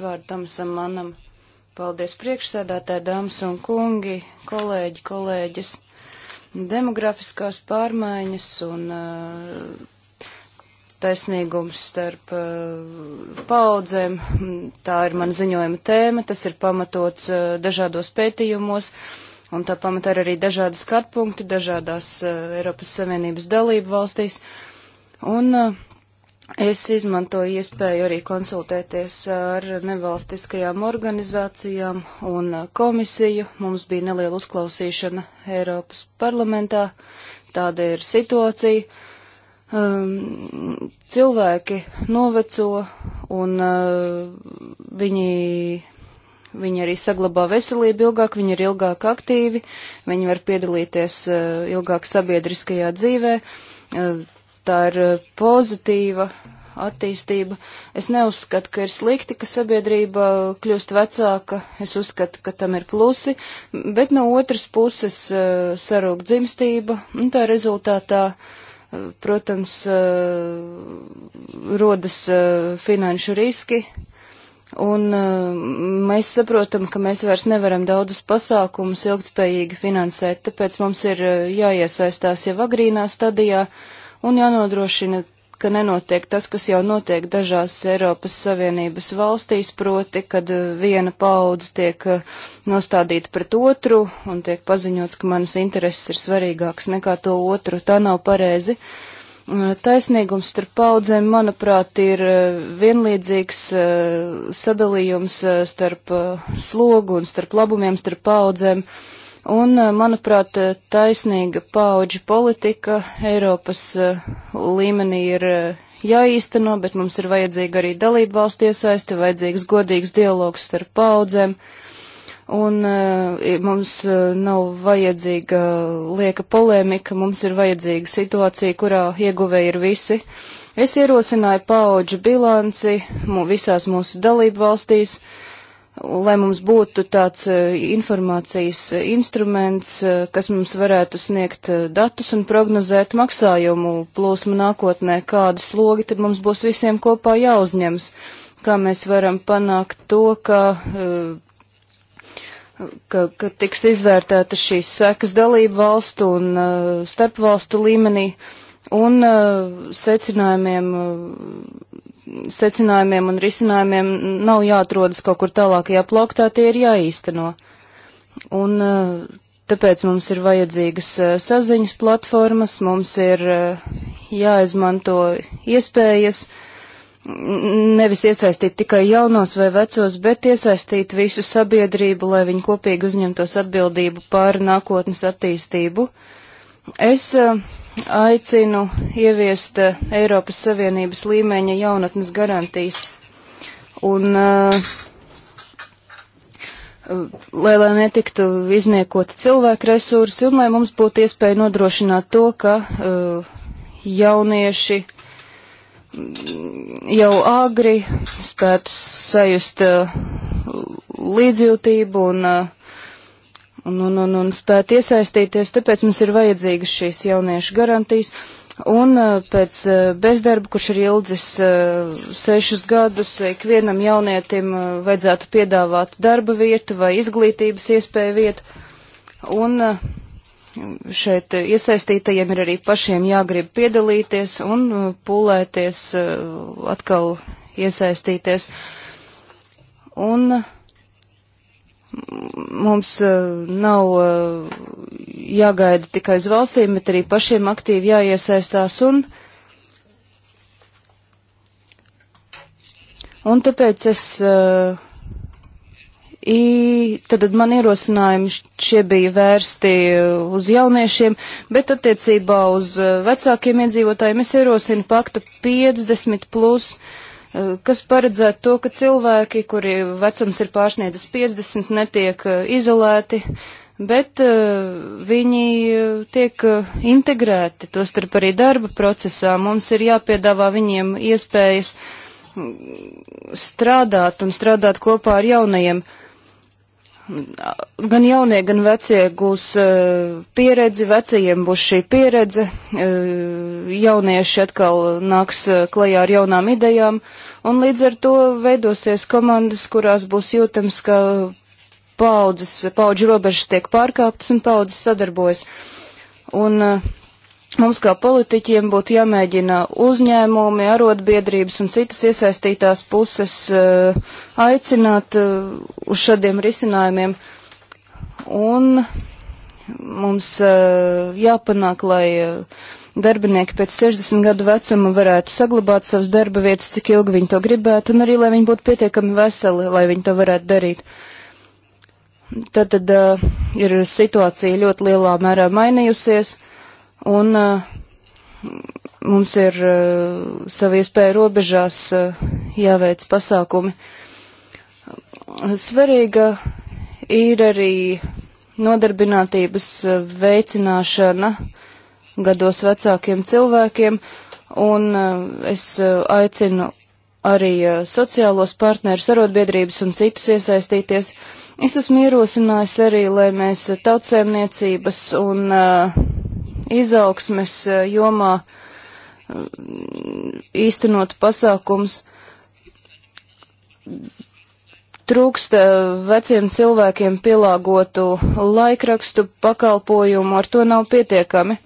Vārdu Tamsam Manam. Paldies priekšsēdētāji, dāmas un kungi, kolēģi, kolēģis. Demografiskās pārmaiņas un uh, taisnīgums starp uh, paudzēm, tā ir man ziņojuma tēma, tas ir pamatots uh, dažādos pētījumos. Un tā pamatā ir arī dažādi skatpunkti dažādās uh, Eiropas Savienības dalību valstīs. Un uh, Es izmantoju iespēju arī konsultēties ar nevalstiskajām organizācijām un komisiju. Mums bija neliela uzklausīšana Eiropas parlamentā. Tāda ir situācija. Um, cilvēki noveco un uh, viņi, viņi arī saglabā veselību ilgāk, viņi ir ilgāk aktīvi, viņi var piedalīties uh, ilgāk sabiedriskajā dzīvē. Uh, tā ir eh, pozitīva attīstība. Es neuzskatu, ka ir slikti, ka sabiedrība kļūst vecāka, es uzskatu, ka tam ir plusi, bet no otras puses eh, sarūk dzimstība, un tā rezultātā, eh, protams, rodas finanšu riski, un mēs saprotam, ka mēs vairs nevaram daudzus pasākumus ilgtspējīgi finansēt, tāpēc mums ir jāiesaistās jau agrīnā stadijā, un jānodrošina, ka nenotiek tas, kas jau notiek dažās Eiropas Savienības valstīs, proti, kad uh, viena paudze tiek uh, nostādīta pret otru un tiek paziņots, ka manas intereses ir svarīgākas nekā to otru. Tā nav pareizi. Uh, taisnīgums starp paudzēm, manuprāt, ir vienlīdzīgs sadalījums starp slogu un starp labumiem starp paudzēm. Uh, Un, eh, manuprāt, eh, taisnīga paauģa politika Eiropas eh, līmenī ir jāīsteno, bet mums ir vajadzīga arī dalību valstu iesaiste, vajadzīgs godīgs dialogs starp paudzēm. Un mums nav vajadzīga lieka polēmika, mums ir vajadzīga situācija, kurā ieguvēji ir visi. Es ierosināju paauģu bilanci visās mūsu dalību valstīs. Uh, lai mums būtu tāds e, informācijas e, instruments, e, kas mums varētu sniegt datus un prognozēt maksājumu plūsmu nākotnē, kādi slogi tad mums būs visiem kopā jāuzņems, kā mēs varam panākt to, ka, ka, ka tiks izvērtēta šīs sekas dalību valstu un starpvalstu līmenī un secinājumiem secinājumiem un risinājumiem nav jāatrodas kaut kur tālākajā plauktā, tie ir jāīsteno. Un eh, tāpēc mums ir vajadzīgas eh, saziņas platformas, mums ir eh, jāizmanto iespējas nevis iesaistīt tikai jaunos vai vecos, bet iesaistīt visu sabiedrību, lai viņi kopīgi uzņemtos atbildību pār nākotnes attīstību. Es uh, aicinu ieviest eh, Eiropas Savienības līmeņa jaunatnes garantijas. Un, eh, eh, lai, lai netiktu izniekoti cilvēku resursi un lai mums būtu iespēja nodrošināt to, ka jaunieši mm, jau agri spētu sajust līdzjūtību un uh, un, un, un, un spētu iesaistīties, tāpēc mums ir vajadzīgas šīs jauniešu garantijas. Un uh, pēc uh, bezdarba, kurš ir ilgis uh, sešus gadus, ikvienam jaunietim vajadzētu piedāvāt darba vietu vai izglītības iespēju vietu. Un šeit iesaistītajiem ir arī pašiem jāgrib piedalīties un pūlēties atkal iesaistīties. Un uh, mums eh, nav eh, jāgaida tikai uz valstīm, bet arī pašiem aktīvi jāiesaistās un. Un tāpēc es, eh, i, tad man ierosinājumi šie bija vērsti uz jauniešiem, bet attiecībā uz vecākiem iedzīvotājiem es ierosinu paktu 50 plus. Uh, kas paredzētu to, ka cilvēki, kuri vecums ir pārsniedzis 50, netiek e, izolēti, bet e, viņi e, tiek integrēti, tostarp arī darba procesā. Mums ir jāpiedāvā viņiem iespējas strādāt un strādāt kopā ar jaunajiem cilvēkiem gan jaunie, gan vecie gūs e, pieredzi, vecajiem būs šī pieredze, e, jaunieši atkal nāks e, klajā ar jaunām idejām, un līdz ar to veidosies komandas, kurās būs jūtams, ka paudzes, paudžu robežas tiek pārkāptas un paudzes sadarbojas. Un uh, Mums kā politiķiem būtu jāmēģina uzņēmumi, arotbiedrības un citas iesaistītās puses uh, aicināt uh, uz šādiem risinājumiem. Un mums uh, jāpanāk, lai darbinieki pēc 60 gadu vecuma varētu saglabāt savas darba vietas, cik ilgi viņi to gribētu, un arī, lai viņi būtu pietiekami veseli, lai viņi to varētu darīt. Tad, tad ir situācija ļoti lielā mērā mainījusies. Uh, Un mums ir savu iespēju robežās jāveic pasākumi. Svarīga ir arī nodarbinātības veicināšana gados vecākiem cilvēkiem, un es aicinu arī sociālos partnerus, arotbiedrības un citus iesaistīties. Es esmu ierosinājusi arī, lai mēs tautsēmniecības un uh, izaugsmes eh, jomā eh, īstenot pasākums. Trūksta eh, veciem cilvēkiem pielāgotu laikrakstu pakalpojumu, ar to nav pietiekami.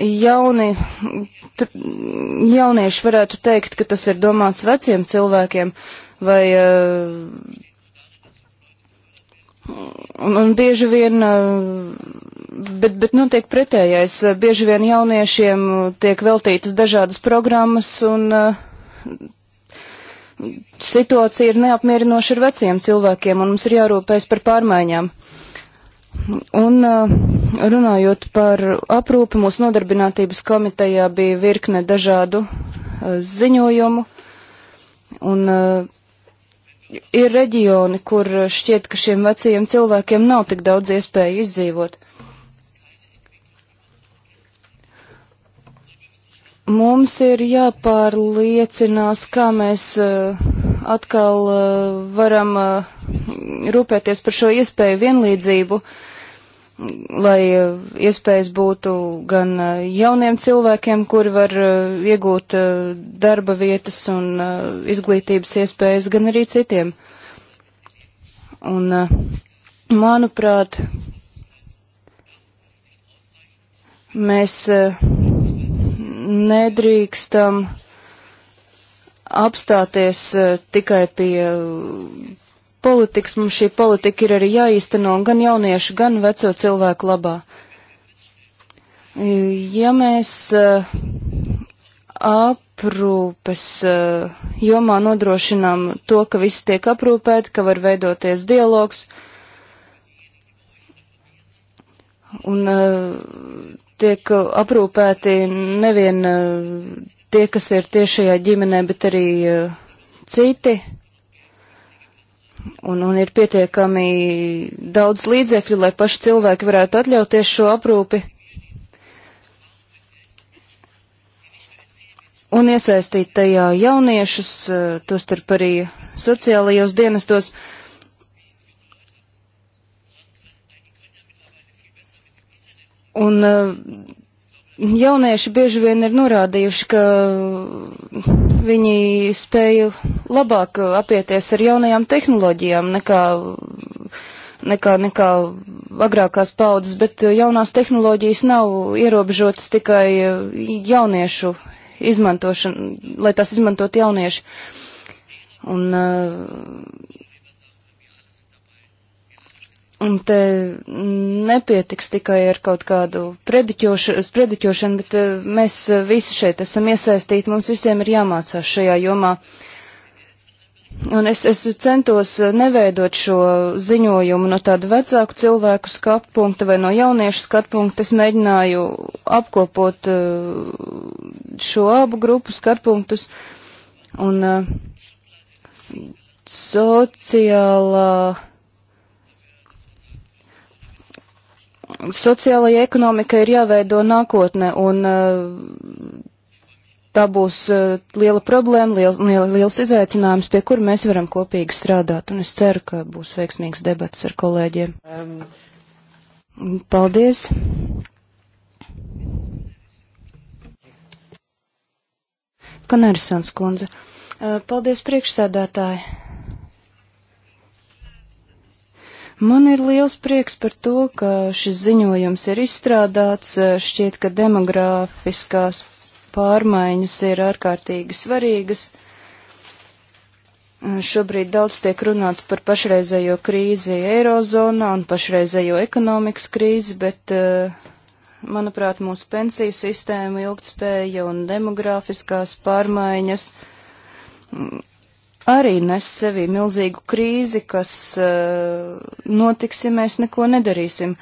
Jauni, t, jaunieši varētu teikt, ka tas ir domāts veciem cilvēkiem vai uh, un, un bieži vien, eh, bet, bet notiek nu, pretējais, bieži vien jauniešiem tiek veltītas dažādas programmas un eh, situācija ir neapmierinoša ar veciem cilvēkiem un mums ir jārūpējas par pārmaiņām. Un eh, runājot par aprūpi, mūsu nodarbinātības komitejā bija virkne dažādu ziņojumu. Un uh, ir reģioni, kur šķiet, ka šiem vecajiem cilvēkiem nav tik daudz iespēju izdzīvot. Mums ir jāpārliecinās, kā mēs eh, atkal eh, varam eh, rūpēties par šo iespēju vienlīdzību. Uh, lai eh, iespējas būtu gan eh, jauniem cilvēkiem, kuri var eh, iegūt darba vietas un izglītības iespējas, gan arī citiem. Un, manuprāt, mēs nedrīkstam apstāties tikai pie politikas, mums šī politika ir arī jāīsteno gan jauniešu, gan veco cilvēku labā. Ja mēs e, aprūpes e, jomā nodrošinām to, ka visi tiek aprūpēti, ka var veidoties dialogs, un e, tiek aprūpēti nevien tie, kas ir tiešajā ģimenē, bet arī citi un, un ir pietiekami daudz līdzekļu, lai paši cilvēki varētu atļauties šo aprūpi un iesaistīt tajā jauniešus, eh, tostarp arī sociālajos dienestos. Un eh, jaunieši bieži vien ir norādījuši, ka viņi spēja labāk apieties ar jaunajām tehnoloģijām nekā, nekā, nekā agrākās paudzes, bet jaunās tehnoloģijas nav ierobežotas tikai jauniešu izmantošana, lai tās izmantot jaunieši. Un uh, Un te nepietiks tikai ar kaut kādu prediķošanu, bet eh, mēs eh, visi šeit esam iesaistīti, mums visiem ir jāmācās šajā jomā. Un es, es centos eh, neveidot šo ziņojumu no tāda vecāku cilvēku skatu punkta vai no jauniešu skatu punkta. Es mēģināju apkopot šo abu grupu skatu punktus. Un sociālā sociālajai ekonomikai ir jāveido nākotne, un uh, tā būs uh, liela problēma, liels, liels izaicinājums, pie kura mēs varam kopīgi strādāt, un es ceru, ka būs veiksmīgs debats ar kolēģiem. Um, paldies! Kanerisons kundze. Uh, paldies priekšsēdētāji! Man ir liels prieks par to, ka šis ziņojums ir izstrādāts. Šķiet, ka demografiskās pārmaiņas ir ārkārtīgi svarīgas. Šobrīd daudz tiek runāts par pašreizējo krīzi Eirozonā un pašreizējo ekonomikas krīzi, bet, eh, manuprāt, mūsu pensiju sistēma, ilgtspēja un demografiskās pārmaiņas arī nes sevī milzīgu krīzi, kas uh, notiks, ja mēs neko nedarīsim.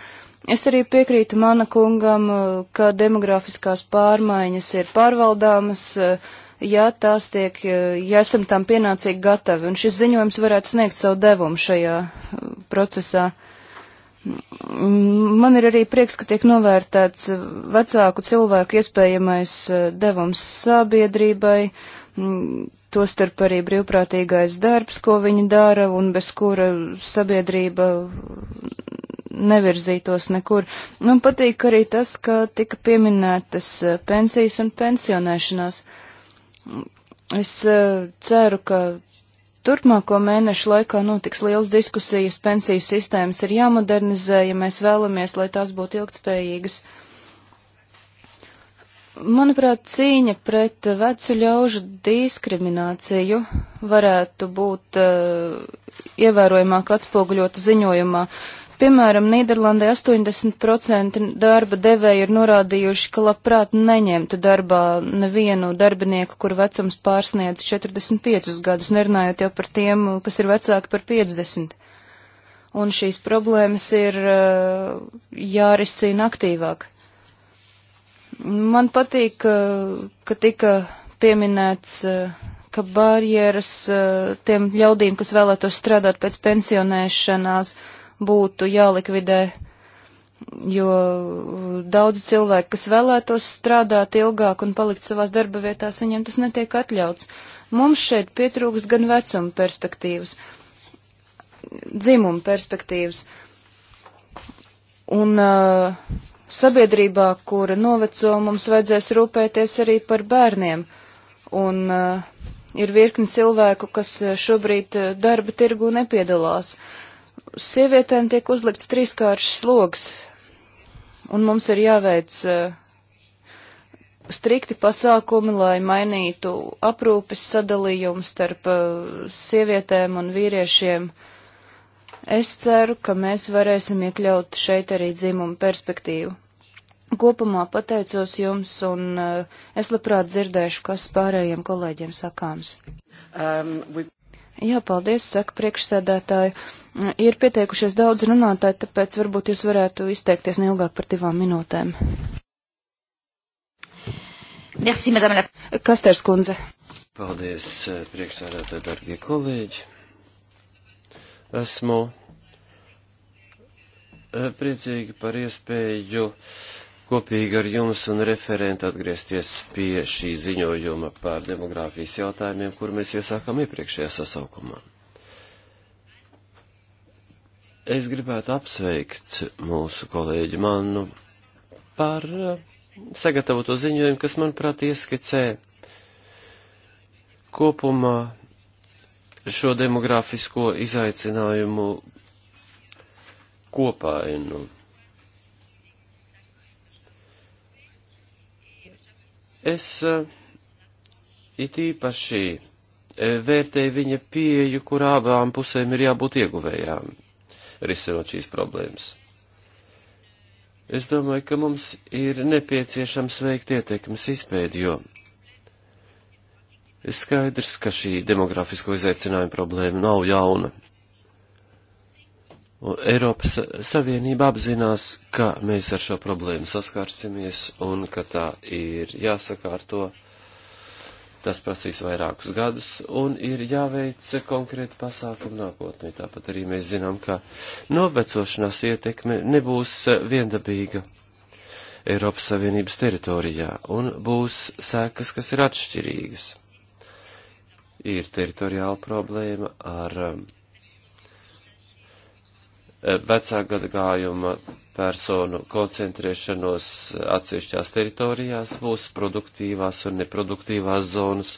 Es arī piekrītu mana kungam, eh, ka demografiskās pārmaiņas ir pārvaldāmas, eh, ja tās tiek, ja esam tam pienācīgi gatavi, un šis ziņojums varētu sniegt savu devumu šajā procesā. Mm, man ir arī prieks, ka tiek novērtēts vecāku cilvēku iespējamais devums sabiedrībai, mm, tostarp arī brīvprātīgais darbs, ko viņi dara un bez kura sabiedrība nevirzītos nekur. Man nu, patīk arī tas, ka tika pieminētas eh, pensijas un pensionēšanās. Es eh, ceru, ka turpmāko mēnešu laikā notiks liels diskusijas, pensiju sistēmas ir jāmodernizē, ja mēs vēlamies, lai tās būtu ilgtspējīgas. Manuprāt, cīņa pret vecu ļaužu diskrimināciju varētu būt uh, ievērojamāk atspoguļota ziņojumā. Piemēram, Nīderlandē 80% darba devēji ir norādījuši, ka labprāt neņemtu darbā nevienu darbinieku, kur vecums pārsniedz 45 gadus, nerunājot jau par tiem, kas ir vecāki par 50. Un šīs problēmas ir uh, jārisina aktīvāk. Man patīk, ka tika pieminēts, eh, ka barjeras eh, tiem ļaudīm, kas vēlētos strādāt pēc pensionēšanās, būtu jālikvidē, jo daudz cilvēku, kas vēlētos strādāt ilgāk un palikt savās darba vietās, viņiem tas netiek atļauts. Mums šeit pietrūkst gan vecuma perspektīvas, dzimuma perspektīvas. Un uh, Sabiedrībā, kura noveco, mums vajadzēs rūpēties arī par bērniem, un uh, ir virkni cilvēku, kas eh, šobrīd eh, darba tirgu nepiedalās. Sievietēm tiek uzlikts trīskāršs slogs, un mums ir jāveic uh, strikti pasākumi, lai mainītu aprūpes sadalījumu starp uh, sievietēm un vīriešiem. Uh, Es ceru, ka mēs varēsim iekļaut šeit arī dzimumu perspektīvu. Kopumā pateicos jums, un uh, es labprāt dzirdēšu, kas pārējiem kolēģiem sakāms. Um, we... Jā, paldies, saka priekšsēdētāji. Ir pieteikušies daudz runātāji, tāpēc varbūt jūs varētu izteikties neilgāk par divām minūtēm. Merci, madame. Kasters kundze. Paldies, eh, priekšsēdētāji, darbie kolēģi. Esmu eh, priecīgi par iespēju kopīgi ar jums un referentu atgriezties pie šī ziņojuma par demogrāfijas jautājumiem, kur mēs iesākam iepriekšējā sasaukumā. Es gribētu apsveikt mūsu kolēģi Mannu par eh, sagatavoto ziņojumu, kas, manuprāt, ieskicē kopumā šo demografisko izaicinājumu kopā. Nu. Es eh, it īpaši eh, vērtēju viņa pieju, kur abām pusēm ir jābūt ieguvējām, risinot šīs problēmas. Es domāju, ka mums ir nepieciešams veikt ietekmes izpēdi, jo Skaidrs, ka šī demografisko izaicinājumu problēma nav jauna. Un Eiropas Savienība apzinās, ka mēs ar šo problēmu saskārsimies un ka tā ir jāsakārto. Tas prasīs vairākus gadus un ir jāveic konkrēti pasākumi nākotnē. Tāpat arī mēs zinām, ka novecošanās ietekme nebūs viendabīga Eiropas Savienības teritorijā un būs sekas, kas ir atšķirīgas ir teritoriāla problēma ar um, eh, vecā gadagājuma personu koncentrēšanos atsevišķās teritorijās būs produktīvās un neproduktīvās zonas,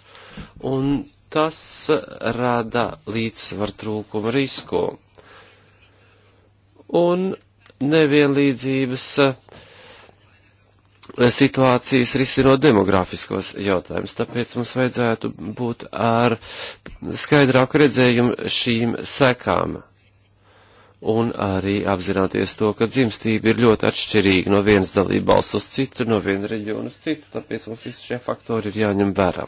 un tas rada līdzsvar trūkumu risku. Un nevienlīdzības uh, situācijas risinot demografiskos jautājumus. Tāpēc mums vajadzētu būt ar skaidrāku redzējumu šīm sekām un arī apzināties to, ka dzimstība ir ļoti atšķirīga no vienas dalība valsts uz citu, no viena reģiona uz citu, tāpēc mums visi šie faktori ir jāņem vērā.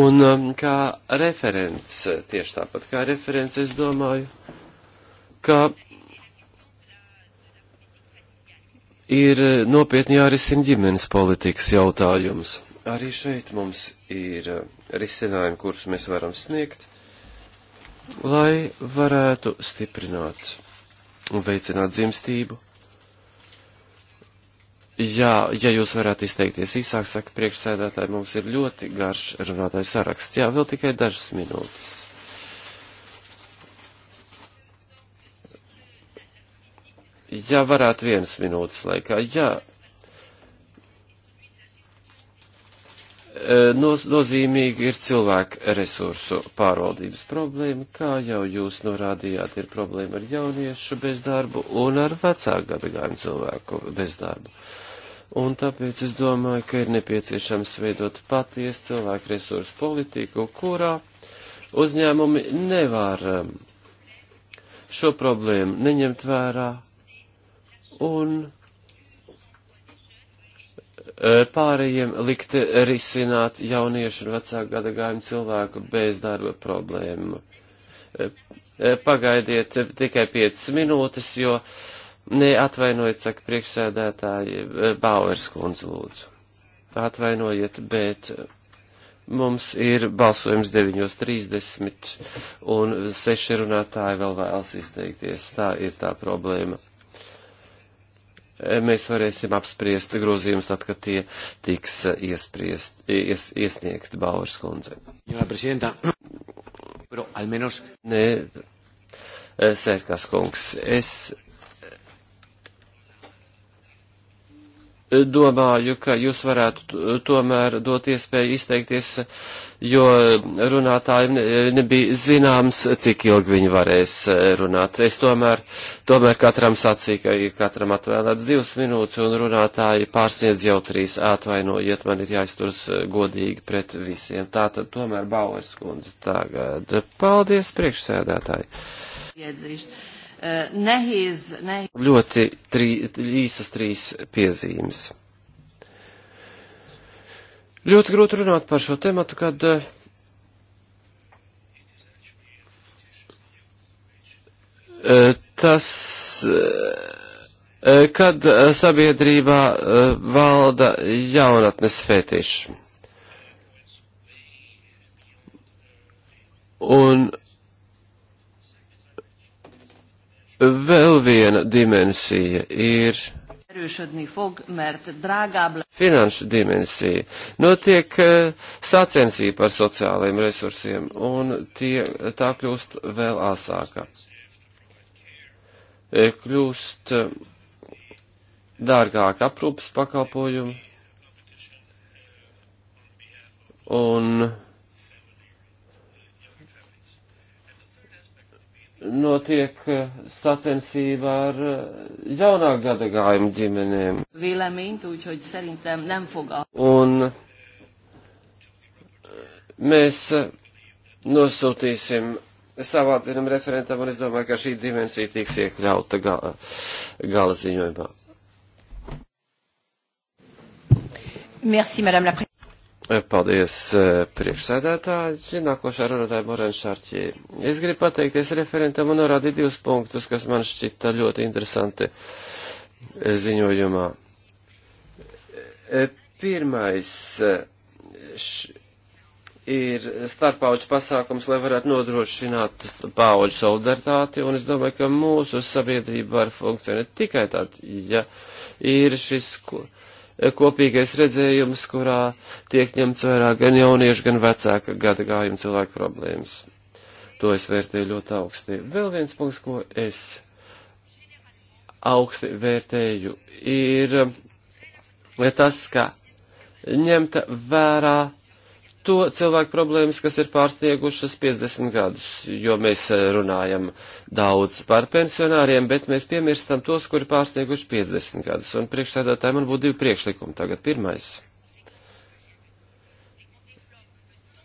Un um, kā referents, tieši tāpat kā referents, es domāju, ka ir eh, nopietni jārisina ģimenes politikas jautājums. Arī šeit mums ir eh, risinājumi, kurus mēs varam sniegt, lai varētu stiprināt un veicināt dzimstību. Jā, ja jūs varētu izteikties īsāk, saka priekšsēdētāji, mums ir ļoti garš runātājs saraksts. Jā, vēl tikai dažas minūtes. Ja varētu vienas minūtes laikā, jā. E, noz, nozīmīgi ir cilvēku resursu pārvaldības problēma, kā jau jūs norādījāt, ir problēma ar jauniešu bezdarbu un ar vecāku gadagājumu cilvēku bezdarbu. Un tāpēc es domāju, ka ir nepieciešams veidot patiesu cilvēku resursu politiku, kurā uzņēmumi nevar e, šo problēmu neņemt vērā un e, pārējiem likt risināt jauniešu un vecāku gada gājumu cilvēku bezdarba problēmu. E, e, pagaidiet tikai 5 minūtes, jo neatvainojiet, saka priekšsēdētāji, Bauers kundze lūdzu. Atvainojiet, bet mums ir balsojums 9.30 un seši runātāji vēl vēlas izteikties. Tā ir tā problēma mēs varēsim apspriest grozījumus tad, kad tie tiks iespriest, ies, iesniegt Bauras kundze. Almenos... Nē, eh, Sērkās kungs, es eh, domāju, ka jūs varētu tomēr dot iespēju izteikties jo runātājiem nebija zināms, cik ilgi viņi varēs e, runāt. Es tomēr, tomēr katram sacīju, ka katram atvēlēts divas minūtes, un runātāji pārsniedz jau trīs atvainojiet, man ir jāizturas e, godīgi pret visiem. Tātad tomēr Bauers kundze tagad. Paldies, priekšsēdētāji! Iedzīst. Uh, nehiz, nehiz. Ļoti trī, īsas trīs piezīmes. Ļoti grūti runāt par šo tematu, kad eh, tas, eh, kad eh, sabiedrībā valda jaunatnes fetiši. Un vēl viena dimensija ir Finanšu dimensija notiek nu, eh, sacensība par sociālajiem resursiem, un tie, tā kļūst vēl asāka. Eh, kļūst eh, dārgāk aprūpas pakalpojumi, un notiek eh, sacensība ar eh, jaunāk gadagājumu ģimenēm. Véleményt, úgyhogy szerintem nem fog a... Un eh, mēs nosūtīsim savā dzinam referentam, un es domāju, ka šī dimensija tiks iekļauta gala, gala ziņojumā. Merci, madame la Paldies, e, priekšsēdētāji. Nākošā runātāja Morena Šārķī. Es gribu pateikties referentam un norādīt divus punktus, kas man šķita ļoti interesanti e, ziņojumā. E, pirmais š, ir starpauģu pasākums, lai varētu nodrošināt pauģu solidaritāti, un es domāju, ka mūsu sabiedrība var funkcionēt tikai tad, ja ir šis. Ko, uh, kopīgais redzējums, kurā tiek ņemts vērā gan jauniešu, gan vecāka gada gājuma cilvēku problēmas. To es vērtēju ļoti augsti. Vēl viens punkts, ko es augsti vērtēju, ir eh, tas, ka ņemta vērā to cilvēku problēmas, kas ir pārsniegušas 50 gadus, jo mēs eh, runājam daudz par pensionāriem, bet mēs piemirstam tos, kuri pārsnieguši 50 gadus. Un priekšsēdētāji man būtu divi priekšlikumi tagad. Pirmais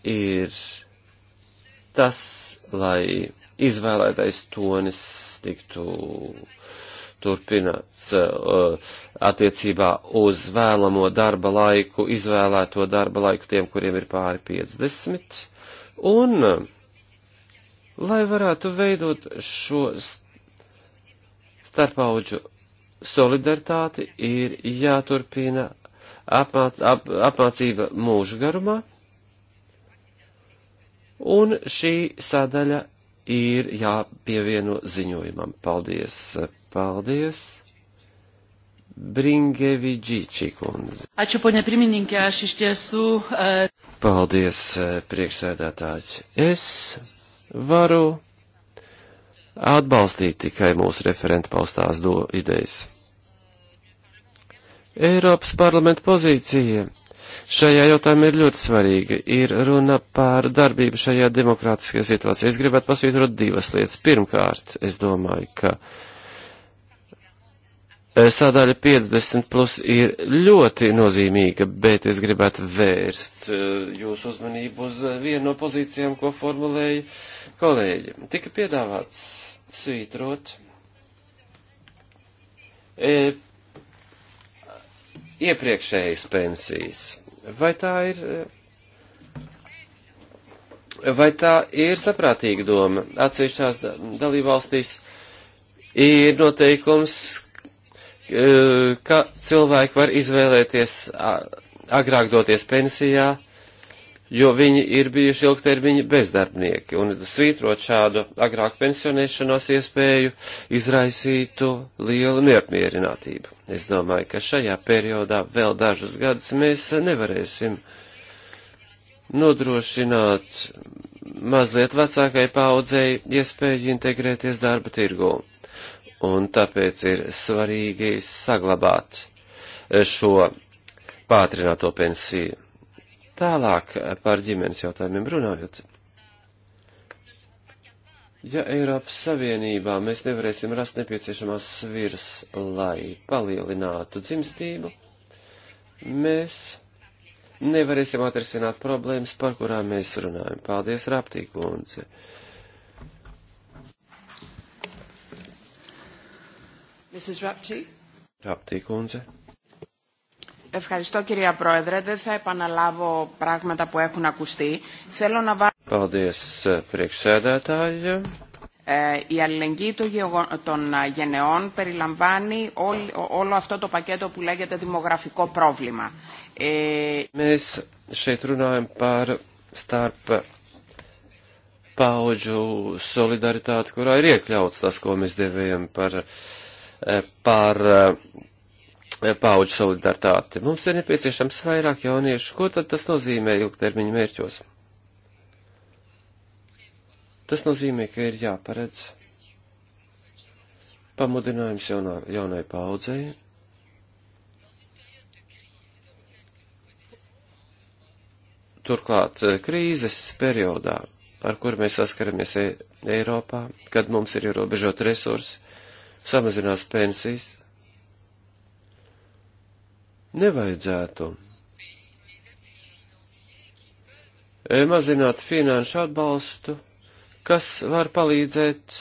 ir tas, lai izvēlētais tonis tiktu jāturpinās uh, attiecībā uz vēlamo darba laiku, izvēlēto darba laiku tiem, kuriem ir pāri 50. Un, uh, lai varētu veidot šo starpauģu solidaritāti, ir jāturpina apmāc, ap, apmācība mūžgarumā, un šī sadaļa ir jāpievieno ziņojumam. Paldies, paldies. Bringeviģīči kundze. Aču, poņa pirmininkē, aš iš tiesų. Uh... Paldies, e, priekšsēdētāji. Es varu atbalstīt tikai mūsu referenta paustās do idejas. Eiropas parlamenta pozīcija šajā jautājumā ir ļoti svarīga. Ir runa par darbību šajā demokrātiskajā situācijā. Es gribētu pasvītrot divas lietas. Pirmkārt, es domāju, ka e, sadaļa 50 plus ir ļoti nozīmīga, bet es gribētu vērst e, jūsu uzmanību uz vienu no pozīcijām, ko formulēja kolēģi. Tika piedāvāts svītrot. E, iepriekšējas pensijas. Vai tā ir. Eh, vai tā ir saprātīga doma? Atsevišķās dalībvalstīs ir noteikums, eh, ka cilvēki var izvēlēties agrāk doties pensijā, jo viņi ir bijuši ilgtermiņa bezdarbnieki, un svītrot šādu agrāk pensionēšanos iespēju izraisītu lielu neapmierinātību. Es domāju, ka šajā periodā vēl dažus gadus mēs nevarēsim nodrošināt mazliet vecākai paudzei iespēju integrēties darba tirgū, un tāpēc ir svarīgi saglabāt šo pātrināto pensiju Tālāk par ģimenes jautājumiem runājot. Ja Eiropas Savienībā mēs nevarēsim rast nepieciešamās svirs, lai palielinātu dzimstību, mēs nevarēsim atrisināt problēmas, par kurām mēs runājam. Paldies, Raptīkundze! Mrs. Raptī? Raptīkundze. Ευχαριστώ κυρία Πρόεδρε. Δεν θα επαναλάβω πράγματα που έχουν ακουστεί. Θέλω να βάλω... Paldies, eh, priekšsēdētāji. Η αλληλεγγύη των γενεών περιλαμβάνει όλο αυτό το πακέτο που λέγεται δημογραφικό πρόβλημα. Mēs šeit runājam par starp paudžu solidaritāti, kurā ir iekļauts tas, ko mēs devējam par, eh, par eh, E, pauģu solidaritāti. Mums ir nepieciešams vairāk jauniešu. Ko tad tas nozīmē ilgtermiņa mērķos? Tas nozīmē, ka ir jāparedz pamudinājums jaunā, jaunai paudzei. Turklāt e, krīzes periodā, ar kur mēs saskaramies Ei Eiropā, kad mums ir ierobežot resursi, samazinās pensijas, nevajadzētu e, mazināt finanšu atbalstu, kas var palīdzēt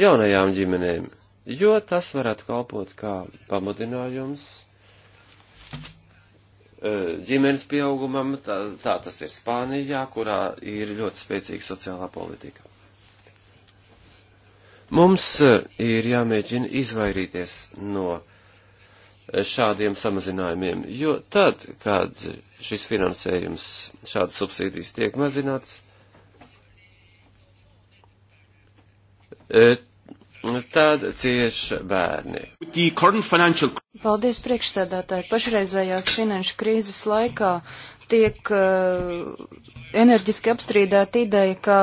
jaunajām ģimenēm, jo tas varētu kalpot kā pamudinājums e, ģimenes pieaugumam, tā, tā tas ir Spānijā, kurā ir ļoti spēcīga sociālā politika. Mums e, ir jāmēģina izvairīties no šādiem samazinājumiem, jo tad, kad šis finansējums, šādas subsīdijas tiek mazināts, e, tad cieš bērni. Paldies priekšsēdētāji. Pašreizējās finanšu krīzes laikā tiek uh, enerģiski apstrīdēta ideja, ka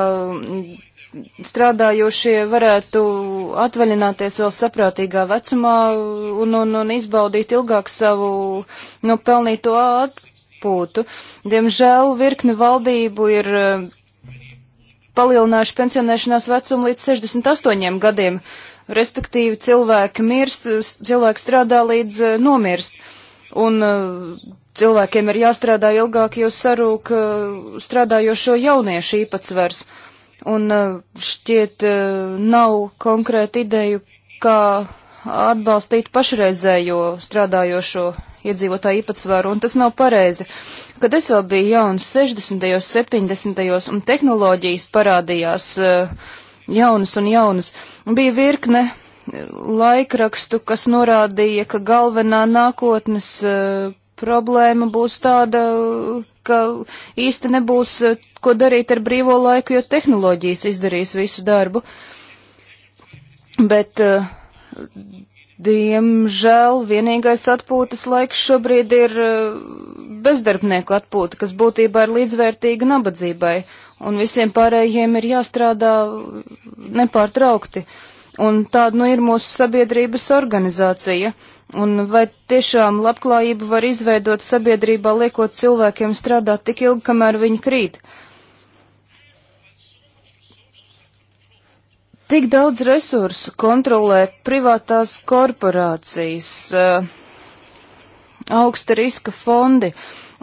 strādājošie varētu atvaļināties vēl saprātīgā vecumā un, un, un izbaudīt ilgāk savu nu, pelnīto atpūtu. Diemžēl virkni valdību ir eh, palielinājuši pensionēšanās vecumu līdz 68 gadiem, respektīvi cilvēki mirst, cilvēki strādā līdz eh, nomirst. Un eh, cilvēkiem ir jāstrādā ilgāk, jo sarūk strādājošo jauniešu īpatsvars. Jo un uh, šķiet uh, nav konkrēti ideju, kā atbalstīt pašreizējo strādājošo iedzīvotāju īpatsvaru, un tas nav pareizi. Kad es vēl biju jauns 60., 70. un tehnoloģijas parādījās uh, jaunas un jaunas, bija virkne laikrakstu, kas norādīja, ka galvenā nākotnes problēma būs tāda ka īsti nebūs eh, ko darīt ar brīvo laiku, jo tehnoloģijas izdarīs visu darbu. Bet, eh, diemžēl, vienīgais atpūtas laiks šobrīd ir eh, bezdarbnieku atpūta, kas būtībā ir līdzvērtīga nabadzībai, un visiem pārējiem ir jāstrādā nepārtraukti. Uh, Un tāda nu ir mūsu sabiedrības organizācija. Un vai tiešām labklājību var izveidot sabiedrībā, liekot cilvēkiem strādāt tik ilgi, kamēr viņi krīt? Tik daudz resursu kontrolē privātās korporācijas, eh, augsta riska fondi,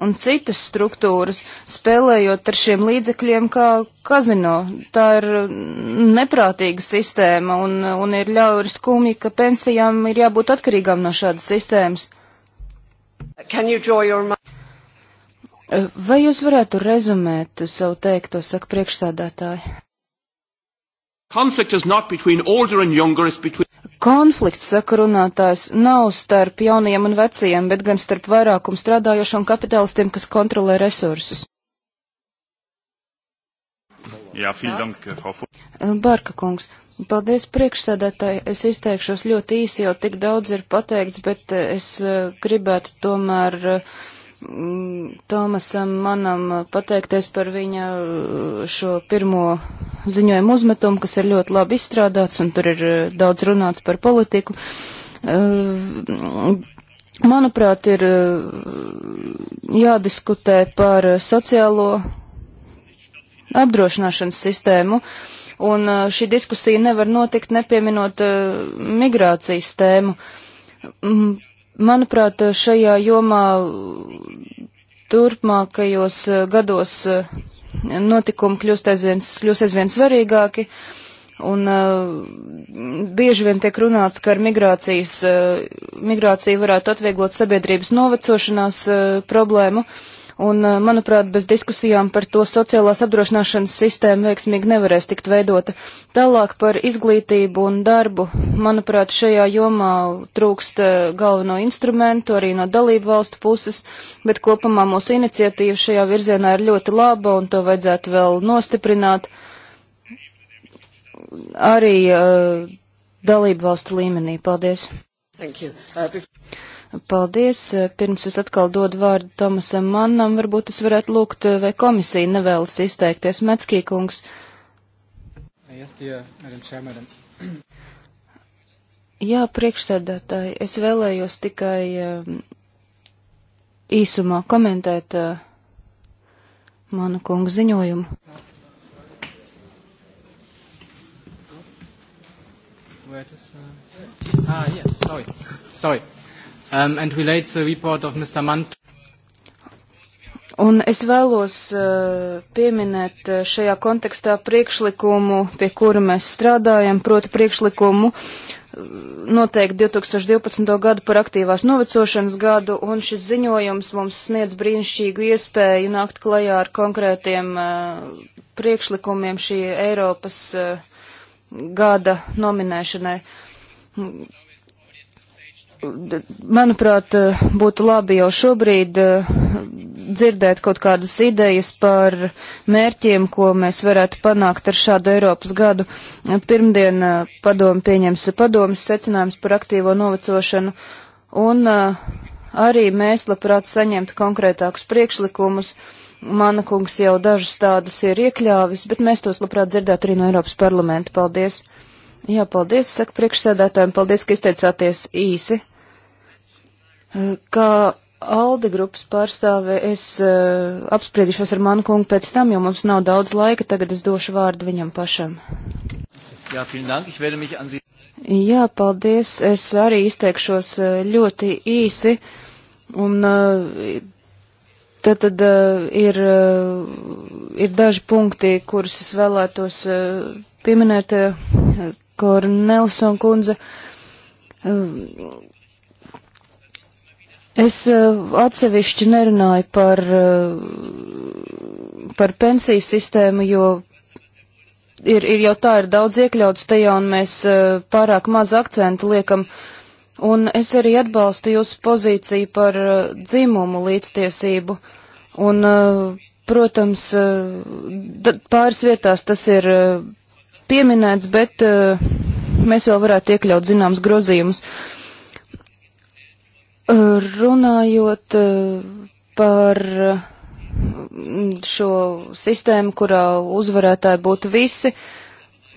un citas struktūras, spēlējot ar šiem līdzekļiem kā kazino. Tā ir neprātīga sistēma un, un ir ļauri skumji, ka pensijām ir jābūt atkarīgām no šādas sistēmas. Your... Vai jūs varētu rezumēt savu teikto, saka priekšsādātāji? Conflict is not between older and younger, it's between Konflikts, saka runātājs, nav starp jaunajiem un vecajiem, bet gan starp vairākumu strādājošiem kapitālistiem, kas kontrolē resursus. Jā, dank, eh, eh, Barka kungs, paldies priekšsēdētāji. Es izteikšos ļoti īsi, jau tik daudz ir pateikts, bet eh, es gribētu tomēr. Uh, Tomasam manam pateikties par viņa uh, šo pirmo ziņojumu uzmetumu, kas ir ļoti labi izstrādāts, un tur ir uh, daudz runāts par politiku. Uh, manuprāt, ir jādiskutē par sociālo apdrošināšanas sistēmu, un šī diskusija nevar notikt nepieminot migrācijas tēmu mm, Manuprāt, šajā jomā turpmākajos eh, gados eh, notikumi kļūst aizvien, kļūst aizvien svarīgāki, un eh, bieži vien tiek runāts, ka ar migrācijas, migrācija varētu atvieglot sabiedrības novecošanās problēmu. Uh, Un, eh, manuprāt, bez diskusijām par to sociālās apdrošināšanas sistēma veiksmīgi nevarēs tikt veidota. Tālāk par izglītību un darbu. Manuprāt, šajā jomā trūkst eh, galveno instrumentu arī no dalību valstu puses, bet kopumā mūsu iniciatīva šajā virzienā ir ļoti laba un to vajadzētu vēl nostiprināt arī uh, dalību valstu līmenī. Paldies! Thank you. Uh, Paldies. Pirms es atkal dodu vārdu Tomasam Mannam, varbūt es varētu lūgt, eh, vai komisija nevēlas izteikties. Metskīkungs. Yes, dear, Madam Chair, Madam. Jā, priekšsēdētāji, es vēlējos tikai um, īsumā komentēt uh, eh, manu kungu ziņojumu. Where does, uh... ah, yeah, sorry. Sorry um, and relates the report of Mr. Mant. Un es vēlos uh, pieminēt uh, šajā kontekstā priekšlikumu, pie kura mēs strādājam, proti priekšlikumu uh, noteikti 2012. gadu par aktīvās novecošanas gadu, un šis ziņojums mums sniedz brīnišķīgu iespēju nākt klajā ar konkrētiem uh, priekšlikumiem šī Eiropas uh, gada nominēšanai manuprāt, eh, būtu labi jau šobrīd eh, dzirdēt kaut kādas idejas par mērķiem, ko mēs varētu panākt ar šādu Eiropas gadu. Pirmdien eh, padomu pieņems padomas secinājums par aktīvo novecošanu, un arī mēs labprāt saņemtu konkrētākus priekšlikumus. Mana kungs jau dažus tādus ir iekļāvis, bet mēs tos labprāt dzirdētu arī no Eiropas parlamenta. Paldies! Jā, paldies, saka priekšsēdētājiem, paldies, ka izteicāties īsi. Kā Alde grupas pārstāve, es uh, apspriedīšos ar manu kungu pēc tam, jo mums nav daudz laika, tagad es došu vārdu viņam pašam. Jā, dank, anzi... Jā paldies, es arī izteikšos eh, ļoti īsi, un uh, tad, tad uh, ir, uh, ir daži punkti, kurus es vēlētos uh, pieminēt, uh, Kornelson kundze. Uh, Es eh, atsevišķi nerunāju par, eh, par pensiju sistēmu, jo ir, ir jau tā ir daudz iekļauts tajā, un mēs eh, pārāk maz akcentu liekam. Un es arī atbalstu jūsu pozīciju par dzimumu līdztiesību. Un, protams, pāris vietās tas ir pieminēts, bet mēs vēl varētu iekļaut zināms grozījumus. Uh, Runājot eh, par mm, šo sistēmu, kurā uzvarētāji būtu visi,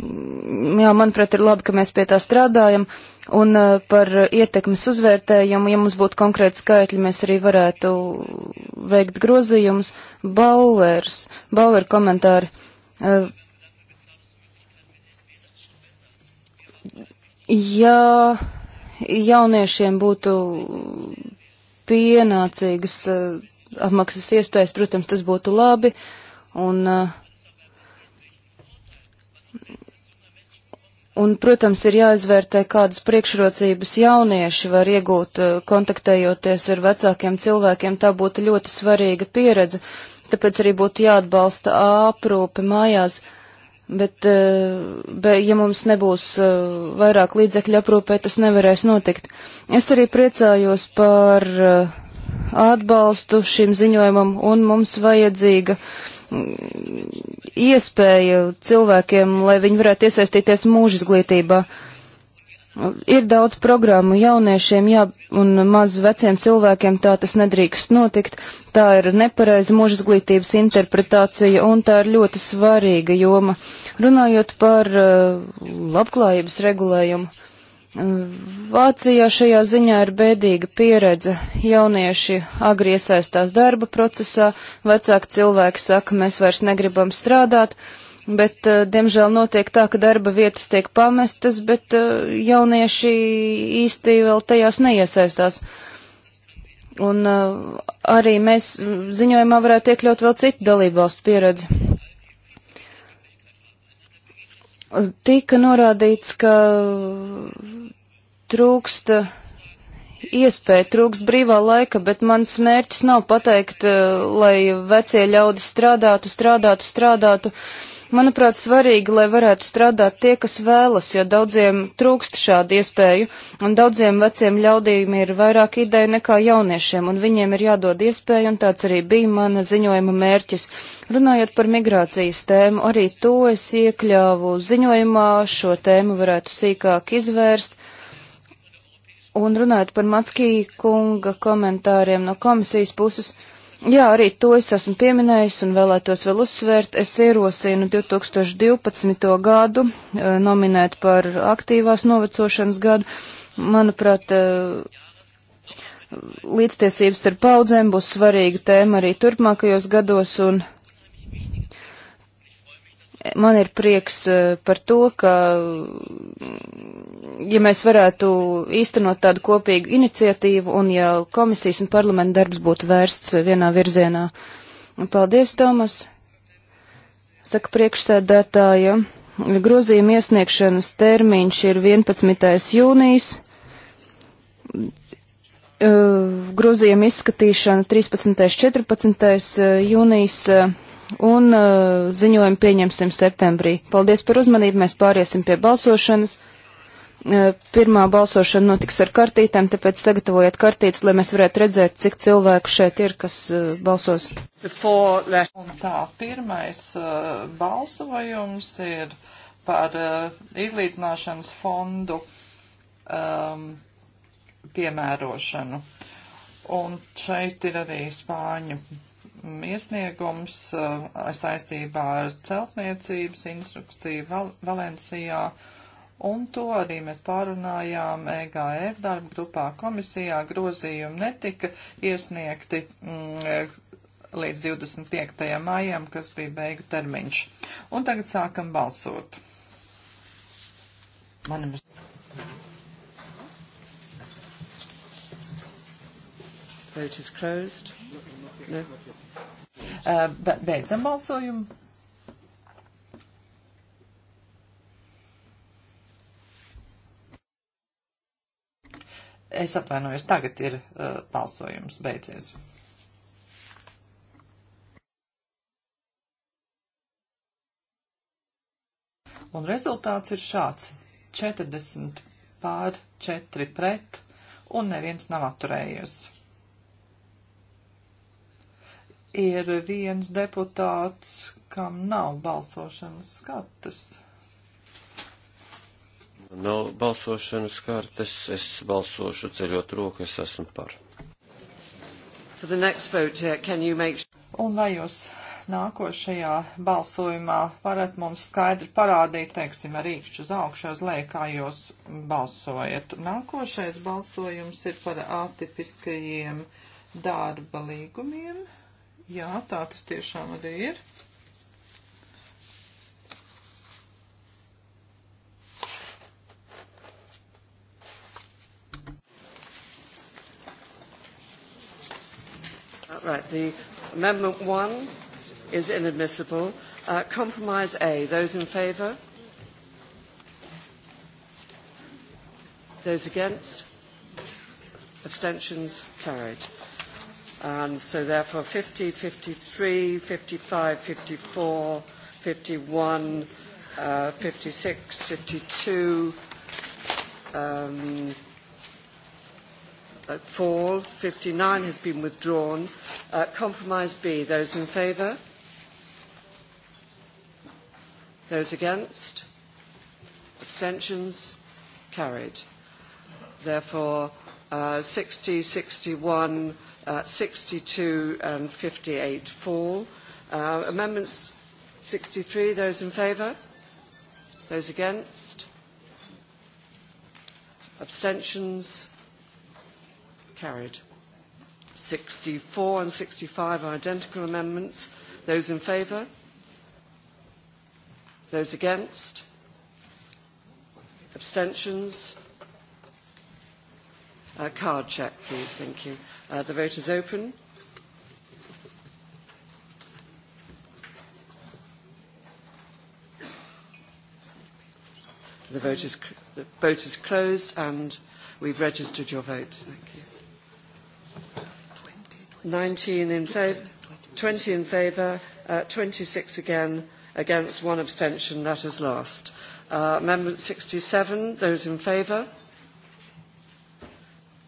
mm, jā, manuprāt, ir labi, ka mēs pie tā strādājam, un eh, par ietekmes uzvērtējumu, ja mums būtu konkrēti skaitļi, mēs arī varētu veikt grozījumus. Bauers, Bauer komentāri. Eh, jā. Ja jauniešiem būtu pienācīgas eh, apmaksas iespējas, protams, tas būtu labi. Un, eh, un, protams, ir jāizvērtē, kādas priekšrocības jaunieši var iegūt, eh, kontaktējoties ar vecākiem cilvēkiem. Tā būtu ļoti svarīga pieredze, tāpēc arī būtu jāatbalsta aprūpe mājās. Uh, Bet, eh, be, ja mums nebūs eh, vairāk līdzekļu aprūpē, tas nevarēs notikt. Es arī priecājos par eh, atbalstu šim ziņojumam, un mums vajadzīga mm, iespēja cilvēkiem, lai viņi varētu iesaistīties mūža izglītībā. Uh, Ir daudz programmu jauniešiem, jā, un maz veciem cilvēkiem tā tas nedrīkst notikt. Tā ir nepareiza mūža izglītības interpretācija, un tā ir ļoti svarīga joma. Runājot par uh, labklājības regulējumu, uh, Vācijā šajā ziņā ir bēdīga pieredze. Jaunieši agri iesaistās darba procesā, vecāki cilvēki saka, mēs vairs negribam strādāt. Uh, bet, eh, diemžēl, notiek tā, ka darba vietas tiek pamestas, bet eh, jaunieši īsti vēl tajās neiesaistās. Un eh, arī mēs ziņojumā varētu iekļaut vēl citu dalībvalstu pieredzi. Tika norādīts, ka trūksta iespēja, trūkst brīvā laika, bet mans mērķis nav pateikt, lai vecie ļaudis strādātu, strādātu, strādātu. Uh, Manuprāt, svarīgi, lai varētu strādāt tie, kas vēlas, jo daudziem trūkst šādu iespēju, un daudziem veciem ļaudīm ir vairāk ideju nekā jauniešiem, un viņiem ir jādod iespēju, un tāds arī bija mana ziņojuma mērķis. Runājot par migrācijas tēmu, arī to es iekļāvu ziņojumā, šo tēmu varētu sīkāk izvērst. Un runājot par Matskī kunga komentāriem no komisijas puses, uh, Jā, arī to es esmu pieminējis un vēlētos vēl uzsvērt. Es ierosinu 2012. gadu eh, nominēt par aktīvās novecošanas gadu. Manuprāt, eh, līdztiesības starp paudzēm būs svarīga tēma arī turpmākajos gados un man ir prieks eh, par to, ka ja mēs varētu īstenot tādu kopīgu iniciatīvu un ja komisijas un parlamenta darbs būtu vērsts vienā virzienā. Paldies, Tomas! Saka priekšsēdētāja, grozījuma iesniegšanas termiņš ir 11. jūnijas, grozījuma izskatīšana 13. 14. jūnijas un ziņojumu pieņemsim septembrī. Paldies par uzmanību, mēs pāriesim pie balsošanas. Pirmā balsošana notiks ar kartītēm, tāpēc sagatavojiet kartītes, lai mēs varētu redzēt, cik cilvēku šeit ir, kas balsos. Un tā, pirmais uh, balsojums ir par uh, izlīdzināšanas fondu um, piemērošanu. Un šeit ir arī spāņu iesniegums uh, saistībā ar celtniecības instrukciju Val Valencijā. Uh, un to arī mēs pārunājām EGF darba grupā komisijā. Grozījumi netika iesniegti mm, līdz 25. maijam, kas bija beigu termiņš. Un tagad sākam balsot. Manam... Vote is closed. No. Uh, beidzam balsojumu. Es atvainojos, tagad ir uh, balsojums beidzies. Un rezultāts ir šāds. 40 pār 4 pret, un neviens nav atturējies. Ir viens deputāts, kam nav balsošanas skatas. Nav balsošanas kartes, es balsošu ceļot roku, es esmu par. Vote, make... Un vai jūs nākošajā balsojumā varat mums skaidri parādīt, teiksim, ar īkšķu uz augšu, uz leju, kā jūs balsojat? Nākošais balsojums ir par atipiskajiem darba līgumiem. Jā, tā tas tiešām arī ir. Right, the amendment one is inadmissible. Uh, compromise A, those in favour? Those against? Abstentions carried. And um, so therefore 50, 53, 55, 54, 51, uh, 56, 52, um, uh, fall. 59 has been withdrawn. Uh, compromise B. Those in favour? Those against? Abstentions? Carried. Therefore, uh, 60, 61, uh, 62 and 58 fall. Uh, amendments 63, those in favour? Those against? Abstentions? Carried. 64 and 65 are identical amendments. Those in favour? Those against? Abstentions? A card check, please. Thank you. Uh, the vote is open. The vote is, the vote is closed and we've registered your vote. Thank you. 19 in favour, 20 in favour, uh, 26 again, against one abstention, that is last. Uh, amendment 67, those in favour?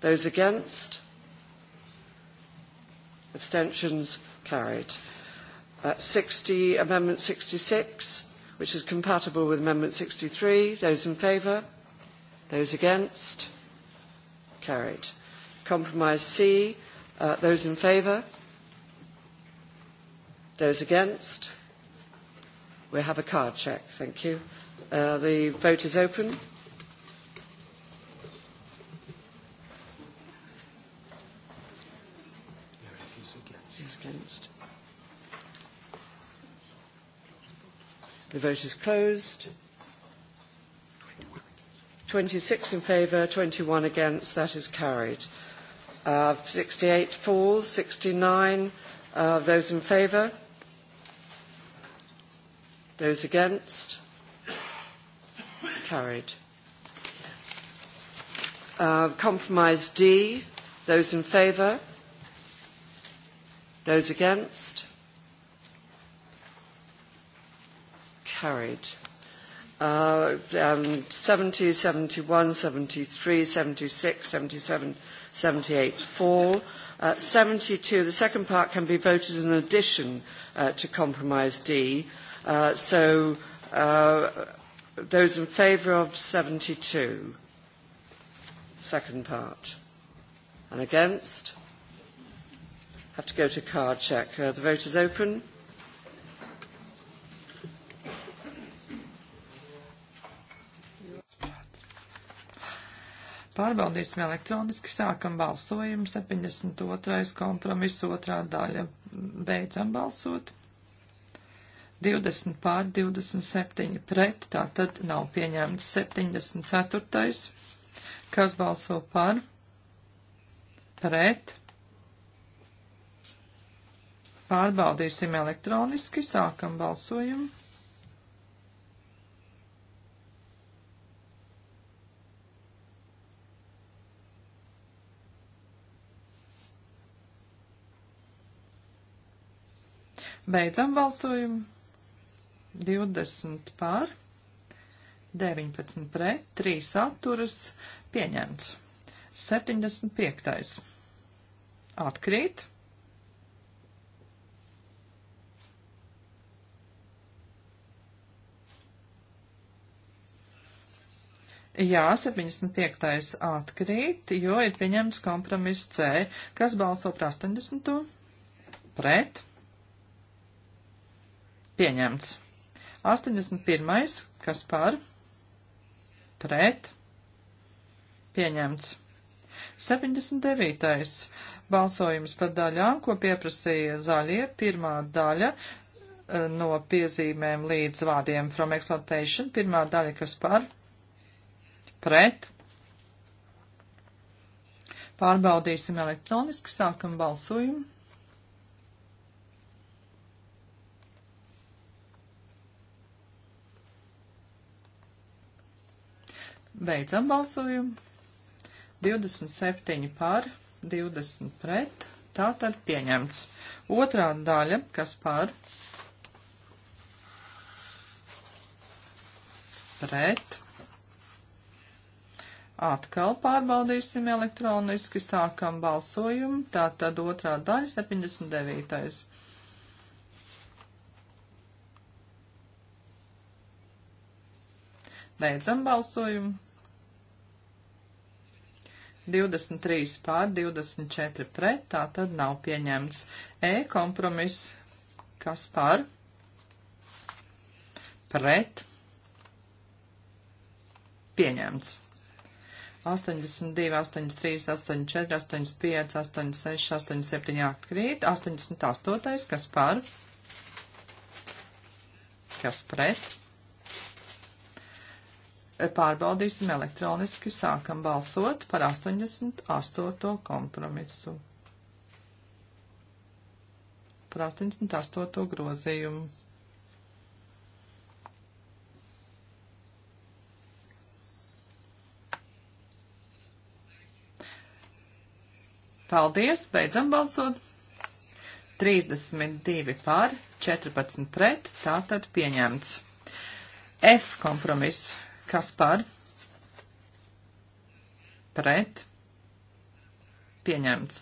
Those against? Abstentions carried. Uh, 60, amendment 66, which is compatible with amendment 63, those in favour? Those against? Carried. Compromise C, Uh, those in favour? Those against? We have a card check, thank you. Uh, the vote is open. against. The vote is closed. 26 in favour, 21 against. That is carried. Uh, 68 falls, 69. Uh, those in favour? Those against? Carried. Uh, compromise D. Those in favour? Those against? Carried. Uh, um, 70, 71, 73, 76, 77, 78 fall. Uh, 72, the second part can be voted in addition uh, to compromise D. Uh, so uh, those in favour of 72, second part. And against? Have to go to card check. Uh, the vote is open. Pārbaudīsim elektroniski, sākam balsojumu, 72. kompromiss otrā daļa. Beidzam balsot. 20 pār 27 pret, tā tad nav pieņemts 74. Kas balso par? Pret. Pārbaudīsim elektroniski, sākam balsojumu. Beidzam balsojumu. 20 pār, 19 pret, 3 atturas, pieņemts. 75. Atkrīt. Jā, 75. atkrīt, jo ir pieņemts kompromiss C, kas balso par 80. pret Pieņemts. 81. Kas par? Pret. Pieņemts. 79. Balsojums par daļām, ko pieprasīja zaļie. Pirmā daļa eh, no piezīmēm līdz vārdiem from exploitation. Pirmā daļa, kas par? Pret. Pārbaudīsim elektroniski, sākam balsojumu. Beidzam balsojumu. 27 par, 20 pret. Tātad pieņemts. Otrā daļa, kas par pret. Atkal pārbaudīsim elektroniski, sākam balsojumu, tātad otrā daļa 79. Beidzam balsojumu. 23 pār 24 pret, tā tad nav pieņemts. E kompromiss, kas par? Pret. Pieņemts. 82, 83, 84, 85, 86, 87 atkrīt. 88, kas par? Kas pret? Pārbaudīsim elektroniski, sākam balsot par 88. kompromisu. Par 88. grozījumu. Paldies, beidzam balsot. 32 pār, 14 pret, tātad pieņemts. F kompromiss Kas par? Pret. Pieņemts.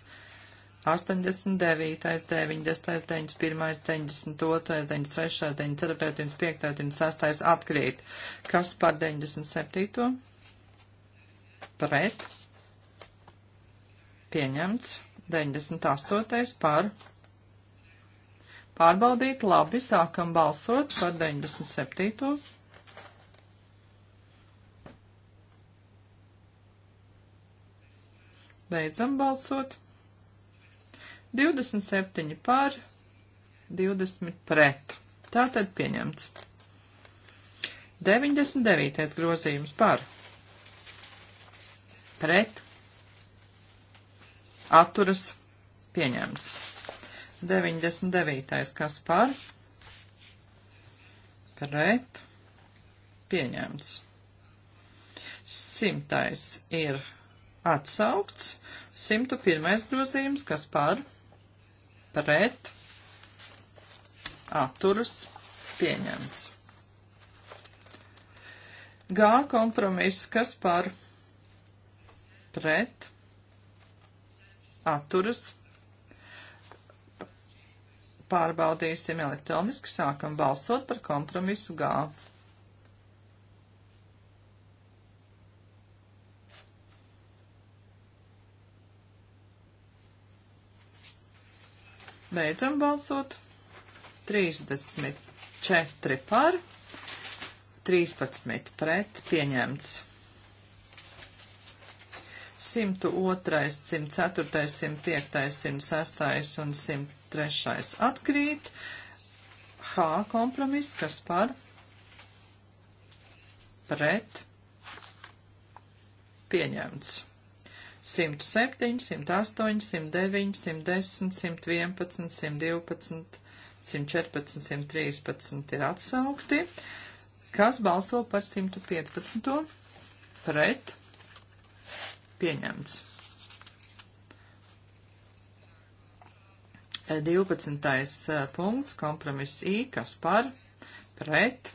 89, 90, 91, 92, 93, 94, 95, 96 atkrīt. Kas par 97? Pret. Pieņemts. 98 par. Pārbaudīt labi, sākam balsot par 97. Beidzam balsot. 27 pār, 20 pret. Tātad pieņemts. 99. grozījums par. Pret. Atturas pieņemts. 99. kas par. Pret. Pieņemts. Simtais ir atsaukts. 101. grozījums, kas par pret atturas pieņemts. G kompromiss, kas par pret atturas pārbaudīsim elektroniski, sākam balsot par kompromisu G. Beidzam balsot. 34 par, 13 pret, pieņemts. 102, 104, 105, 106 un 103 atkrīt. H kompromiss, kas par pret pieņemts. 107, 108, 109, 110, 111, 112, 114, 113 ir atsaukti. Kas balso par 115? Pret. Pieņemts. 12. E, e, punkts, kompromiss I, kas par, pret,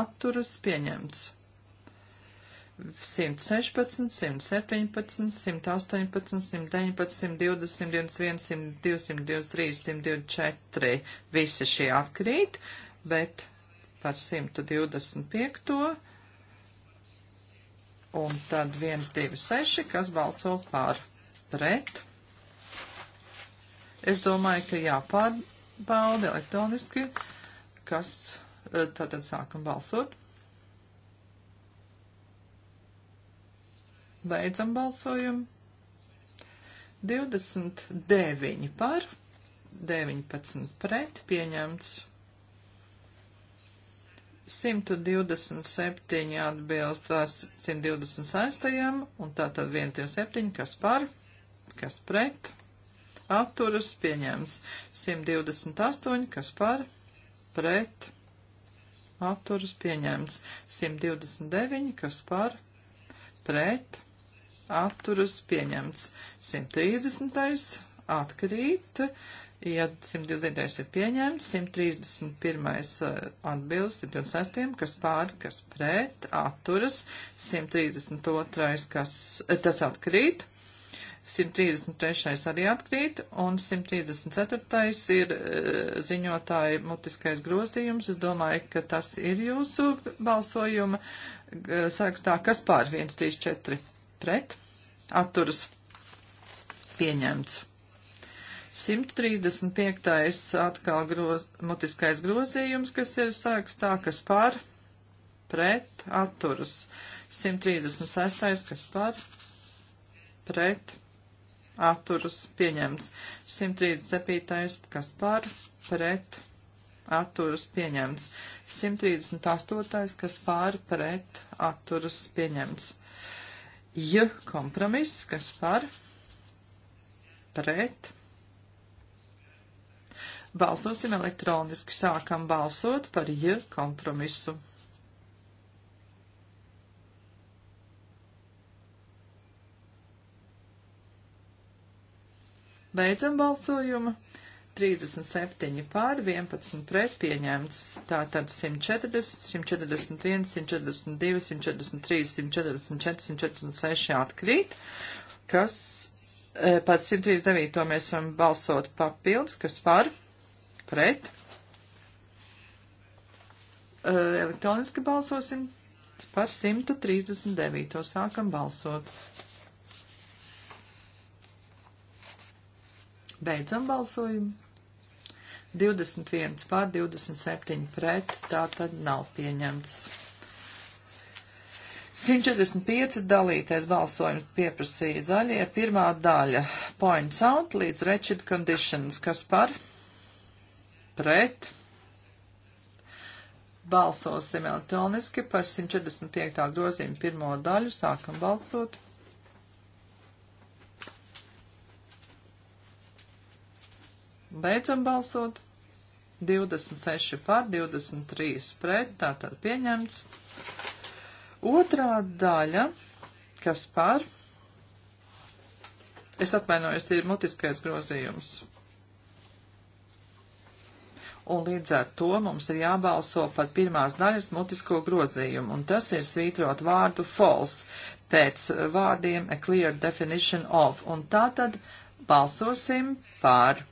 atturas pieņemts. 116, 117, 118, 119, 120, 121, 223, 124. Visi šie atkrīt, bet par 125. Un tad 126, kas balso par pret. Es domāju, ka jāpārbauda elektroniski, kas eh, tātad sākam balsot. Beidzam balsojumu. 29 par, 19 pret, pieņemts. 127 atbilst ar 126, un tātad 127, kas par, kas pret, apturas, pieņemts. 128, kas par, pret, apturas, pieņemts. 129, kas par, pret, apturas atturas pieņemts. 130. atkrīt, ja 120. ir pieņemts, 131. Uh, atbilst 126. kas pār, kas pret, atturas, 132. kas, eh, tas atkrīt. 133. arī atkrīt, un 134. ir eh, ziņotāja mutiskais grozījums. Es domāju, ka tas ir jūsu balsojuma eh, sarakstā. Kas pār 134? pret atturas pieņemts. 135. atkal groz, mutiskais grozījums, kas ir sarakstā, kas par pret atturas. 136. kas par pret atturas pieņemts. 137. kas par pret atturas pieņemts. 138. kas par pret atturas pieņemts. J kompromiss, kas par pret. Balsosim elektroniski, sākam balsot par J kompromisu. Beidzam balsojumu. 37 pār 11 pret pieņemts, tātad 140, 141, 142, 143, 144, 146 atkrīt, kas eh, par 139 mēs varam balsot papildus, kas par pret. Eh, elektroniski balsosim par 139. Sākam balsot. Beidzam balsojumu. 21 pār 27 pret, tā tad nav pieņemts. 145 dalītais balsojums pieprasīja zaļie. Pirmā daļa - points out līdz wretched conditions, kas par pret. Balsosim elektroniski par 145. grozījumu pirmo daļu, sākam balsot. Beidzam balsot. 26 pār 23 pret, tātad pieņemts. Otrā daļa, kas par. Es atvainojos, tie ir mutiskais grozījums. Un līdz ar to mums ir jābalso par pirmās daļas mutisko grozījumu, un tas ir svītrot vārdu false pēc vārdiem a clear definition of, un tātad balsosim par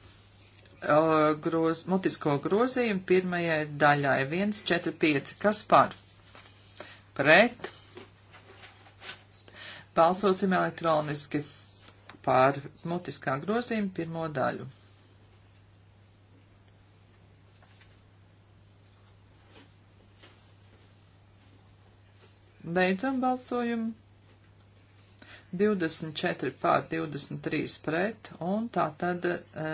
groz, mutisko grozījumu pirmajai daļai 145. Kas par? Pret. Balsosim elektroniski par mutiskā grozījuma pirmo daļu. Beidzam balsojumu. 24 pār 23 pret, un tā tad e,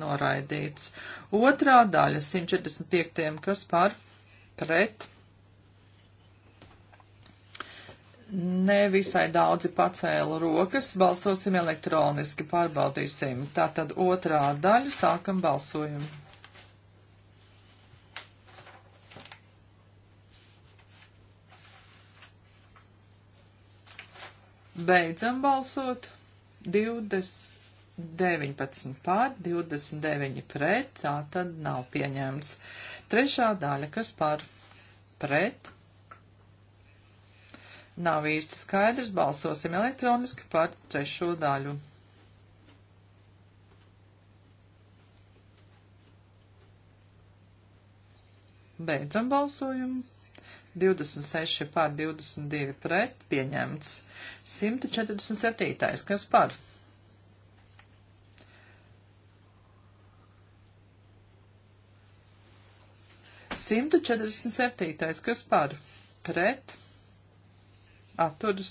noraidīts. Otrā daļa 145, kas par pret. Nevisai daudzi pacēla rokas, balsosim elektroniski, pārbaudīsim. Tātad otrā daļa sākam balsojumu. Beidzam balsot. 20, 19 pār, 29 pret, tā tad nav pieņemts. Trešā daļa, kas pār pret, nav īsti skaidrs, balsosim elektroniski par trešo daļu. Beidzam balsojumu. 26 pār 22 pret pieņemts. 147. Kas par? Simtu četrdesmit septītais, kas par pret, atturas,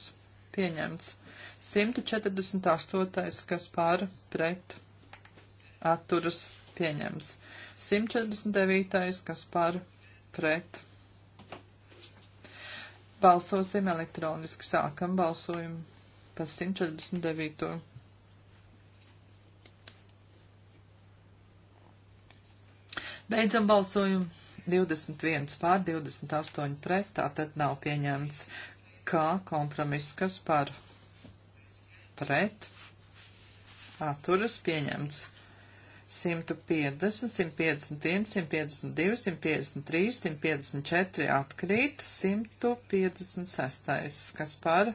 pieņemts. Simtu četrdesmit astotais, kas par pret, atturas, pieņemts. Simt četrdesmit devītais, kas par pret, atturas Balsosim elektroniski. Sākam balsojumu pa 149. Beidzam balsojumu 21 pār 28 pret, tātad nav pieņemts kā kompromiss, kas par pret atturas pieņemts. 150, 151, 152, 153, 154 atkrīt, 156, kas par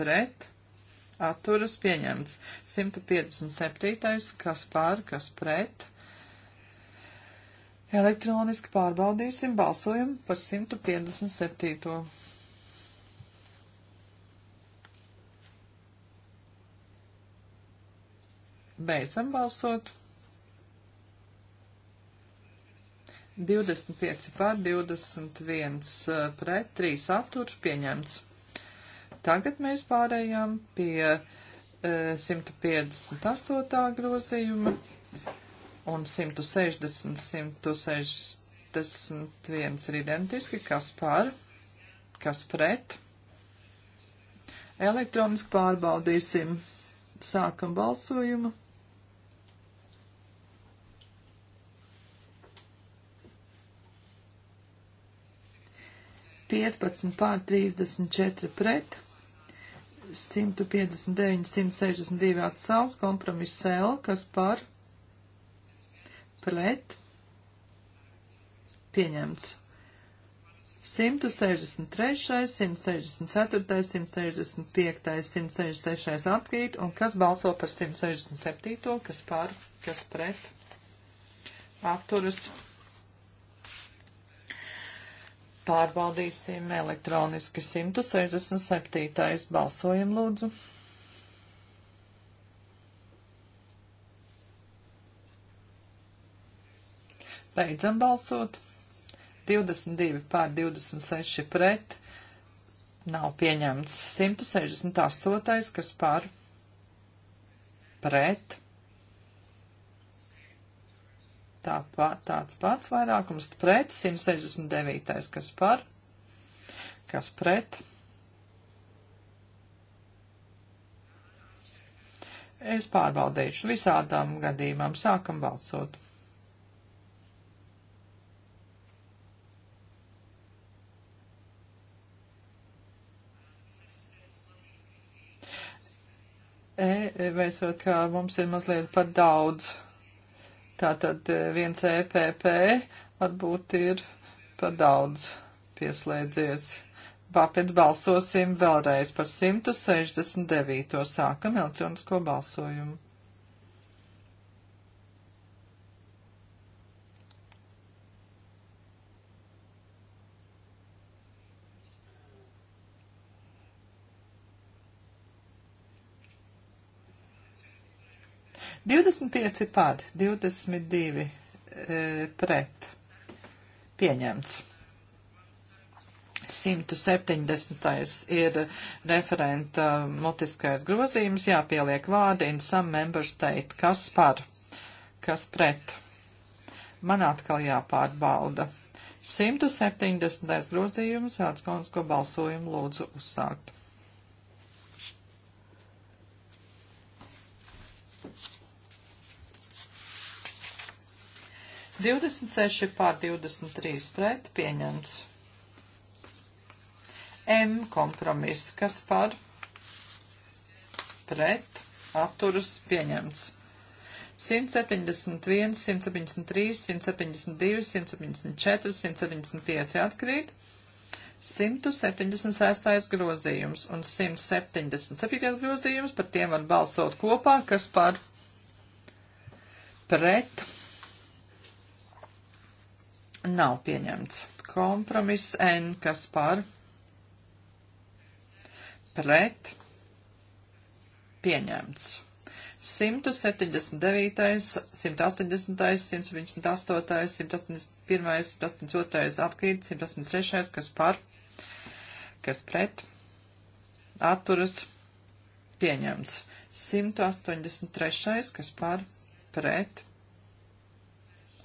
pret atturas pieņemts, 157, kas par, kas pret. Elektroniski pārbaudīsim balsojumu par 157. Beidzam balsot. 25 pār 21 pret 3 atturs pieņemts. Tagad mēs pārējām pie 158. Eh, grozījuma un 160, 161 ir identiski, kas par, kas pret. Elektroniski pārbaudīsim, sākam balsojumu. 15 pār 34 pret, 159, 162 atsaukt, kompromiss L, kas par pret pieņemts. 163, 164, 165, 166 atkrīt, un kas balso par 167, kas par, kas pret, apturas Pārbaudīsim elektroniski 167. balsojam lūdzu. Beidzam balsot. 22 pār 26 pret. Nav pieņemts 168, kas pār pret tā pa, tāds pats vairākums pret 169. kas par, kas pret. Es pārbaudīšu visādām gadījumām, sākam balsot. E, vai es varu, ka mums ir mazliet par daudz Tātad e, viens EPP varbūt ir par daudz pieslēdzies. Pēc balsosim vēlreiz par 169. sākam elektronisko balsojumu. 25 pār, 22 e, pret. Pieņemts. 170. ir referenta mutiskais grozījums, jāpieliek vārdi in some member state, kas par, kas pret. Man atkal jāpārbauda. 170. grozījums, atskons, ko balsojumu lūdzu uzsākt. 26 pār 23 pret pieņemts. M kompromiss, kas par pret atturas pieņemts. 171, 173, 172, 174, 175 atkrīt, 176 grozījums un 177 grozījums, par tiem var balsot kopā, kas par pret nav pieņemts. Kompromiss N, kas par, pret, pieņemts. 179, 180, 188, 181, 182 atkrīt, 183, kas par, kas pret, atturas, pieņemts. 183, kas par, pret,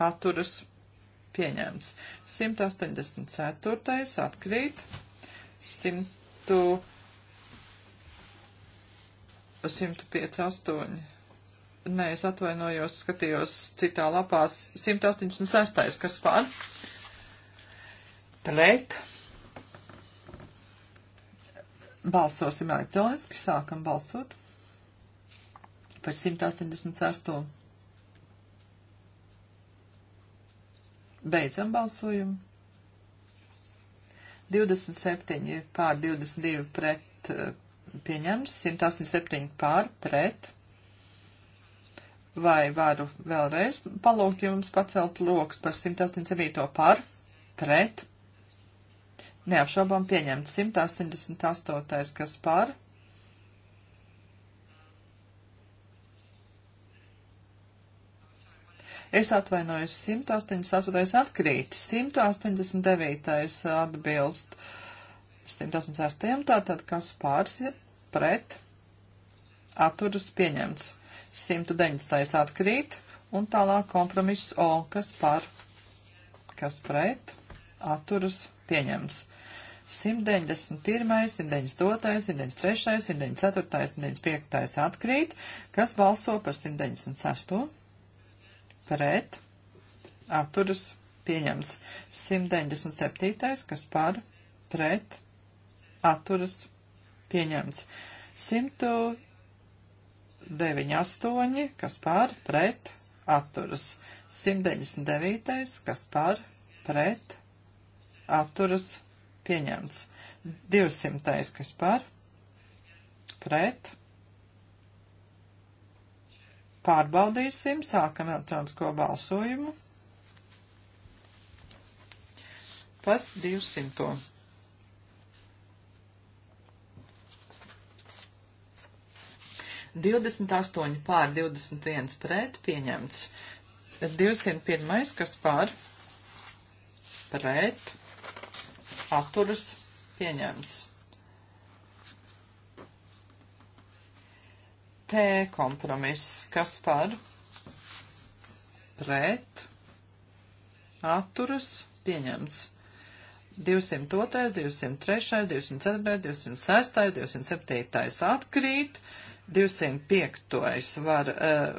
atturas, pieņemts pieņemts. 184. atkrīt. 100, 158. Nē, es atvainojos, skatījos citā lapā 186. kas pār. Pret. Balsosim elektroniski, sākam balsot par 186. Beidzam balsojumu. 27 pār 22 pret eh, pieņems, 187 pār pret. Vai varu vēlreiz palūgt jums pacelt rokas par 187 pār pret? Neapšaubām pieņemts 188, kas pār Es atvainojos, 188. atkrīt, 189. atbilst 186. Tātad, kas pāris ir pret atturas pieņemts. 190. atkrīt un tālāk kompromiss O, kas par, kas pret atturas pieņemts. 191, 192, 193, 194, 195 atkrīt, kas balso par 196 pret, atturas, pieņemts. 197. kas par, pret, atturas, pieņemts. 198. kas par, pret, atturas. 199. kas par, pret, atturas, pieņemts. 200. kas par, pret, atturas Pārbaudīsim, sākam elektronisko balsojumu par 200. Divdesmit astoņi pār, divdesmit viens pret, pieņemts. 201, kas pār, pret, atturas, pieņemts. T kompromiss, kas par pret atturas pieņemts. 202, 203, 204, 206, 207 atkrīt, 205 var uh,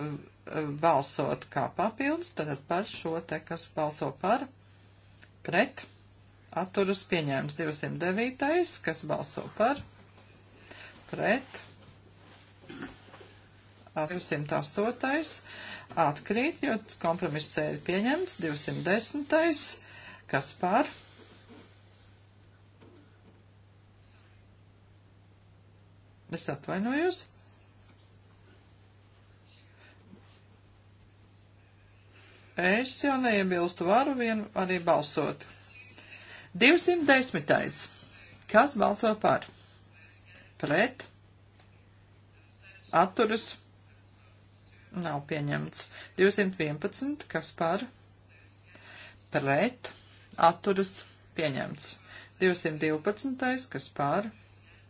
balsot kā papildus, tad par šo te, kas balso par pret atturas pieņēmums 209, kas balso par pret 208. atkrīt, jo kompromiss C ir pieņemts. 210. kas par? Es atvainojos. Es jau neiebilstu varu vien arī balsot. 210. Kas balso par? Pret? Atturas? Nav pieņemts. 211, kas par? Pret. Atturas pieņemts. 212, kas par?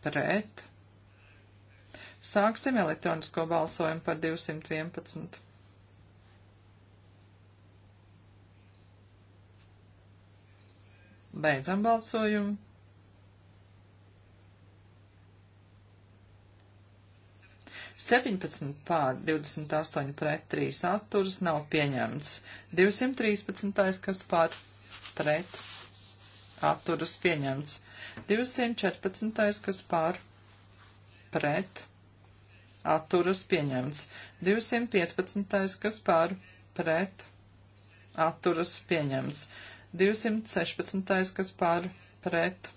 Pret. Sāksim elektronisko balsojumu par 211. Beidzam balsojumu. 17 pār 28 pret 3 atturas nav pieņemts. 213. kas pār pret atturas pieņemts. 214. kas pār pret atturas pieņemts. 215. kas pār pret atturas pieņemts. 216. kas pār pret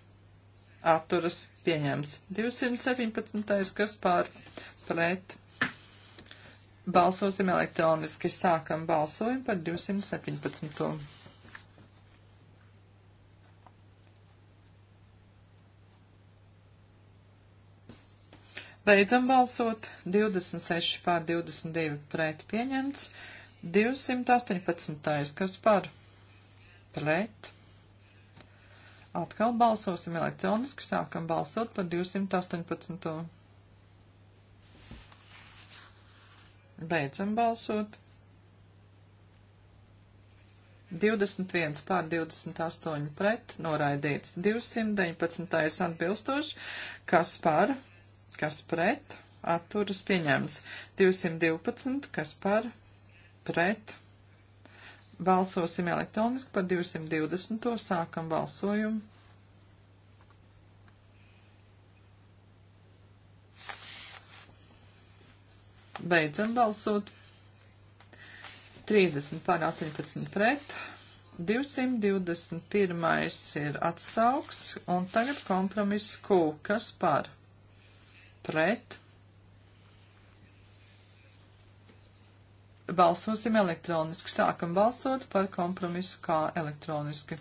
atturas pieņemts. 217. kas pār pret. Balsosim elektroniski. Sākam balsojumu par 217. Beidzam balsot. 26 pār 22 pret pieņemts. 218. Kas par? Pret. Atkal balsosim elektroniski. Sākam balsot par 218. Beidzam balsot. 21 pār 28 pret, noraidīts 219. atbilstoši, kas par, kas pret, atturas pieņemts 212, kas par, pret. Balsosim elektroniski par 220. sākam balsojumu. Beidzam balsot. 30 pār 18 pret. 221 ir atsaukts un tagad kompromiss Q. Kas par? Pret. Balsosim elektroniski. Sākam balsot par kompromisu K elektroniski.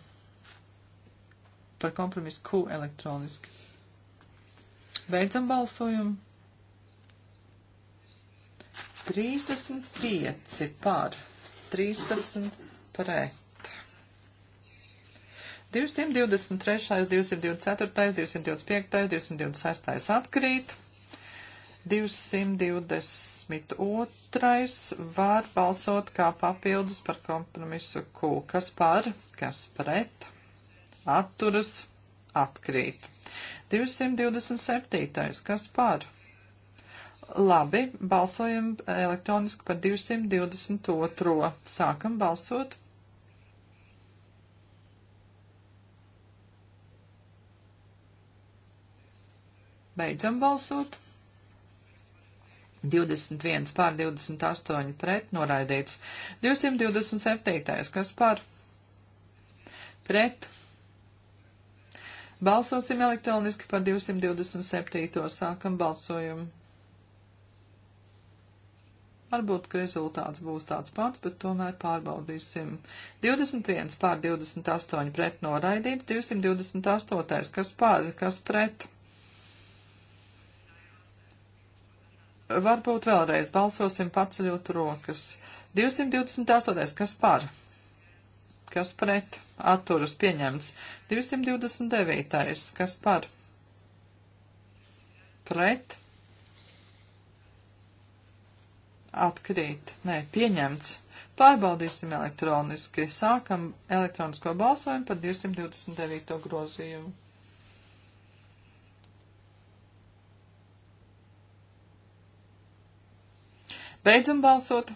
Par kompromisu Q elektroniski. Beidzam balsojumu. 35 par, 13 pret. 223, 224, 225, 226 atkrīt. 222 var balsot kā papildus par kompromisu Q. Kas par, kas pret, atturas, atkrīt. 227. Kas par, Labi, balsojam elektroniski par 222. Sākam balsot. Beidzam balsot. 21 pār 28 pret noraidīts. 227. kas par? Pret. Balsosim elektroniski par 227. sākam balsojumu. Varbūt, ka rezultāts būs tāds pats, bet tomēr pārbaudīsim. 21 pār 28 pret noraidīts, 228, kas pār, kas pret. Varbūt vēlreiz balsosim paceļot rokas. 228, kas pār? Kas pret? Atturas pieņemts. 229, kas par? Pret? atkrīt. Nē, pieņemts. Pārbaudīsim elektroniski. Sākam elektronisko balsojumu par 229. grozījumu. Beidzam balsot.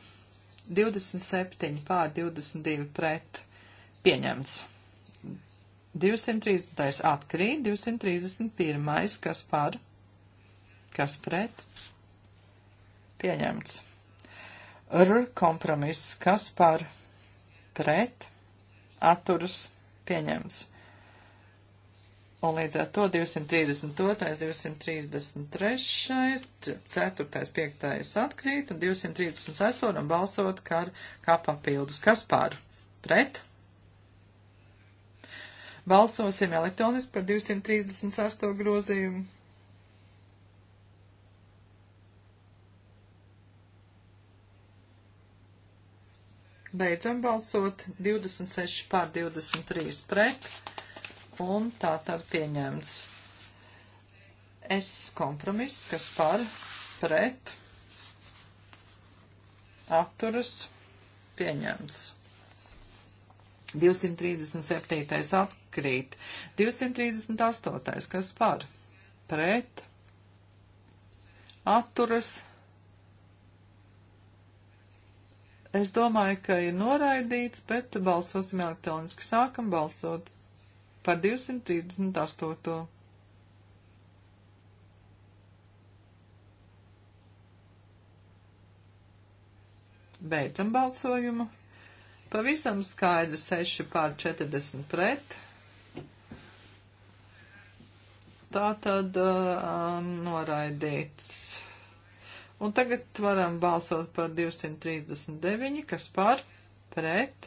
27 pār 22 pret. Pieņemts. 230. atkrīt, 231. kas par, kas pret, pieņemts. R kompromiss, kas par pret atturas pieņemts. Un līdz ar to 232, 233, 4, 5 atkrīt un 236 varam balsot kā, kā papildus. Kas par? Pret? Balsosim elektroniski par 238 grozījumu. Beidzam balsot 26 pār 23 pret un tā tad pieņemts. S kompromiss, kas par pret apturas pieņemts. 237. atkrīt. 238. kas par pret apturas Es domāju, ka ir noraidīts, bet balsosim elektroniski. Sākam balsot par 238. Beidzam balsojumu. Pavisam skaidri 6 pār 40 pret. Tā tad uh, noraidīts. Un tagad varam balsot par 239, kas par pret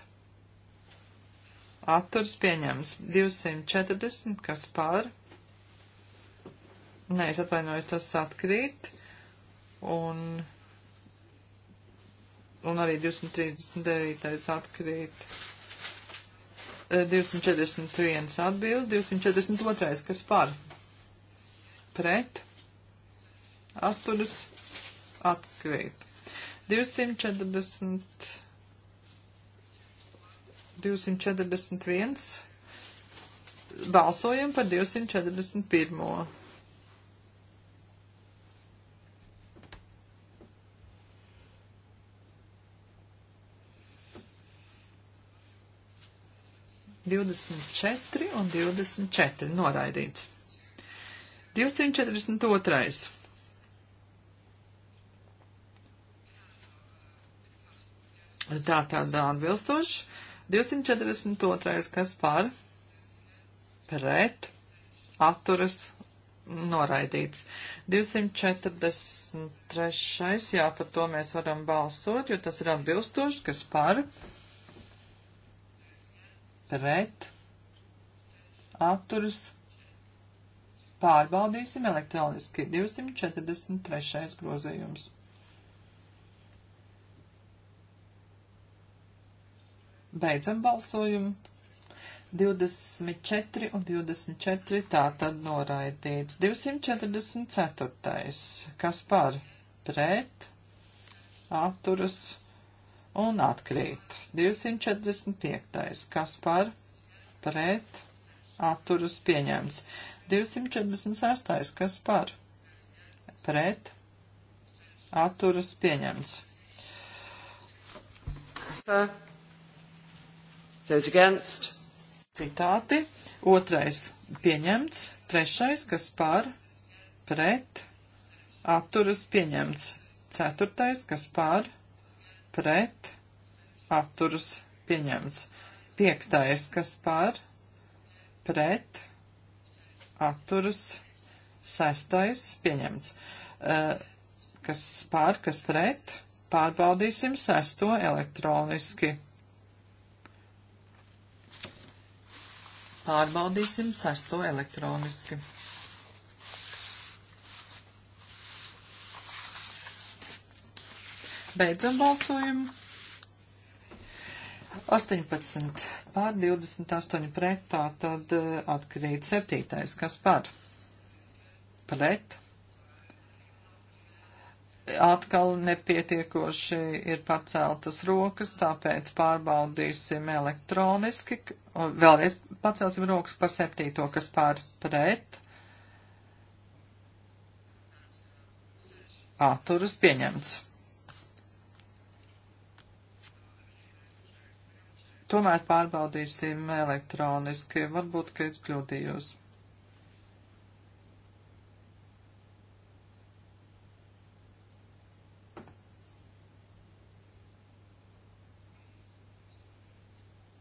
atturs pieņems. 240, kas par. Nē, es atvainojos, tas atkrīt. Un, un arī 239 atkrīt. 241 eh, atbild, 242, kas par. Pret atturs pieņems atkrīt. 240, 241. Balsojam par 241. Divdesmit četri un divdesmit četri noraidīts. Divsimt četrdesmit otrais Tā tad atbilstoši 242. kas par pret atturas noraidīts. 243. jā, par to mēs varam balsot, jo tas ir atbilstoši, kas par pret atturas pārbaudīsim elektroniski. 243. grozījums. Beidzam balsojumu. 24 un 24 tā tad noraidīts. 244. Kas par pret atturas un atkrīt. 245. Kas par pret atturas pieņemts. 246. Kas par pret atturas pieņemts. Kas par? Those against. Citāti. Otrais pieņemts. Trešais, kas par, pret, atturas pieņemts. Ceturtais, kas par, pret, atturas pieņemts. Piektais, kas par, pret, atturas sestais pieņemts. Uh, kas pār, kas pret, pārbaudīsim sesto elektroniski. Pārbaudīsim sesto elektroniski. Beidzam balsojumu. 18 pār 28 pret, tā tad eh, atkrīt 7. Kas par? Pret. Atkal nepietiekoši ir paceltas rokas, tāpēc pārbaudīsim elektroniski. Vēlreiz pacelsim rokas par septīto, kas pār pret. Atturas pieņemts. Tomēr pārbaudīsim elektroniski, varbūt, ka es kļūdījos.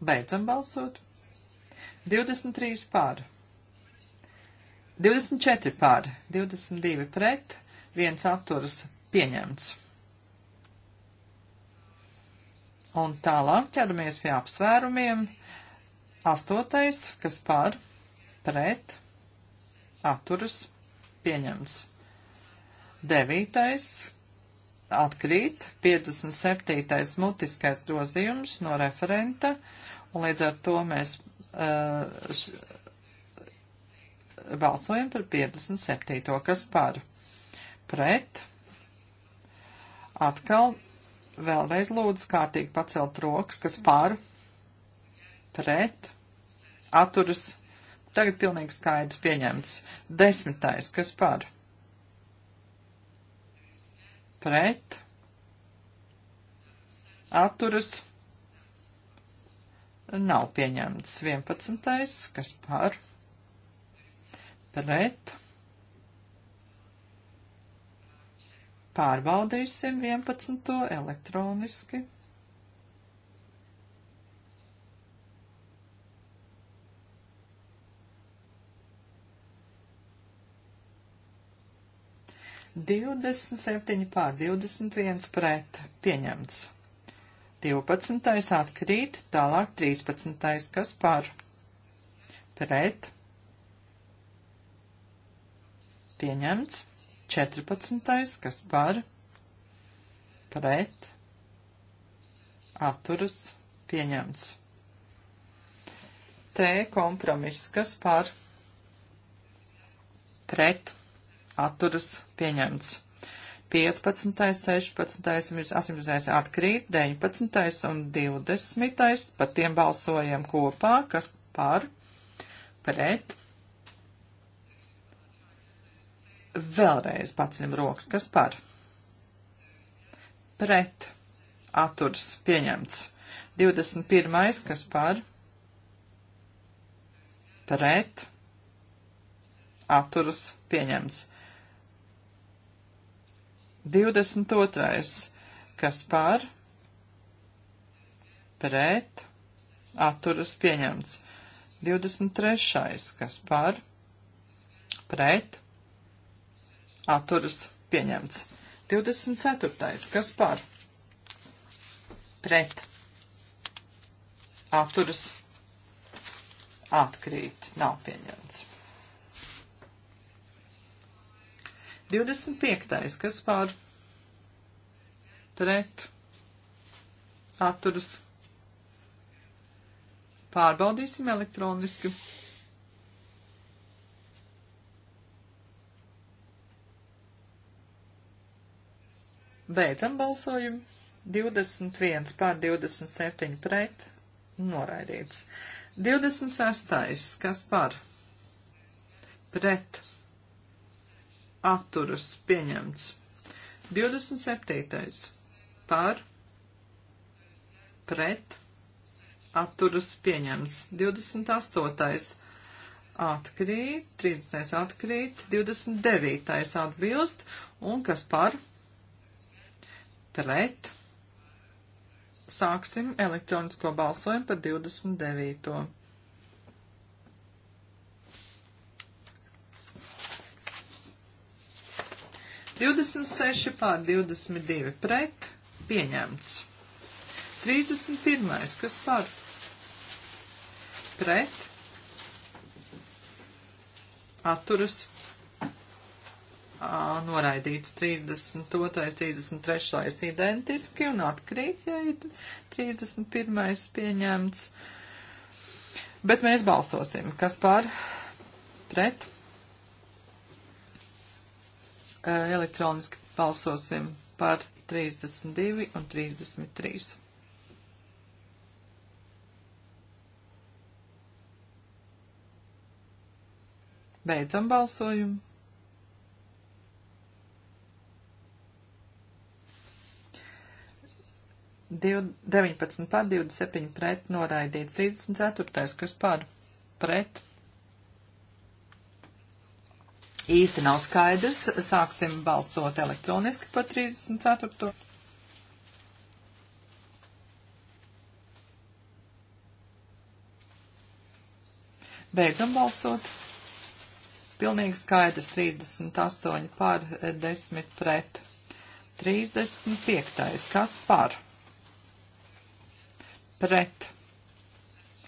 Beidzam balsot. 23 pār. 24 pār, 22 pret, 1 atturas pieņemts. Un tālāk ķeramies pie apsvērumiem. Astotais, kas pār, pret, atturas pieņems. Devītais, atkrīt, 57. mutiskais grozījums no referenta, un līdz ar to mēs Uh, balsojam par 57. kas par pret. Atkal vēlreiz lūdzu kārtīgi pacelt rokas, kas par pret atturas. Tagad pilnīgi skaidrs pieņemts. Desmitais, kas par pret atturas nav pieņemts. 11. kas par pret. Pārbaudīsim 11. elektroniski. Divdesmit septiņi pār divdesmit viens pret pieņemts. 12. atkrīt, tālāk 13. kas par pret pieņemts, 14. kas par pret atturas pieņemts. T kompromiss, kas par pret atturas pieņemts. 15, 16 un 18 atkrīt, 19 un 20, par tiem balsojam kopā, kas par, pret. Vēlreiz paceļam rokas, kas par, pret, atturs, pieņemts. 21, kas par, pret, atturs, pieņemts. 22. kas par, pret, atturas pieņemts. 23. kas par, pret, atturas pieņemts. 24. kas par, pret, atturas atkrīt, nav pieņemts. 25. kas pār pret atturus. Pārbaudīsim elektroniski. Beidzam balsojumu. 21 pār 27 pret. Noraidīts. 26. kas par? Pret atturas pieņemts. 27. par pret atturas pieņemts. 28. atkrīt, 30. atkrīt, 29. atbilst un kas par pret. Sāksim elektronisko balsojumu par 29. 26 pār 22 pret pieņemts. 31. Kas par? Pret. Atturas. À, noraidīts 32, 33 identiski un atkrīt, ja ir 31 pieņemts. Bet mēs balsosim. Kas par? Pret. Elektroniski balsosim par 32 un 33. Beidzam balsojumu. Div, 19 pār 27 pret noraidīts 34. kas pār pret īsti nav skaidrs. Sāksim balsot elektroniski par 34. Beidzam balsot. Pilnīgi skaidrs 38 par 10 pret. 35. Kas par? Pret.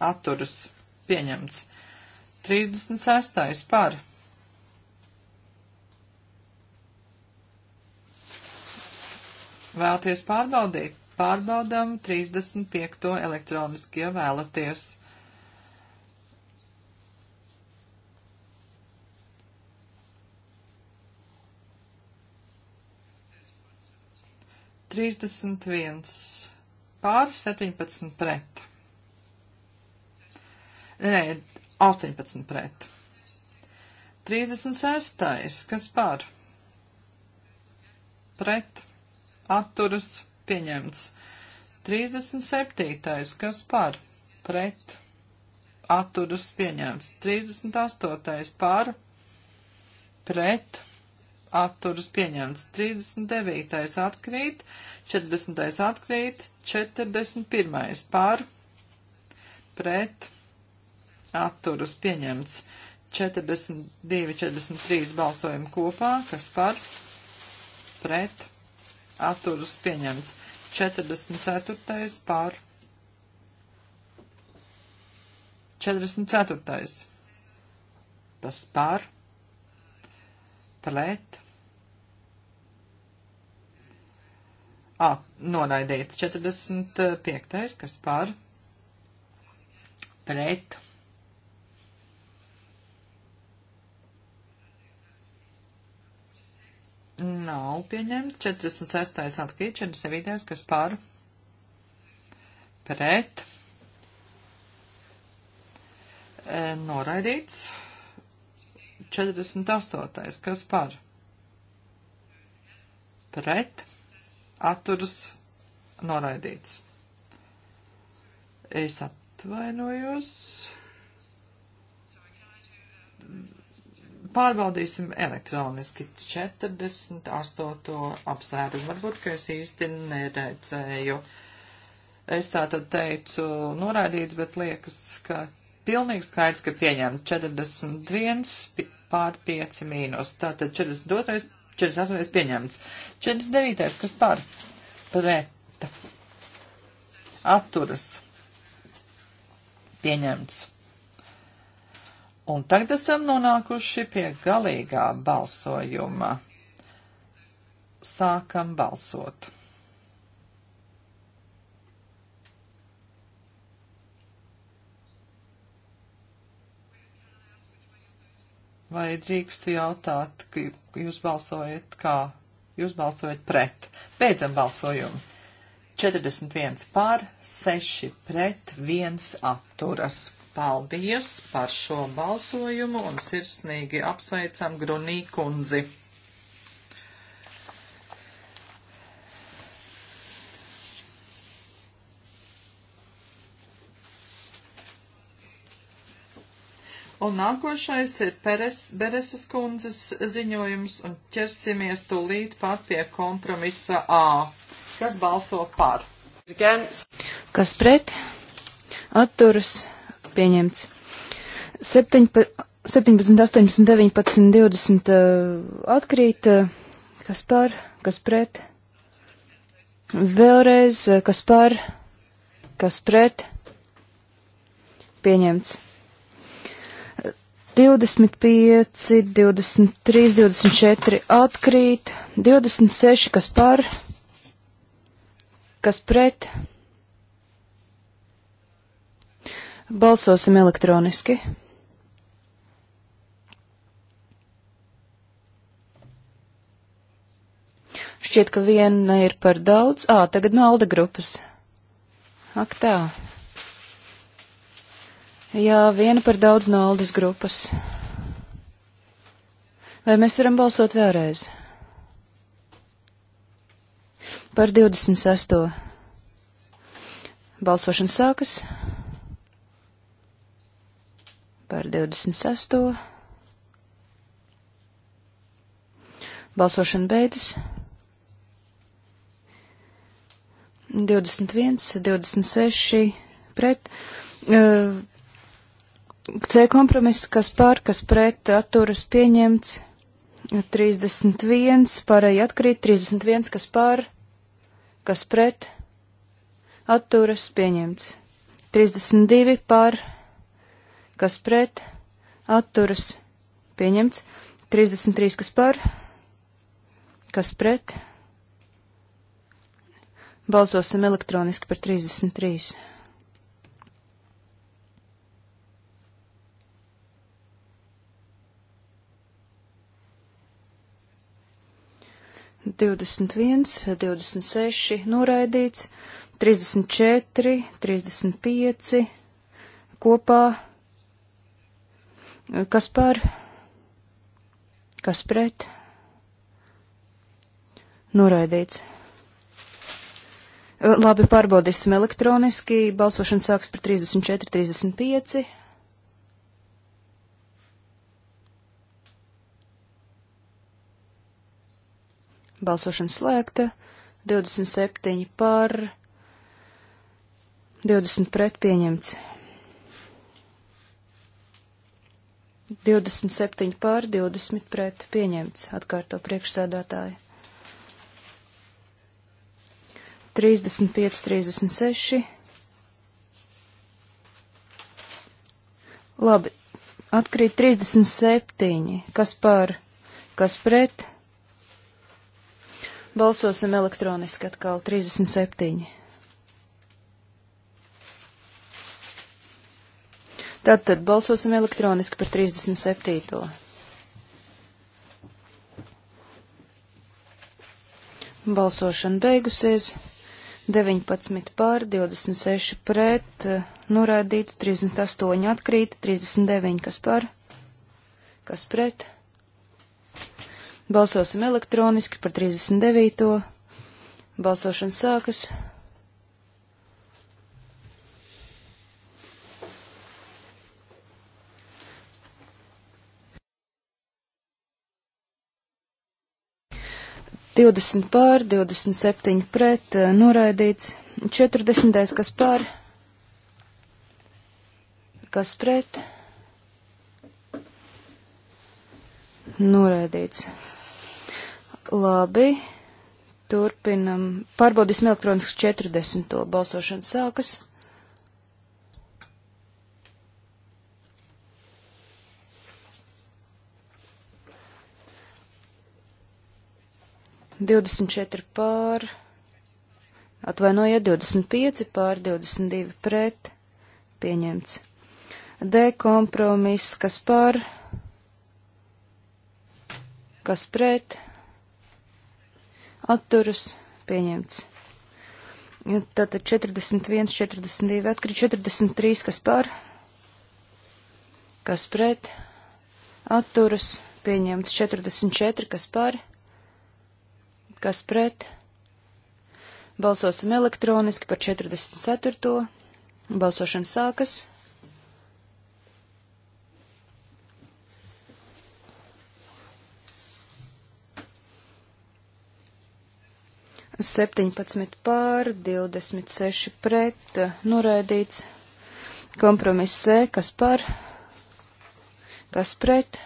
Atturas. Pieņemts. 36. par. Vēlties pārbaudīt? Pārbaudām 35. elektroniski, ja vēlaties. Trīsdesmit viens pār septiņpadsmit pret. Nē, astoņpadsmit pret. Trīsdesmit sestais, kas pār? Pret atturas pieņemts. 37. kas par pret atturas pieņemts. 38. par pret atturas pieņemts. 39. atkrīt, 40. atkrīt, 41. par pret atturas pieņemts. 42, 43 balsojumi kopā, kas par pret atturas pieņemts. 44. pār 44. Tas pār pret A, noraidīts 45. kas pār pret atturas pieņemts nav pieņemts. 46. atkrīt, 47. kas par pret e, noraidīts. 48. kas par pret atturas noraidīts. Es atvainojos. Pārbaudīsim elektroniski 48. apsvērumu. Varbūt, ka es īsti neredzēju. Es tā tad teicu noraidīts, bet liekas, ka pilnīgi skaidrs, ka pieņemts 41 pār 5 mīnus. Tātad 42. 48. pieņemts. 49. kas pār? Pret. Atturas. Pieņemts. Un tagad esam nonākuši pie galīgā balsojuma. Sākam balsot. Vai drīkstu jautāt, ka jūs balsojat kā? Jūs balsojat pret. Beidzam balsojumu. 41 pār, 6 pret, 1 atturas. Paldies par šo balsojumu un sirsnīgi apsveicam Grunī kundzi. Un nākošais ir Peres, Bereses kundzes ziņojums un ķersimies tūlīt pat pie kompromisa A. Kas balso par? Kas pret? Atturas pieņemts. 17, 18, 19, 20 atkrīt, eh, kas par, kas pret. Vēlreiz, eh, kas par, kas pret, pieņemts. 25, 23, 24 atkrīt, 26, kas par, kas pret, pieņemts Balsosim elektroniski. Šķiet, ka viena ir par daudz. Ā, tagad no Alda grupas. Ak tā. Jā, viena par daudz no Aldas grupas. Vai mēs varam balsot vēlreiz? Par 26. Balsošana sākas par 26. Balsošana beidzas. 21, 26 pret. C kompromiss, kas pār, kas pret, atturas pieņemts. 31, pārēji atkrīt. 31, kas pār, kas pret, atturas pieņemts. 32 pār, kas pret, atturas, pieņemts. 33, kas par, kas pret. Balsosim elektroniski par 33. Divdesmit viens, divdesmit seši noraidīts, trīsdesmit četri, trīsdesmit pieci kopā Kas par? Kas pret? Noraidīts. Labi, pārbaudīsim elektroniski. Balsošana sāks par 34, 35. Balsošana slēgta. 27 par 20 pret pieņemts. 27 pār 20 pret pieņemts, atkārto priekšsēdētāju. 35, 36. Labi, atkrīt 37. Kas par, kas pret? Balsosim elektroniski atkal 37. Tātad balsosim elektroniski par 37. Balsošana beigusies. 19 pār, 26 pret, norādīts 38 atkrīt, 39 kas par, kas pret. Balsosim elektroniski par 39. Balsošana sākas. 20 pār, 27 pret, eh, noraidīts. 40. kas pār, kas pret, noraidīts. Labi, turpinam. Pārbaudīsim elektronisks 40. balsošanas sākas. 24 pār, atvainojiet, 25 pār, 22 pret, pieņemts. D kompromiss, kas pār, kas pret, atturas, pieņemts. Tātad 41, 42, atkrīt 43, kas pār, kas pret, atturas, pieņemts 44, kas pār, Kas pret? Balsosim elektroniski par 44. Balsošana sākas. Septiņpadsmit pār, divdesmit seši pret, noraidīts, kompromiss C, kas par, kas pret,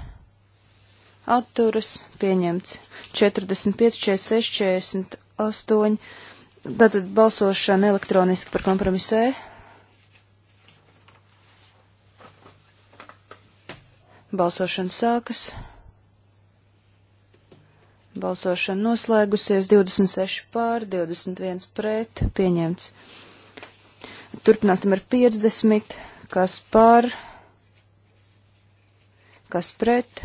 atturas pieņemts. 45, 46, 48. Tātad balsošana elektroniski par kompromisē. E. Balsošana sākas. Balsošana noslēgusies 26 pār, 21 pret, pieņemts. Turpināsim ar 50, kas pār, kas pret,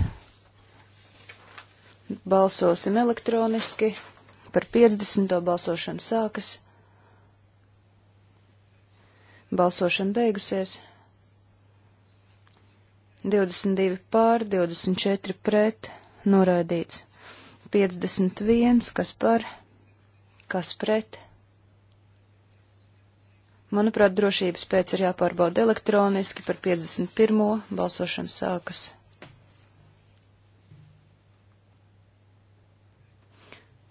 Balsosim elektroniski. Par 50. balsošanu sākas. Balsošana beigusies. 22 pār, 24 pret, noraidīts. 51, kas par, kas pret. Manuprāt, drošības pēc ir jāpārbauda elektroniski par 51. balsošana sākas.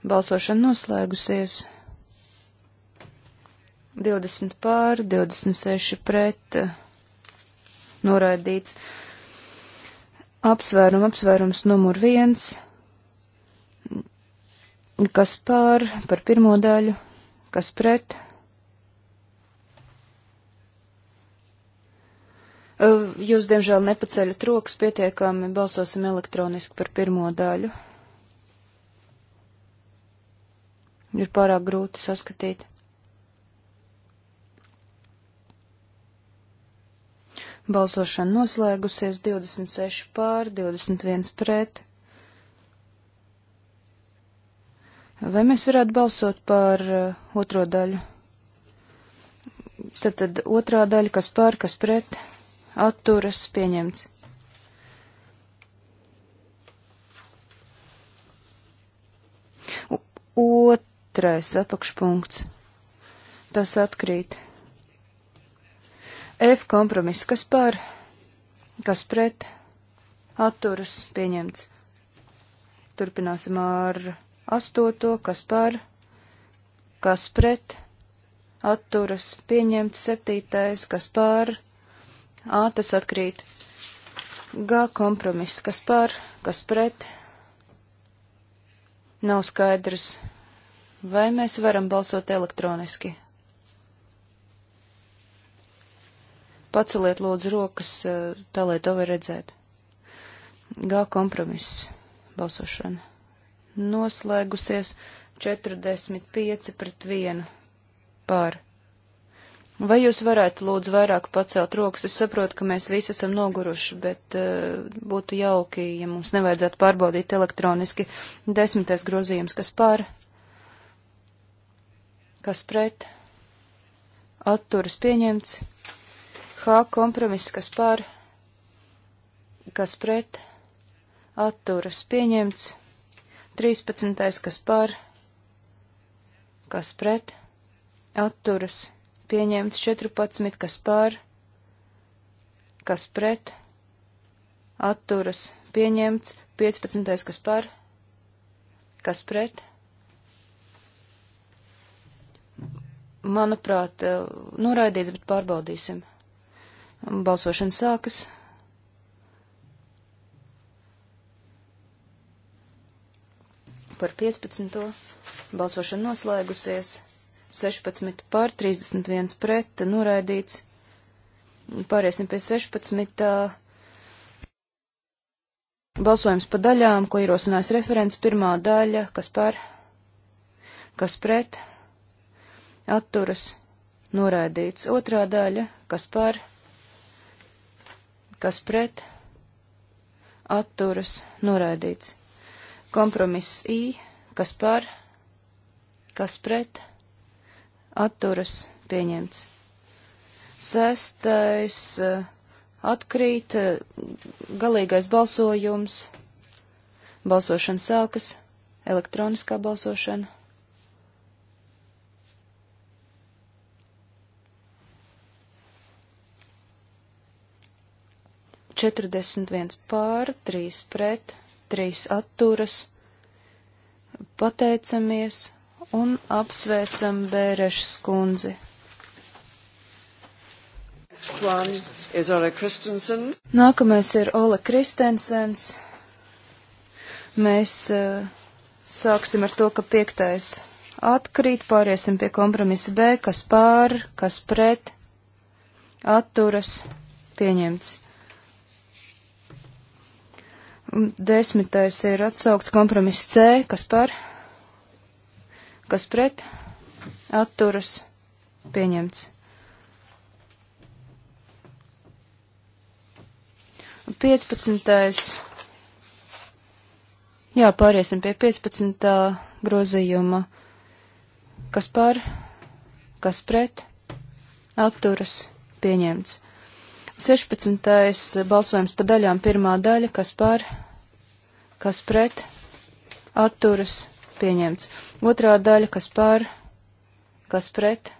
Balsošana noslēgusies. 20 pār, 26 pret, noraidīts. Apsvērum, apsvērums numur viens. Kas pār par pirmo daļu, kas pret? Jūs, diemžēl, nepaceļat rokas pietiekami, balsosim elektroniski par pirmo daļu. ir pārāk grūti saskatīt. Balsošana noslēgusies 26 pār 21 pret. Vai mēs varētu balsot par uh, otro daļu? Tad, tad otrā daļa, kas pār, kas pret, atturas pieņemts. U ot otrais apakšpunkts. Tas atkrīt. F kompromiss, kas par, kas pret, atturas pieņemts. Turpināsim ar astoto, kas par, kas pret, atturas pieņemts. Septītais, kas par, ā, tas atkrīt. G kompromiss, kas par, kas pret, nav skaidrs Vai mēs varam balsot elektroniski? Paceliet lūdzu rokas, eh, tā lai to var redzēt. Gā kompromiss balsošana. Noslēgusies 45 pret 1 pār. Vai jūs varētu lūdzu vairāk pacelt rokas? Es saprotu, ka mēs visi esam noguruši, bet uh, būtu jauki, ja mums nevajadzētu pārbaudīt elektroniski desmitais grozījums, kas pār kas pret, atturas pieņemts, H kompromiss, kas par, kas pret, atturas pieņemts, 13. kas par, kas pret, atturas pieņemts, 14. kas par, kas pret, atturas pieņemts, 15. kas par, kas pret, manuprāt, eh, noraidīts, bet pārbaudīsim. Balsošana sākas. Par 15. Balsošana noslēgusies. 16 pār 31 pret, noraidīts. Pāriesim pie 16. Balsojums pa daļām, ko ierosinājis referents. Pirmā daļa, kas par, kas pret, atturas, noraidīts. Otrā daļa, kas par, kas pret, atturas, noraidīts. Kompromiss I, kas par, kas pret, atturas, pieņemts. Sestais eh, atkrīt, eh, galīgais balsojums, balsošana sākas, elektroniskā balsošana. 41 pār, 3 pret, 3 atturas. Pateicamies un apsveicam Bērešas kundzi. Nākamais ir Ole Kristensens. Mēs uh, sāksim ar to, ka piektais atkrīt, pāriesim pie kompromisa B, kas pār, kas pret, atturas, pieņemts. Desmitais ir atsaukts kompromiss C, kas par, kas pret, atturas, pieņemts. Piecpadsmitais. Jā, pāriesim pie 15. grozījuma. Kas par, kas pret, atturas, pieņemts. 16. balsojums pa daļām, pirmā daļa, kas par, kas pret, atturas, pieņemts. Otrā daļa, kas pār, kas pret,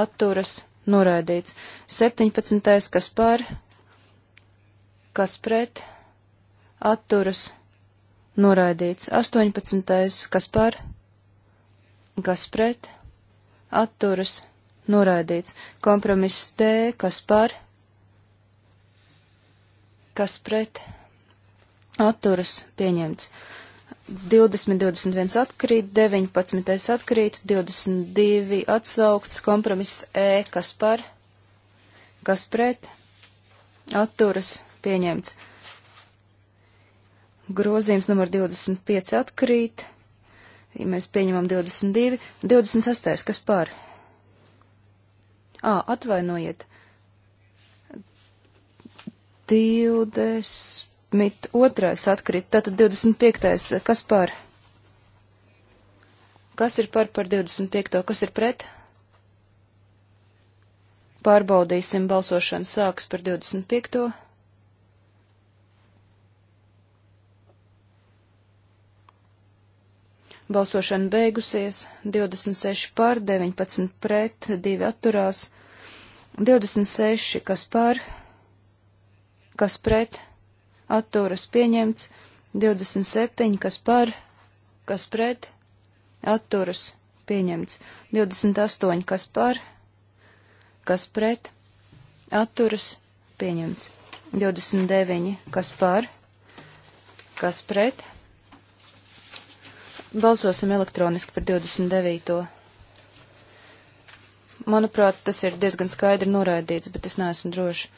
atturas, noraidīts. 17. kas pār, kas pret, atturas, noraidīts. 18. kas pār, kas pret, atturas, noraidīts. Kompromiss T, kas pār, kas pret, atturas atturas pieņemts. 20, 21 atkrīt, 19 atkrīt, 22 atsaukts, kompromiss E, kas par, kas pret, atturas pieņemts. Grozījums numur 25 atkrīt, ja mēs pieņemam 22, 26, kas par? Ā, atvainojiet. 20. 22. atkrīt, tātad 25. kas par? Kas ir par par 25. kas ir pret? Pārbaudīsim, balsošana sāks par 25. Balsošana beigusies, 26 pār, 19 pret, 2 atturās, 26 kas pār, kas pret, atturas pieņemts, 27, kas par, kas pret, atturas pieņemts, 28, kas par, kas pret, atturas pieņemts, 29, kas par, kas pret. Balsosim elektroniski par 29. Manuprāt, tas ir diezgan skaidri noraidīts, bet es neesmu droši.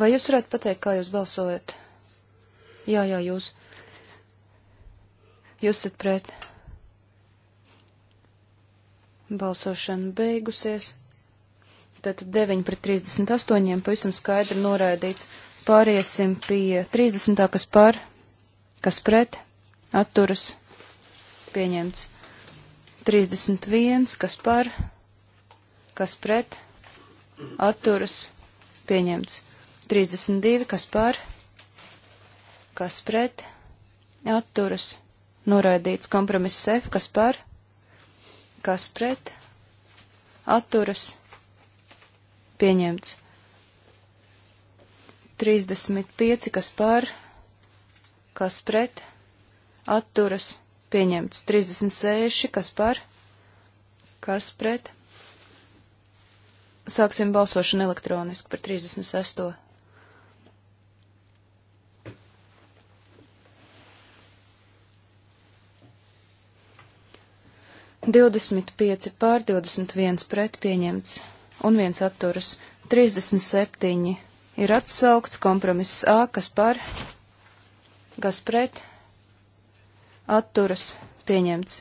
Vai jūs varētu pateikt, kā jūs balsojat? Jā, jā, jūs. Jūs esat pret. Balsošana beigusies. Tātad 9 pret 38 pavisam skaidri noraidīts. Pāriesim pie 30. kas par, kas pret, atturas, pieņemts. 31. kas par, kas pret, atturas, pieņemts. 32, kas par, kas pret, atturas, noraidīts kompromiss F, kas par, kas pret, atturas, pieņemts. 35, kas par, kas pret, atturas, pieņemts. 36, kas par, kas pret. Sāksim balsošanu elektroniski par 36. 25 pār 21 pret pieņemts un viens atturas. 37 ir atsaukts kompromiss A, kas par, kas pret, atturas pieņemts.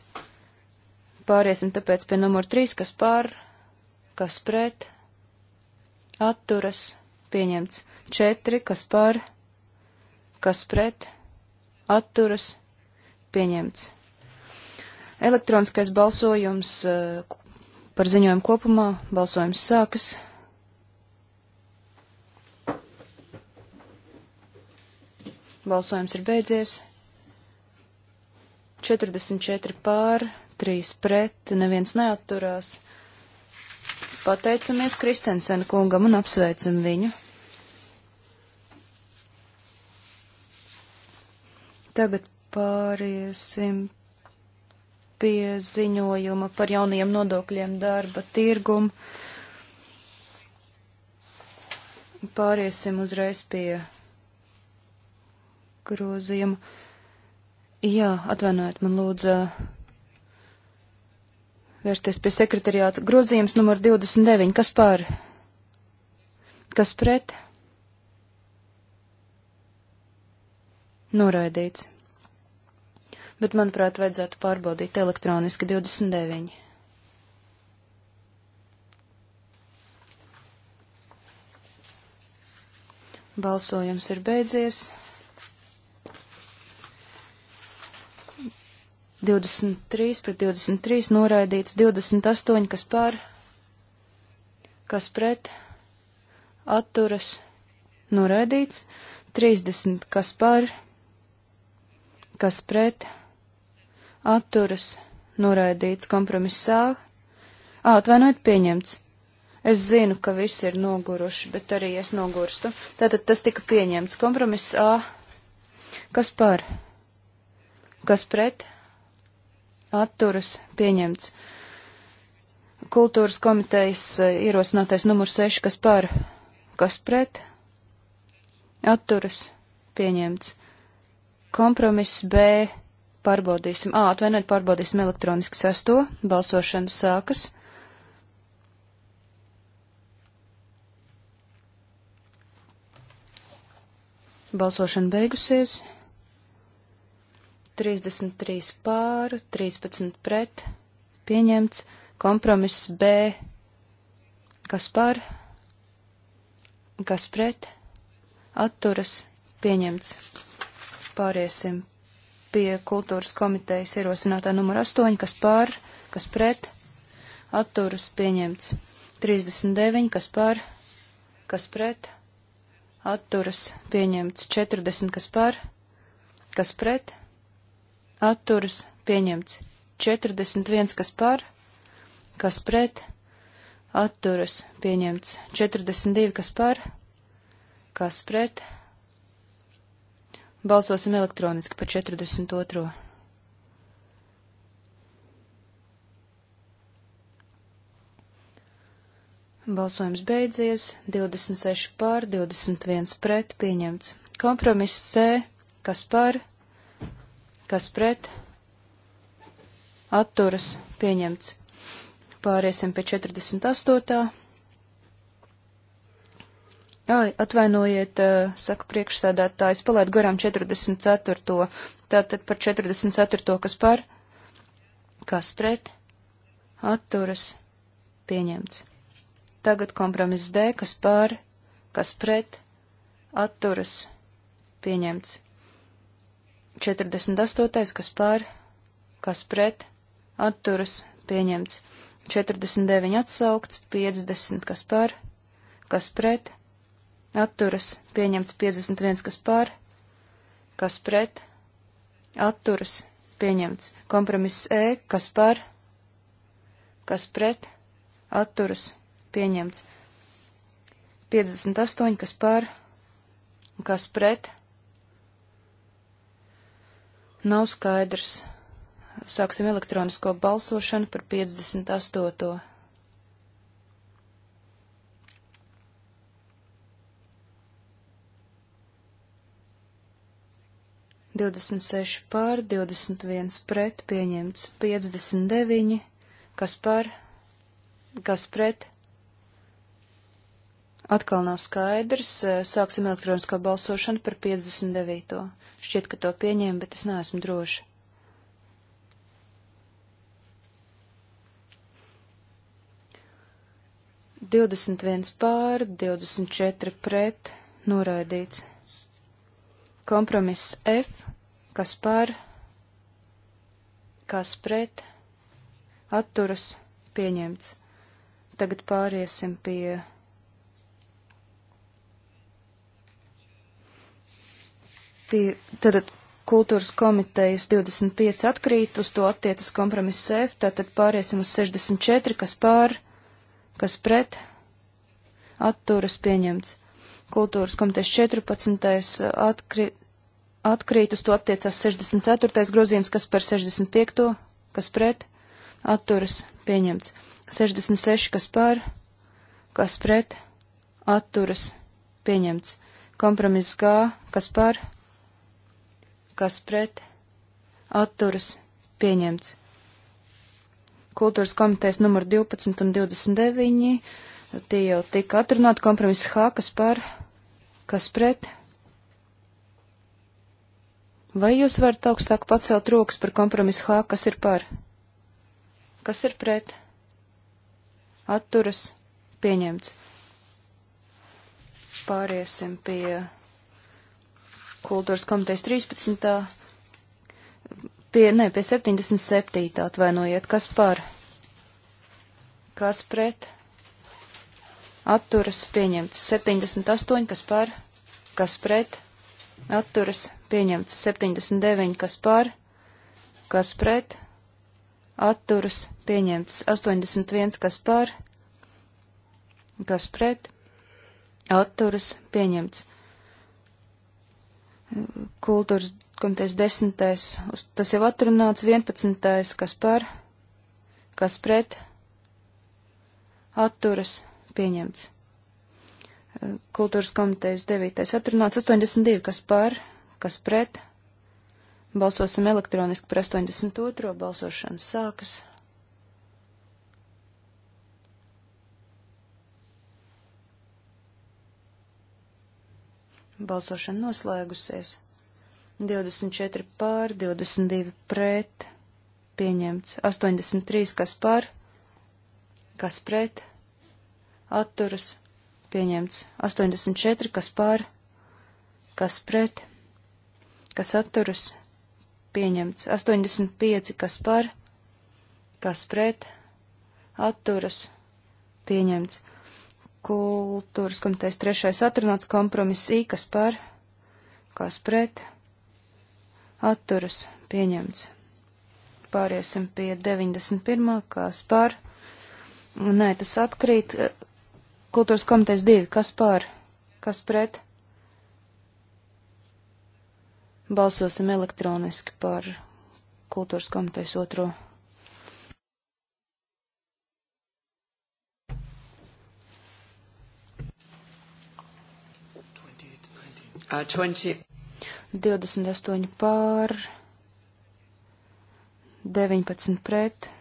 Pāriesim tāpēc pie numur 3, kas par, kas pret, atturas pieņemts. 4, kas par, kas pret, atturas pieņemts. Elektroniskais balsojums eh, par ziņojumu kopumā. Balsojums sākas. Balsojums ir beidzies. 44 pār, 3 pret, neviens neatturās. Pateicamies Kristensen kungam un apsveicam viņu. Tagad pāriesim pie ziņojuma par jaunajiem nodokļiem darba tirgumu. Pāriesim uzreiz pie grozījuma. Jā, atvainojiet, man lūdzu vērsties pie sekretariāta. Grozījums numur 29. Kas pār? Kas pret? Noraidīts bet, manuprāt, vajadzētu pārbaudīt elektroniski 29. Balsojums ir beidzies. 23 pret 23 noraidīts, 28 kas pār, kas pret, atturas, noraidīts, 30 kas pār, kas pret, atturas atturas, noraidīts kompromiss sā, atvainojiet, pieņemts. Es zinu, ka visi ir noguruši, bet arī es nogurstu. Tātad tas tika pieņemts. Kompromiss A. Kas par? Kas pret? Atturas pieņemts. Kultūras komitejas ierosinātais numurs 6. Kas par? Kas pret? Atturas pieņemts. Kompromiss B pārbaudīsim, ā, atvainojiet, pārbaudīsim elektroniski sesto, balsošana sākas. Balsošana beigusies. 33 pār, 13 pret, pieņemts, kompromiss B, kas par, kas pret, atturas, pieņemts. Pāriesim pie kultūras komitejas ierosinātā numur 8, kas pār, kas pret, atturas pieņemts. 39, kas pār, kas pret, atturas pieņemts. 40, kas pār, kas pret, atturas pieņemts. 41, kas pār, kas pret, atturas pieņemts. 42, kas pār, kas pret, atturas pieņemts Balsosim elektroniski par 42. Balsojums beidzies, 26 pār, 21 pret, pieņemts. Kompromiss C, kas par, kas pret, atturas, pieņemts. Pāriesim pie 48. Ai, atvainojiet, eh, saka priekšsēdētājs, palaid garām 44. Tātad par 44. kas par? Kas pret? Atturas. Pieņemts. Tagad kompromiss D, kas par? Kas pret? Atturas. Pieņemts. 48. kas par? Kas pret? Atturas. Pieņemts. 49 atsaukts, 50 kas par? Kas pret? atturas, pieņemts 51, kas par, kas pret, atturas, pieņemts kompromiss E, kas par, kas pret, atturas, pieņemts 58, kas par, kas pret, nav skaidrs. Sāksim elektronisko balsošanu par 58. 26 pār, 21 pret, pieņemts 59, kas par, kas pret. Atkal nav skaidrs, sāksim elektronisko balsošanu par 59. Šķiet, ka to pieņēma, bet es neesmu droši. Divdesmit viens pār, divdesmit četri pret, noraidīts. Kompromiss F, kas par, kas pret, atturas pieņemts. Tagad pāriesim pie pie, tad kultūras komitejas 25 atkrīt, uz to attiecas kompromiss F, tātad pāriesim uz 64, kas pār, kas pret, atturas pieņemts. Kultūras komitejas 14 atkri, atkrīt, uz to attiecās 64. grozījums, kas par 65. kas pret, atturas pieņemts. 66. kas par, kas pret, atturas pieņemts. Kompromiss G, kas par, kas pret, atturas pieņemts. Kultūras komitejas numur 12 un 29, tie jau tika atrunāti kompromiss H, kas par, kas pret, Vai jūs varat augstāk pacelt rokas par kompromisu H, kas ir par? Kas ir pret? Atturas pieņemts. Pāriesim pie kultūras komitejas 13. Pie, ne, pie 77. atvainojiet, kas par? Kas pret? Atturas pieņemts. 78. kas par? Kas pret? atturas pieņemts 79, kas par, kas pret, atturas pieņemts 81, kas par, kas pret, atturas pieņemts. Kultūras komitejas 10. tas jau atrunāts 11. kas par, kas pret, atturas pieņemts kultūras komitejas 9. atrunāts 82, kas par, kas pret. Balsosim elektroniski par 82. balsošanu sākas. Balsošana noslēgusies. 24 pār, 22 pret, pieņemts. 83 kas par, kas pret, atturas pieņemts 84, kas pār, kas pret, kas atturas, pieņemts 85, kas pār, kas pret, atturas, pieņemts kultūras komitejas trešais atrunāts kompromiss I, kas par, kas pret, atturas, pieņemts. Pāriesim pie 91. kas par, nē, tas atkrīt, Kultūras komitejas 2. Kas pār? Kas pret? Balsosim elektroniski par kultūras komitejas otro. Uh, 20. 28 pār, 19 pret,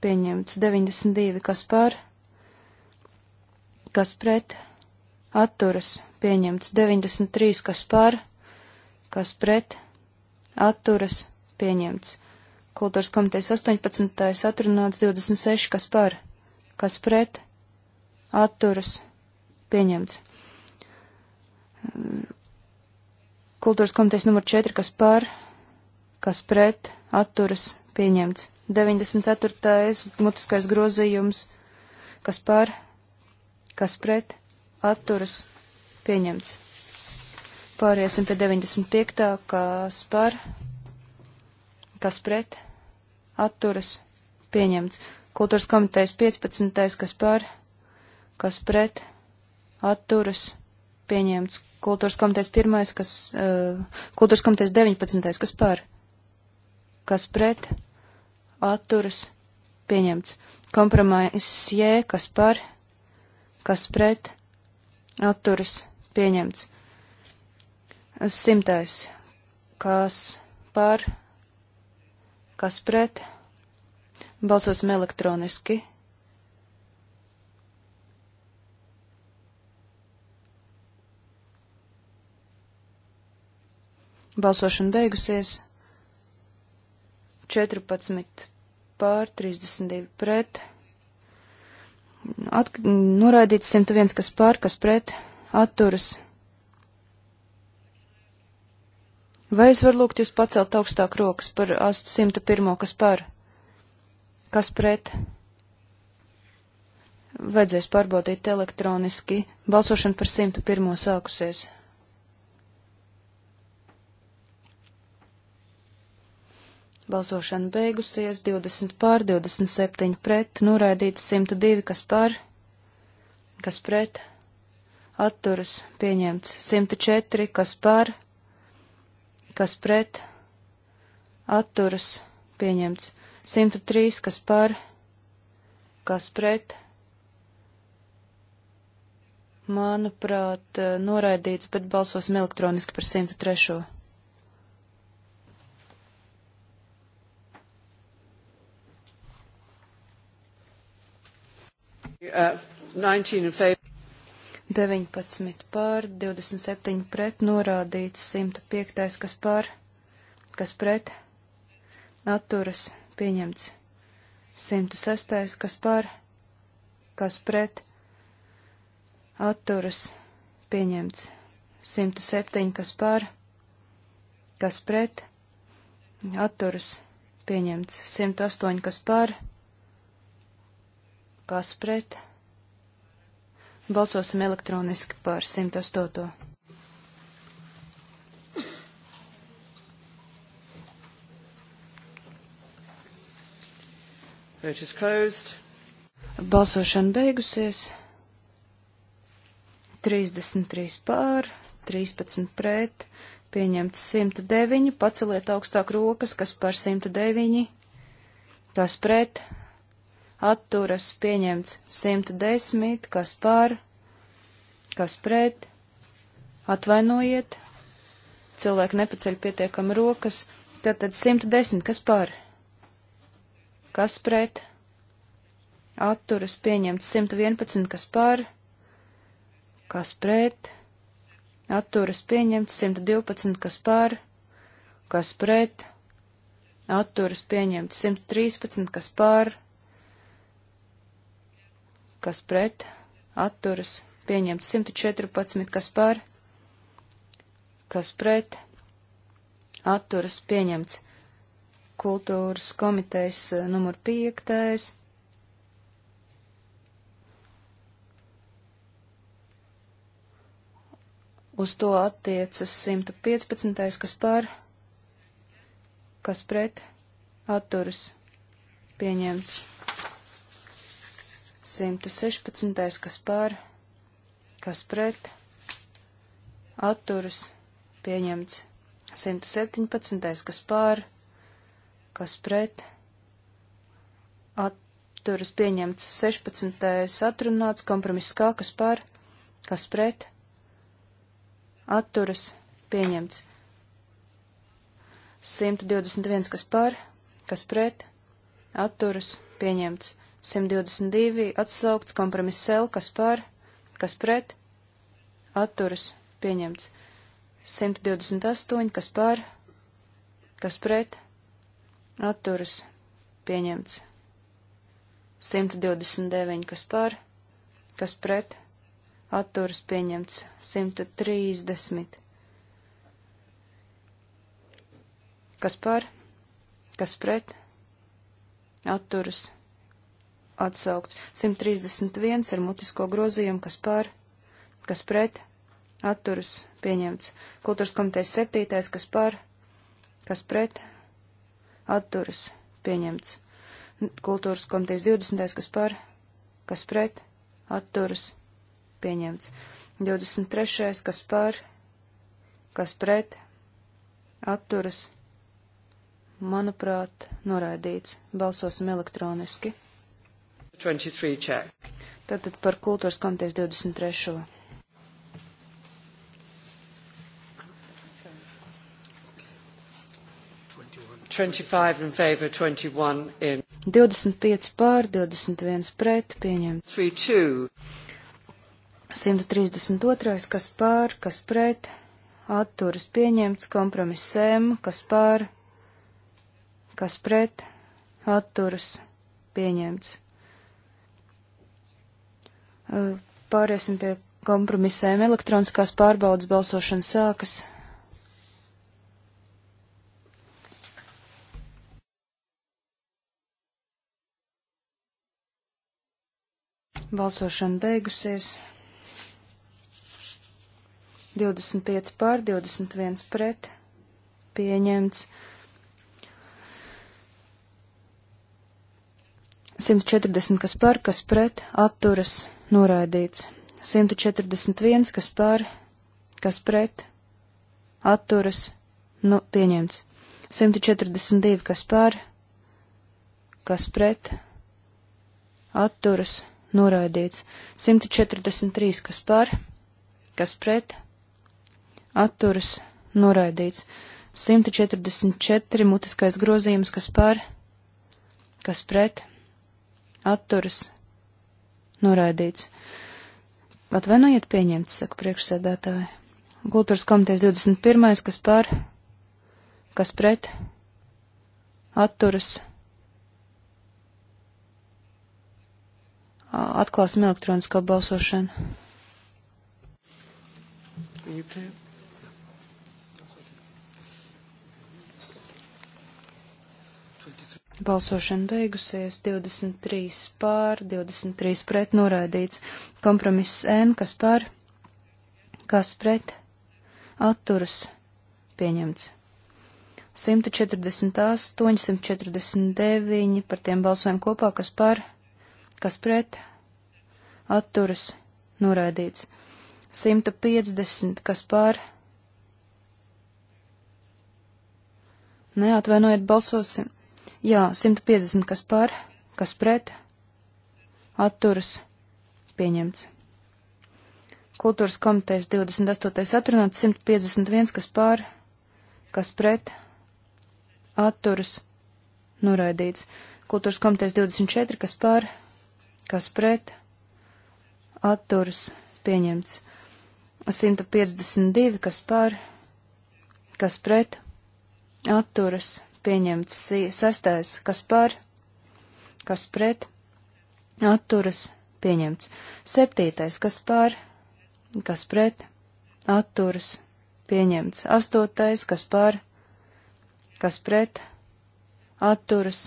pieņemts 92 kas pār kas pret, atturas, pieņemts 93, kas par, kas pret, atturas, pieņemts. Kultūras komitejas 18. atrunāts 26, kas par, kas pret, atturas, pieņemts. Kultūras komitejas numur 4, kas par, kas pret, atturas, pieņemts. 94. mutiskais grozījums, kas par, kas pret atturas pieņemts. Pāriesim pie 95. kas par, kas pret atturas pieņemts. Kultūras komitejas 15. kas par, kas pret atturas pieņemts. Kultūras komitejas 1. kas, uh, kultūras komitejas 19. kas par, kas pret atturas pieņemts. Kompromiss J, kas par, kas pret, atturas, pieņemts. Simtais, kas par, kas pret, balsosim elektroniski. Balsošana beigusies. 14 pār 32 pret. At, noraidīts 101, kas par, kas pret, atturas. Vai es varu lūgt jūs pacelt augstāk rokas par 101, kas par, kas pret? Vajadzēs pārbaudīt elektroniski. Balsošana par 101 sākusies. Balsošana beigusies 20 pār 27 pret, noraidīts 102, kas par, kas pret, atturas pieņemts 104, kas par, kas pret, atturas pieņemts 103, kas par, kas pret, manuprāt, noraidīts, bet balsosim elektroniski par 103. Uh, 19, 19 pār, 27 pret, norādīts 105, kas pār, kas pret, atturas, pieņemts 106, kas pār, kas pret, atturas, pieņemts 107, kas pār, kas pret, atturas, pieņemts 108, kas pār, Kas pret? Balsosim elektroniski par 108. Vote is closed. Balsošana beigusies. 33 pār, 13 pret, pieņemts 109, paceliet augstāk rokas, kas par 109, kas pret, atturas pieņemts 110, kas pār, kas pret, atvainojiet, cilvēki nepaceļ pietiekami rokas, tātad 110, kas pār, kas pret, atturas pieņemts 111, kas pār, kas pret, atturas pieņemts 112, kas pār, kas pret, atturas pieņemts 113, kas pār, kas pret, atturas, pieņemts 114, kas par, kas pret, atturas, pieņemts kultūras komitejas eh, numur 5. Uz to attiecas 115. kas par, kas pret, atturas, pieņemts 116. kas pār, kas pret, atturas, pieņemts. 117. kas pār, kas pret, atturas, pieņemts. 16. atrunāts, kompromiss kā, kas pār, kas pret, atturas, pieņemts. 121. kas pār, kas pret, atturas, pieņemts. 122 atsaukts kompromiss L, kas par, kas pret, atturas pieņemts. 128, kas par, kas pret, atturas pieņemts. 129, kas par, kas pret, atturas pieņemts. 130. kas par, kas pret, atturas, atsaukts. 131 ar mutisko grozījumu, kas par, kas pret, atturas pieņemts. Kultūras komitejas 7, kas par, kas pret, atturas pieņemts. Kultūras komitejas 20, kas par, kas pret, atturas pieņemts. 23. kas par, kas pret, atturas, manuprāt, noraidīts. Balsosim elektroniski. 23 check. Tātad par kultūras komitejas 23. In favor, 21 in. 25 pār, 21 pret, pieņemt. 132, kas pār, kas pret, atturas pieņemts, kompromiss M, kas pār, kas pret, atturas pieņemts. Pāriesim pie kompromisēm. Elektroniskās pārbaudas balsošana sākas. Balsošana beigusies. 25 pār 21 pret. Pieņemts. 140, kas par, kas pret, atturas, noraidīts. 141, kas par, kas pret, atturas, nu, pieņemts. 142, kas par, kas pret, atturas, noraidīts. 143, kas par, kas pret, atturas, noraidīts. 144, mutiskais grozījums, kas par, kas pret, atturas, noraidīts. Atvainojiet, pieņemts, saka priekšsēdētāji. Kultūras komitejas 21. kas par, kas pret, atturas. Atklāsim elektronisko balsošanu. Can you play? Balsošana beigusies 23 pār, 23 pret noraidīts. Kompromiss N, kas pār, kas pret, atturas pieņemts. 148, 149 par tiem balsojumu kopā, kas par, kas pret, atturas noraidīts. 150, kas par, Neatvainojiet, balsosim. Jā, 150 kas par, kas pret, atturas, pieņemts. Kultūras komitejas 28. atrunāts 151 kas par, kas pret, atturas, noraidīts. Kultūras komitejas 24 kas par, kas pret, atturas, pieņemts. 152 kas par, kas pret, atturas, pieņemts pieņemts sestais, kas par, kas pret, atturas, pieņemts septītais, kas par, kas pret, atturas, pieņemts astotais, kas par, kas pret, atturas,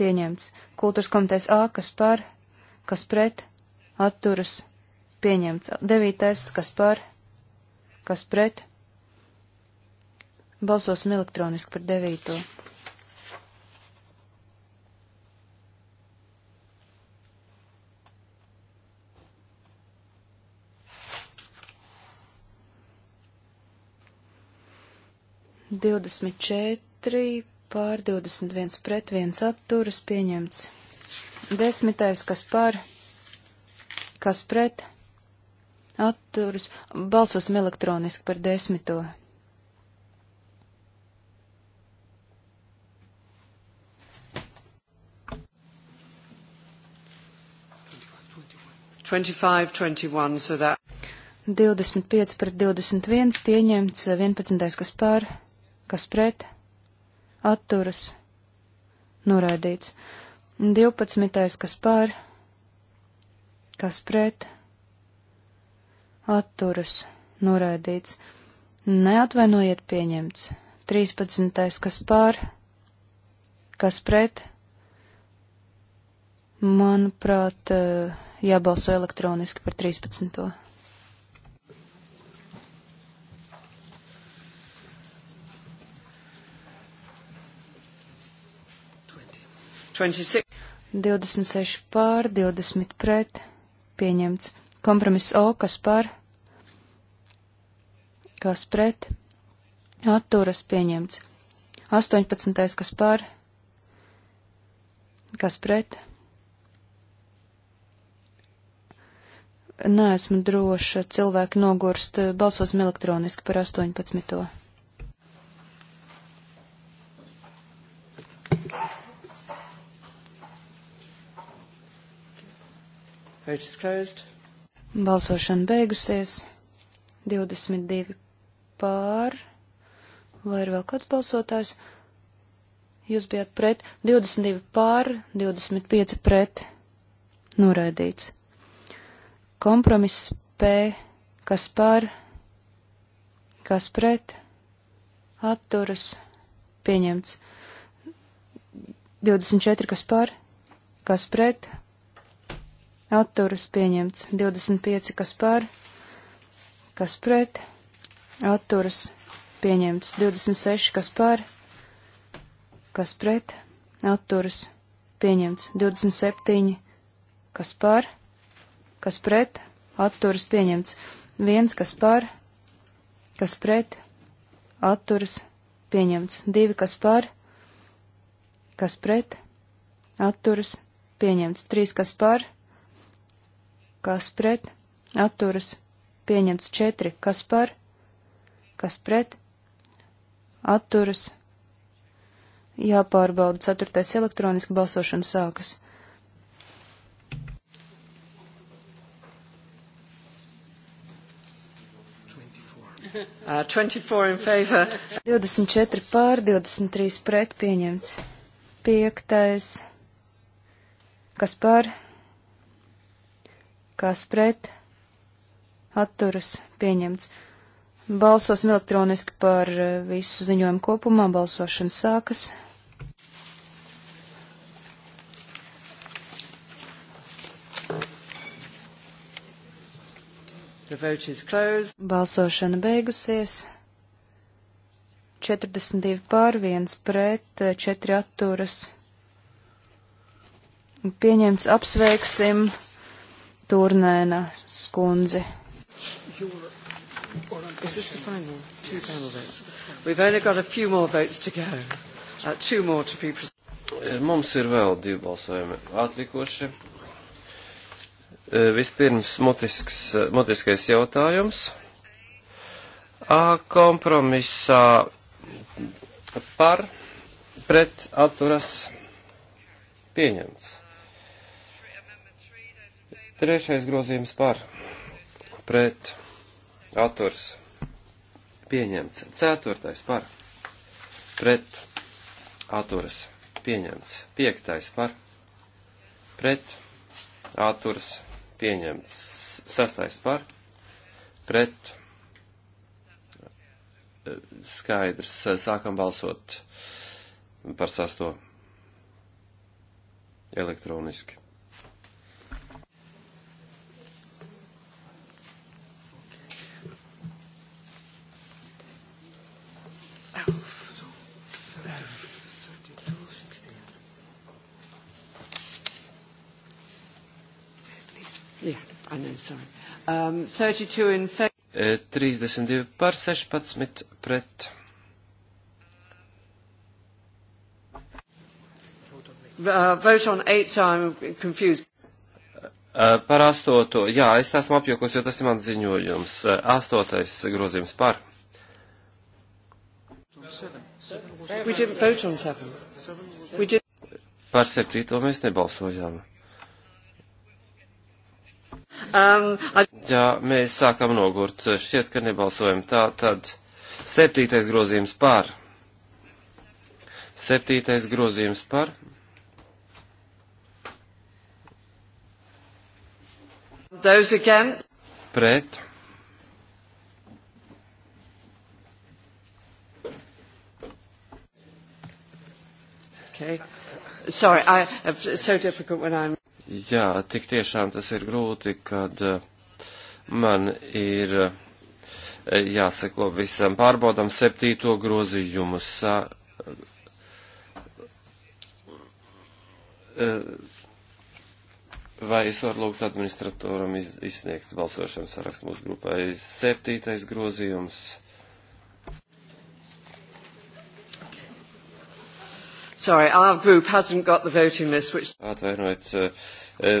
pieņemts kultūras komitejas A, kas par, kas pret, atturas, pieņemts devītais, kas par, kas pret, Balsosim elektroniski par devīto. 24 pār 21 pret 1 atturas pieņemts. Desmitais, kas par, kas pret, atturas. Balsosim elektroniski par desmito. Twenty-five, twenty-one, so that. 25 pret 21 pieņemts 11. kas pār kas pret, atturas, noraidīts. 12. kas pār, kas pret, atturas, noraidīts. Neatvainojiet pieņemts. 13. kas pār, kas pret, manuprāt, eh, jābalso elektroniski par 13. 26, 26 pār, 20 pret, pieņemts. Kompromiss O, kas par, kas pret, atturas pieņemts. 18, kas par, kas pret. Nē, esmu droša, cilvēki nogurst, balsosim elektroniski par 18. Vote is closed. Balsošana beigusies. 22 pār. Vai ir vēl kāds balsotājs? Jūs bijat pret. 22 pār, 25 pret. Noraidīts. Kompromiss P. Kas pār? Kas pret? Atturas. Pieņemts. 24 kas pār? Kas pret? atturas pieņemts 25, kas par, kas pret, atturas pieņemts 26, kas par, kas pret, atturas pieņemts 27, kas par, kas pret, atturas pieņemts 1, kas par, kas pret, atturas pieņemts 2, kas par, kas pret, atturas pieņemts 3, kas par, pret, kas pret, atturas, pieņemts 4, kas par, kas pret, atturas, jāpārbauda 4. elektroniski balsošana sākas. Uh, 24 in favor. 24 pār, 23 pret pieņemts. Piektais. Kas pār? kas pret atturas pieņemts. Balsosim elektroniski par eh, visu ziņojumu kopumā. Balsošana sākas. Balsošana beigusies. 42 pār 1 pret 4 eh, atturas. Pieņemts apsveiksim. Turnēna skundzi. Is this the final? Two final votes. We've only got a few more votes to go. Uh, two more to be precise. Eh, mums ir vēl divi balsojumi atlikuši. Eh, vispirms mutisks, eh, mutiskais jautājums. A kompromisā par pret atturas pieņemts. Trešais grozījums par pret atturs pieņemts. Ceturtais par pret atturs pieņemts. Piektais par pret atturs pieņemts. Sastais par pret skaidrs. Sākam balsot par sasto elektroniski. I know, sorry. Um, 32 in favor. Eh, 32 par 16 pret. Uh, vote on 8, so I'm confused. Uh, par astoto, jā, es esmu apjokos, jo tas ir mans ziņojums. Uh, astotais grozījums par. Par septīto mēs nebalsojām. Um, I... Ja mēs sākam nogurt, šķiet, ka nebalsojam tā, tad septītais grozījums par. Septītais grozījums par. Those again. Pret. Okay. Sorry, I, it's so difficult when I'm. Jā, tik tiešām tas ir grūti, kad eh, man ir eh, jāseko visam pārbaudam septīto grozījumu. Sa, eh, vai es varu lūgt administratoram iz, izsniegt balsošanas sarakstu mūsu grupai? Septītais grozījums. Sorry, our group hasn't got the voting list, which... Atvainojiet, eh,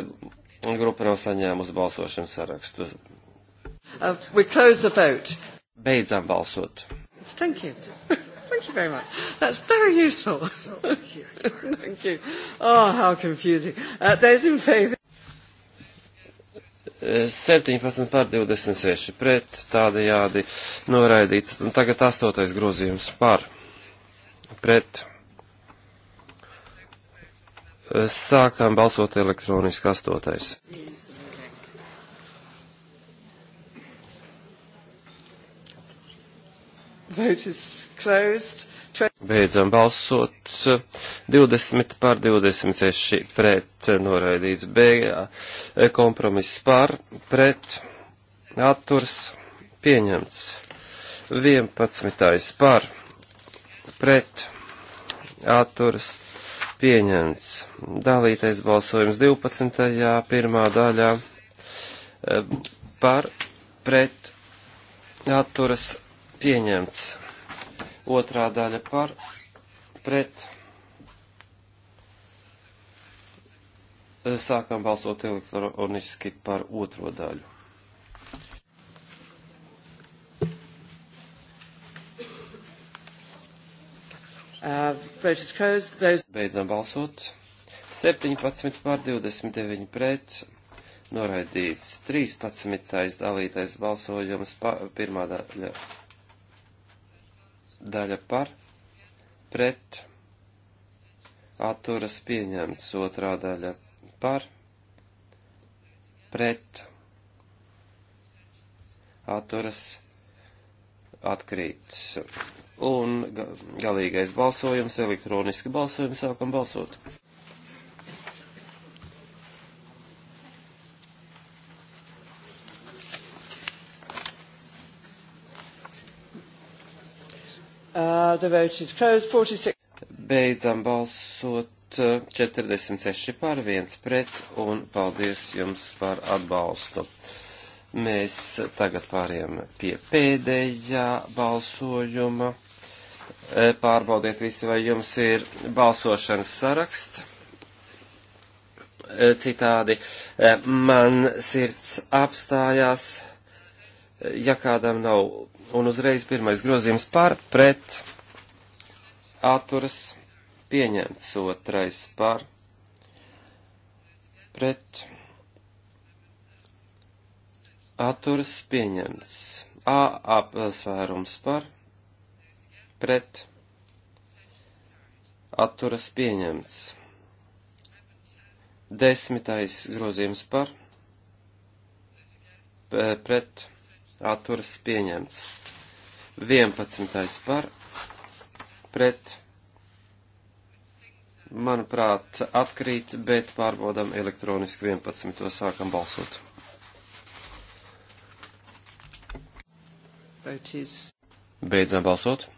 eh, grupa nav saņēmusi balsošanas sarakstu. Uh, we close the vote. Beidzam balsot. Thank you. Thank you very much. That's very useful. Thank you. Oh, how confusing. Uh, those in favour. 17 pār 26 pret, tādajādi noraidīts. Un tagad 8. grozījums par, pret, Sākām balsot elektroniski astotais. Beidzam balsot. 20 pār 26 pret noraidīts beigā. Kompromiss pār pret atturs pieņemts. 11. pār pret atturs pieņemts pieņemts. Dalītais balsojums 12. pirmā daļā e, par pret atturas pieņemts. Otrā daļa par pret. E, sākam balsot elektroniski par otro daļu. Uh, Beidzam balsot. 17 pār 29 pret. Noraidīts 13. dalītais balsojums, pa, pirmā daļa, daļa par, pret, atturas pieņemts, otrā daļa par, pret, atturas atkrīts un galīgais balsojums, elektroniski balsojums, sākam balsot. Uh, the vote is closed. 46. Beidzam balsot 46 uh, par 1 pret un paldies jums par atbalstu. Mēs tagad pāriem pie pēdējā balsojuma. E, pārbaudiet visi, vai jums ir balsošanas saraksts. E, citādi e, man sirds apstājās, ja kādam nav. Un uzreiz pirmais grozījums par pret atturas pieņemts, otrais par pret atturas pieņemts. A apsvērums par pret pret atturas pieņemts. Desmitais grozījums par pret atturas pieņemts. Vienpadsmitais par pret, manuprāt, atkrīt, bet pārbaudam elektroniski 11. sākam balsot. Beidzam balsot.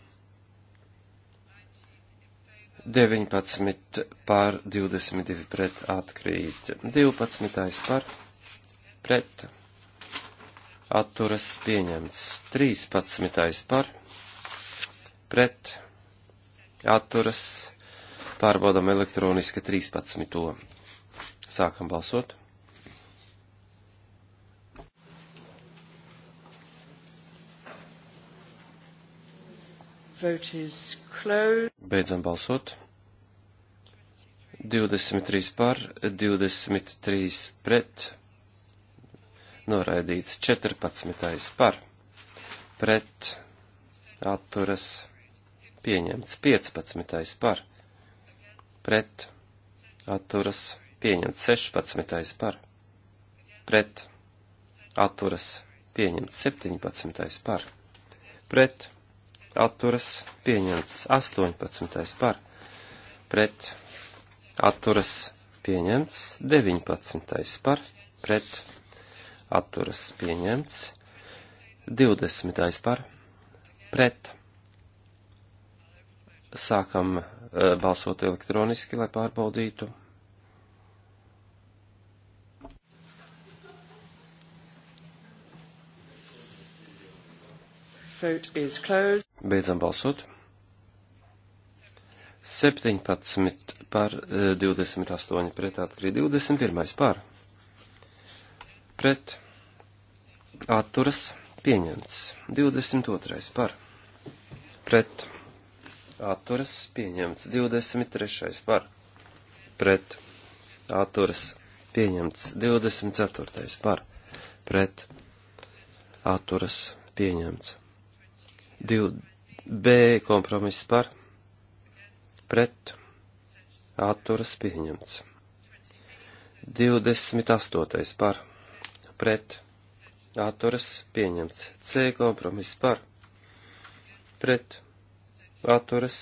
19 pār 22 pret atkrīt, 12 par pret atturas pieņemts, 13 par pret atturas pārbaudam elektroniski 13. To. Sākam balsot. Vote is Beidzam balsot. 23 par, 23 pret, noraidīts 14 par, pret, atturas, pieņemts 15 par, pret, atturas, pieņemts 16 par, pret, atturas, pieņemts 17 par, pret, atturas pieņemts 18. par, pret atturas pieņemts 19. par, pret atturas pieņemts 20. par, pret. Sākam e, balsot elektroniski, lai pārbaudītu. Vote is closed. Beidzam balsot. 17 par 28 eh, pret atkrīt 21 par. Pret atturas pieņemts 22 par. Pret atturas pieņemts 23 par. Pret atturas pieņemts 24 par. Pret atturas pieņemts 2B kompromiss par pret atturas pieņemts. 28. par pret atturas pieņemts. C kompromiss par pret atturas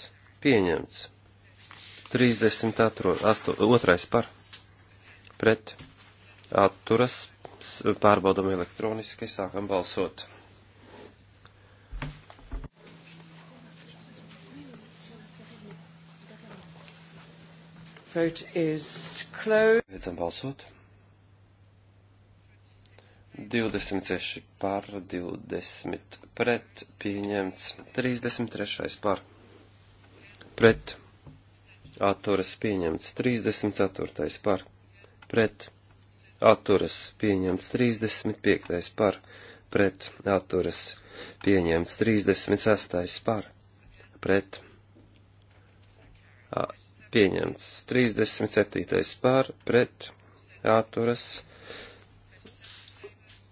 pieņemts. 32. par pret atturas pārbaudam elektroniski, sākam balsot. Vote is closed. Beidzam balsot. 26 par, 20 pret, pieņemts 33 par, pret, atturas pieņemts 34 par, pret, atturas pieņemts 35 par, pret, atturas pieņemts 36 par, pret, pieņemts. 37. pār pret atturas.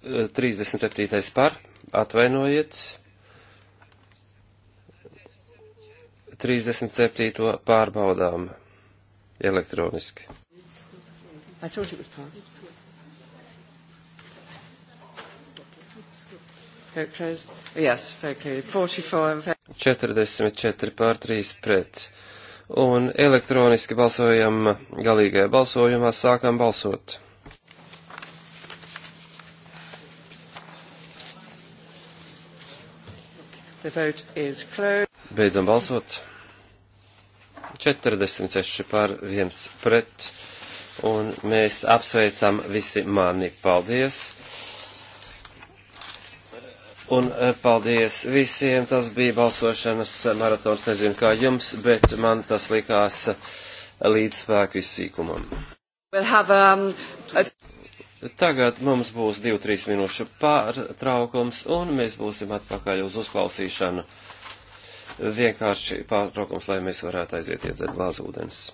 37. Eh, pār atvainojiet. 37. pārbaudām elektroniski. I thought it was passed. Vote closed. Yes, vote closed. 44 in favor. 44 pār 3 pret un elektroniski balsojam galīgajā balsojumā, sākam balsot. Beidzam balsot. 46 pār 1 pret, un mēs apsveicam visi mani. Paldies! Un eh, paldies visiem. Tas bija balsošanas maratons. Nezinu, kā jums, bet man tas likās eh, līdzspēku izsīkumam. We'll have, um, a... Tagad mums būs 2-3 minūšu pārtraukums, un mēs būsim atpakaļ uz uzklausīšanu. Vienkārši pārtraukums, lai mēs varētu aiziet iedzert glāzūdens.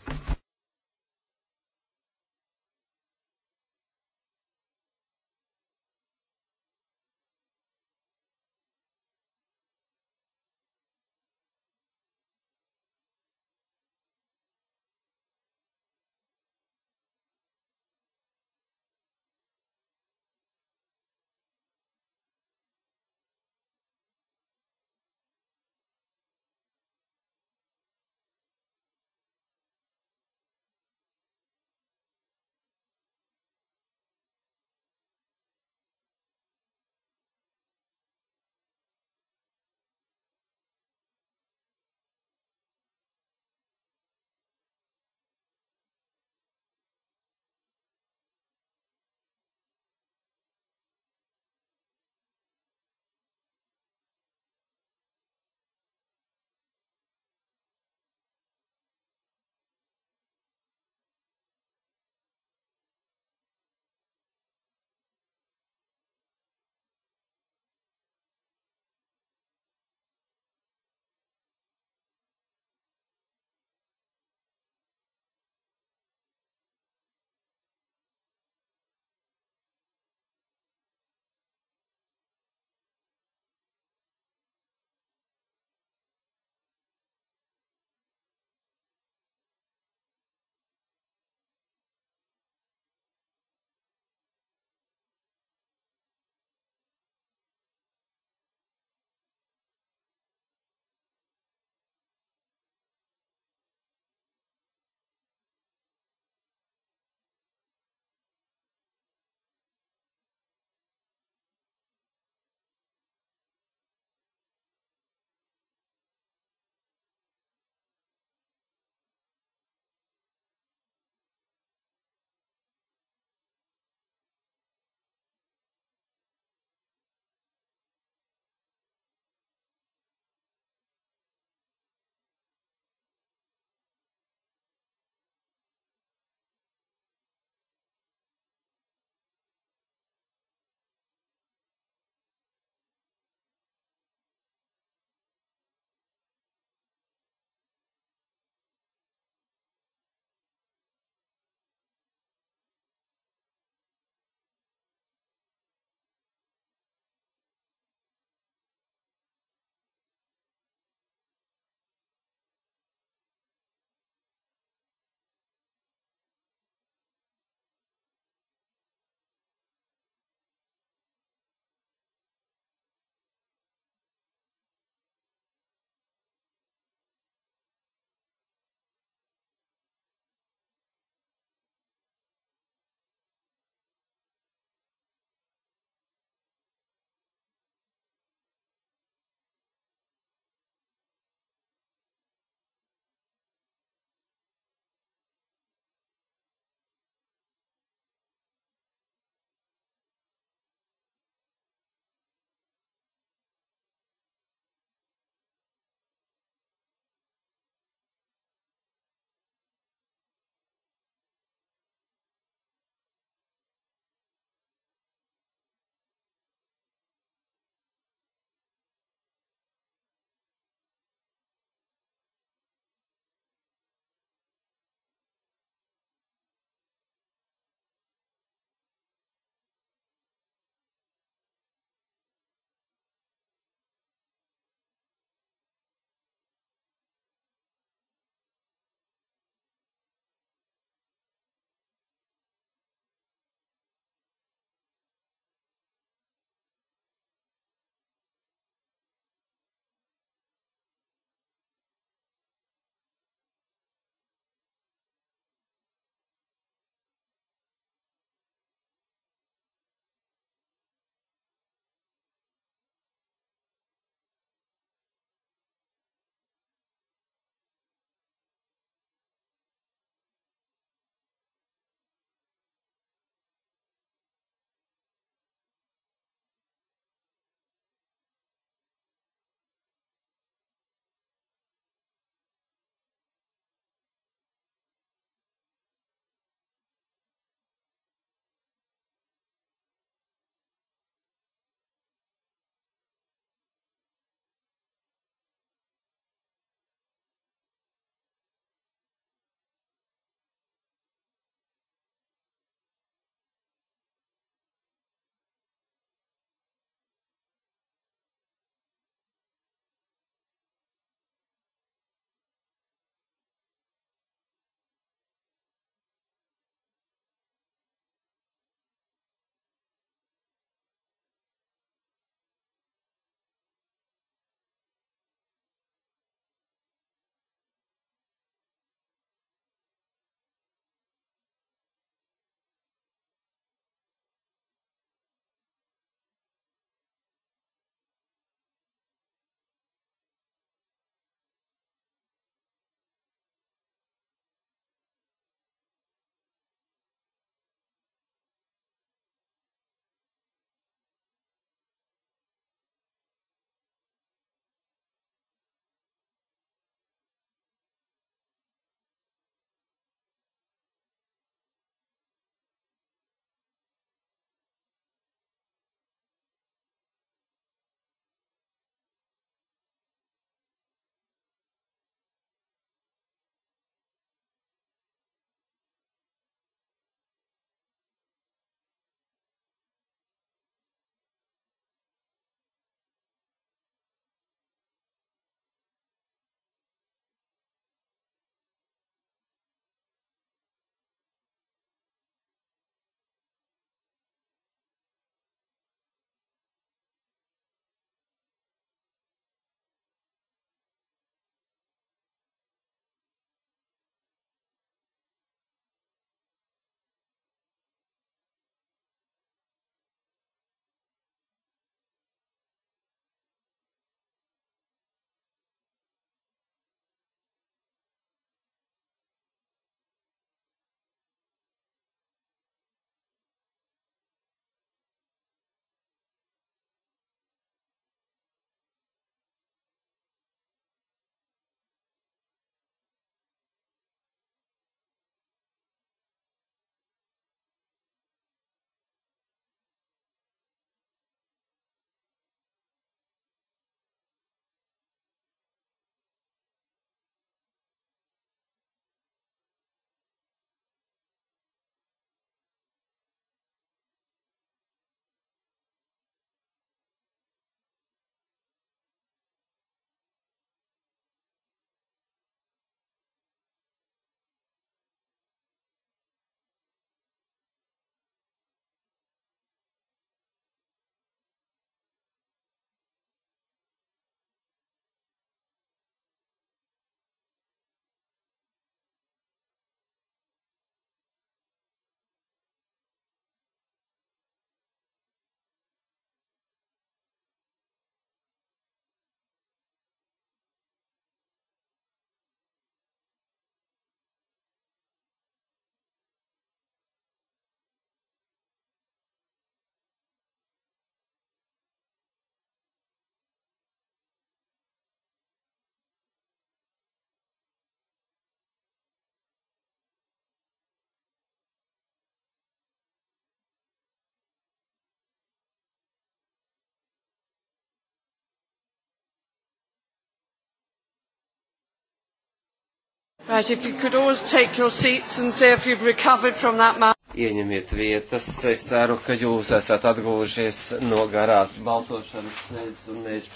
Right, if you could always take your seats and see if you've recovered from that man. Ieņemiet vietas, es ceru, ka jūs esat atgūžies no garās balsošanas sēdes un mēs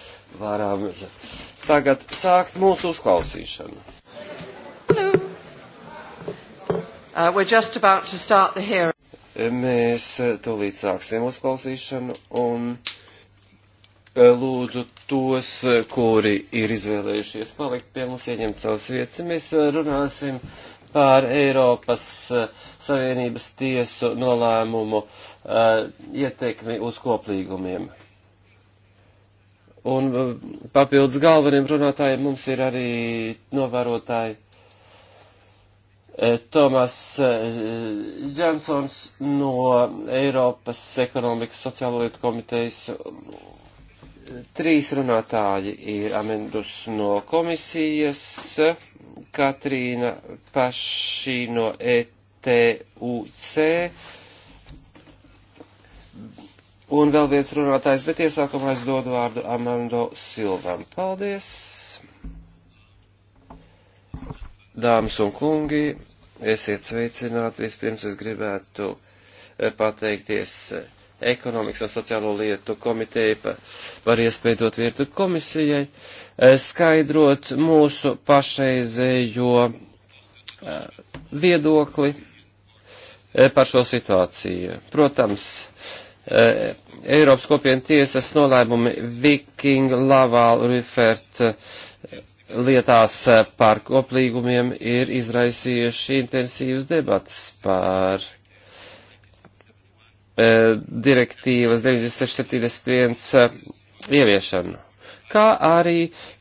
varam tagad sākt mūsu uzklausīšanu. Hello. Uh, we're just about to start the hearing. Mēs tūlīt sāksim uzklausīšanu un lūdzu tos, kuri ir izvēlējušies palikt pie mums, ieņemt savas vietas. Mēs eh, runāsim par Eiropas eh, Savienības tiesu nolēmumu eh, ietekmi uz koplīgumiem. Un papildus galveniem runātājiem mums ir arī novērotāji Tomas Džansons no Eiropas ekonomikas sociālo lietu komitejas Trīs runātāji ir Amendus no komisijas, Katrīna Paši no ETUC un vēl viens runātājs, bet iesākumā es dodu vārdu Amendo Silvam. Paldies! Dāmas un kungi, esiet sveicināti. Vispirms es gribētu pateikties ekonomikas un sociālo lietu komiteja var iespējot vietu komisijai, eh, skaidrot mūsu pašreizējo eh, viedokli eh, par šo situāciju. Protams, Eiropas kopienu tiesas nolēmumi Viking, Laval, Rifert lietās par koplīgumiem ir izraisījuši intensīvas debatas par E, direktīvas 9671 e, ieviešanu, kā arī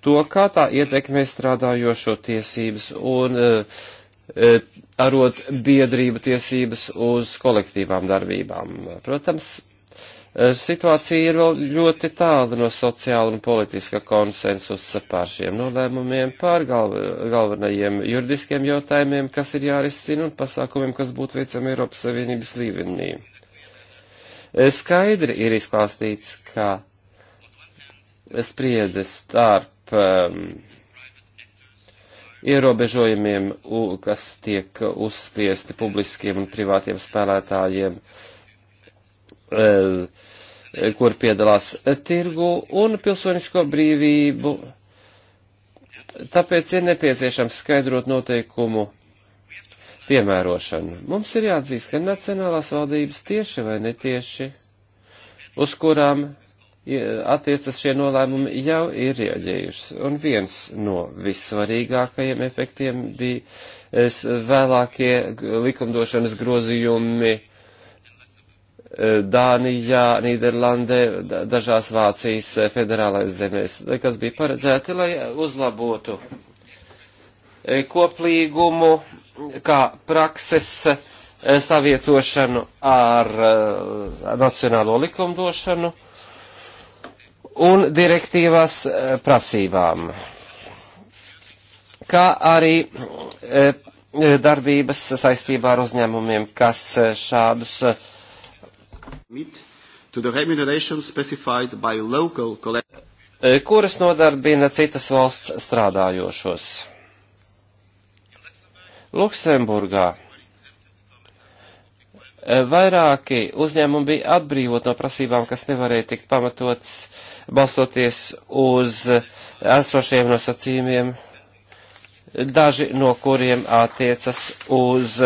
to, kā tā ietekmē strādājošo tiesības un e, arot biedrību tiesības uz kolektīvām darbībām. Protams, situācija ir vēl ļoti tālu no sociāla un politiska konsensusa pār šiem nolēmumiem, pār galv galvenajiem juridiskiem jautājumiem, kas ir jārisina un pasākumiem, kas būtu veicami Eiropas Savienības līmenī. Skaidri ir izklāstīts, ka spriedze starp um, ierobežojumiem, kas tiek uzspiesti publiskiem un privātiem spēlētājiem, um, kur piedalās tirgu un pilsonisko brīvību. Tāpēc ir nepieciešams skaidrot noteikumu piemērošanu. Mums ir jāatzīst, ka nacionālās valdības tieši vai netieši, uz kurām attiecas šie nolēmumi, jau ir rieģējušas. Un viens no vissvarīgākajiem efektiem bija vēlākie likumdošanas grozījumi e, Dānijā, Nīderlandē, dažās Vācijas e, federālais zemēs, kas bija paredzēti, lai uzlabotu e, koplīgumu kā prakses eh, savietošanu ar eh, nacionālo likumdošanu un direktīvas eh, prasībām, kā arī darbības saistībā ar uzņēmumiem, kas šādus. kuras nodarbina citas valsts strādājošos. Luksemburgā vairāki uzņēmumi bija atbrīvot no prasībām, kas nevarēja tikt pamatots, balstoties uz esošiem nosacījumiem, daži no kuriem attiecas uz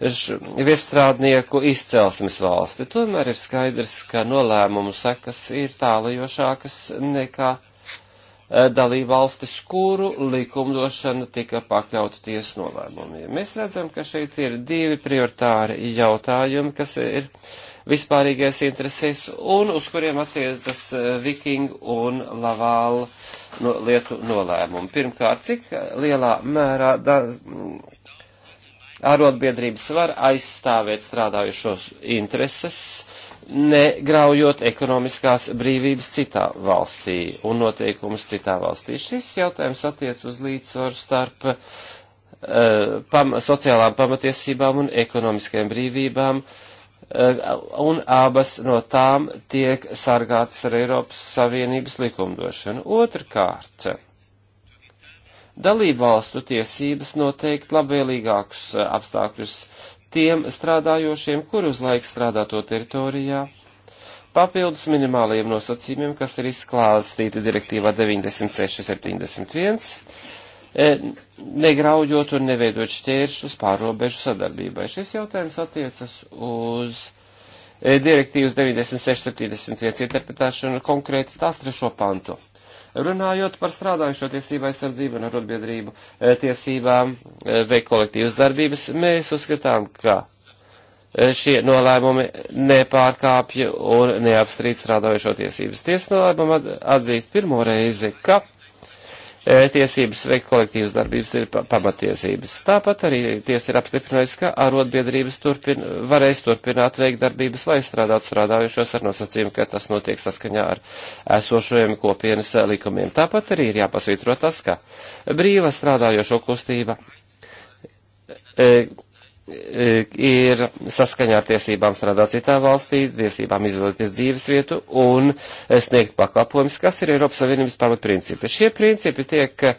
viestrādnieku izcelsmes valsti. Tomēr ir skaidrs, ka nolēmumu sekas ir tālajošākas nekā Eh, dalībvalstis, kuru likumdošana tika pakļauts tiesu nolēmumiem. Mēs redzam, ka šeit ir divi prioritāri jautājumi, kas ir vispārīgais interesēs un uz kuriem attiecas eh, Viking un Lavāla no, nu, lietu nolēmumi. Pirmkārt, cik lielā mērā da, arotbiedrības mm, var aizstāvēt strādājušos intereses, negraujot ekonomiskās brīvības citā valstī un noteikumus citā valstī. Šis jautājums attiec uz līdzsvaru starp uh, pam, sociālām pamatiesībām un ekonomiskajām brīvībām, uh, un abas no tām tiek sargātas ar Eiropas Savienības likumdošanu. Otrkārt, dalībvalstu tiesības noteikt labvēlīgākus eh, apstākļus uh, tiem strādājošiem, kur uz laiku strādā to teritorijā, papildus minimālajiem nosacījumiem, kas ir izklāstīti direktīvā 9671, e, negraudjot un neveidot šķēršļus pārobežu sadarbībai. Šis jautājums attiecas uz e, direktīvas 9671 interpretāšanu konkrēti tās trešo pantu. Runājot par strādājušo tiesību aizsardzību un arotbiedrību e, tiesībām e, veikt kolektīvas darbības, mēs uzskatām, ka e, šie nolēmumi nepārkāpja un neapstrīd strādājušo tiesības. Tiesa nolēmuma atzīst pirmo reizi, ka tiesības veikt kolektīvas darbības ir pamatiesības. Tāpat arī tiesa ir apstiprinājusi, ka arotbiedrības turpin, varēs turpināt veikt darbības, lai strādātu strādājušos ar nosacījumu, ka tas notiek saskaņā ar esošajiem kopienas likumiem. Tāpat arī ir jāpasvītro tas, ka brīva strādājošo kustība. E, E, ir saskaņā ar tiesībām strādāt citā valstī, tiesībām izvēlēties dzīvesvietu un e, sniegt pakalpojumus, kas ir Eiropas Savienības pamatprincipi. Šie principi tiek e,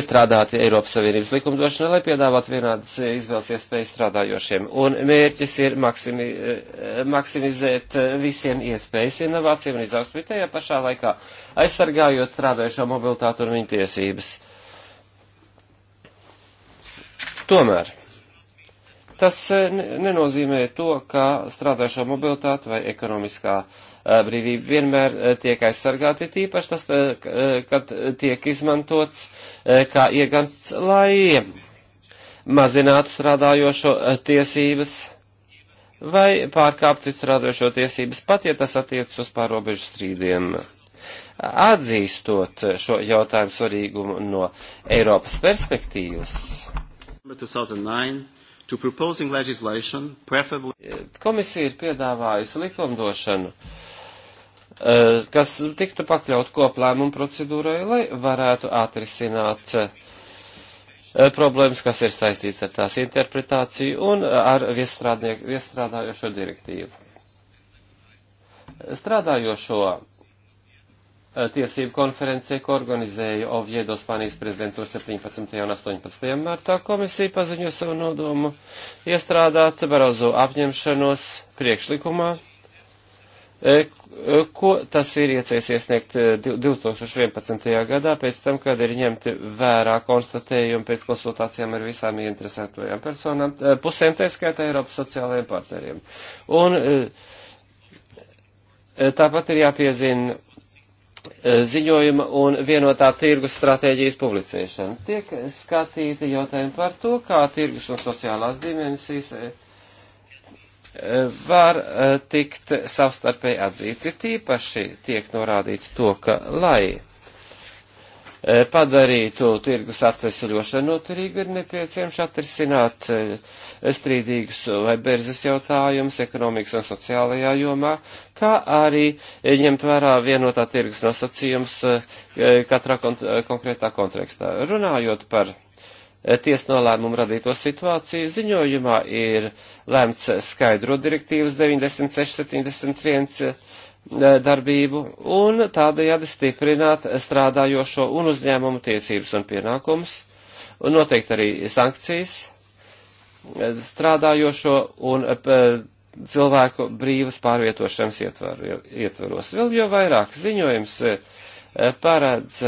iestrādāti Eiropas Savienības likumdošanā, lai piedāvātu vienādas e, izvēles iespējas strādājošiem. Un mērķis ir maksimi, maksimizēt visiem iespējas inovācijām un izaugsmē tajā pašā laikā, aizsargājot strādājošo mobilitātu un viņu tiesības Tomēr tas eh, nenozīmē to, ka strādājošo mobilitāte vai ekonomiskā eh, brīvība vienmēr eh, tiek aizsargāti, tīpaši tas, kad tiek izmantots kā iegansts, lai mazinātu strādājošo tiesības vai pārkāptu strādājošo tiesības, pat ja tas attiecas uz pārobežu strīdiem. Atzīstot šo jautājumu svarīgumu no Eiropas perspektīvas 2009 to proposing legislation, preferably... Eh, komisija ir piedāvājusi likumdošanu, eh, kas tiktu pakļaut koplēmumu procedūrai, lai varētu atrisināt eh, problēmas, kas ir saistīts ar tās interpretāciju un ar viestrādājošo direktīvu. Strādājošo Eh, tiesību konferencē, ko organizēja Oviedo Spānijas prezidentūra 17. un 18. martā. Komisija paziņo savu nodomu iestrādāt Barozo apņemšanos priekšlikumā, eh, ko tas ir iecējis iesniegt 2011. Eh, gadā, pēc tam, kad ir ņemti vērā konstatējumi pēc konsultācijām ar visām ieinteresētajām personām, pusēm, tā skaitā Eiropas sociālajiem partneriem. Un tāpat ir jāpiezina E, ziņojuma un vienotā tirgus stratēģijas publicēšana. Tiek skatīti jautājumi par to, kā tirgus un sociālās dimensijas e, e, var tikt savstarpēji atzīts. Ir tīpaši tiek norādīts to, ka lai Eh, padarītu tirgus atvesaļošanu noturīgu, ir nepieciešams atrisināt eh, strīdīgus vai berzes jautājumus ekonomikas un sociālajā jomā, kā arī eh, ņemt vērā vienotā tirgus nosacījums katrā kont konkrētā kontekstā. Runājot par tiesnolēmumu radīto situāciju, ziņojumā ir lemts skaidro direktīvas 9671 E, darbību un tādējādi stiprināt strādājošo un uzņēmumu tiesības un pienākumus, un noteikti arī sankcijas e, strādājošo un e, cilvēku brīvas pārvietošanas ietvar, ietvaros. Vēl jau vairāk ziņojums paredz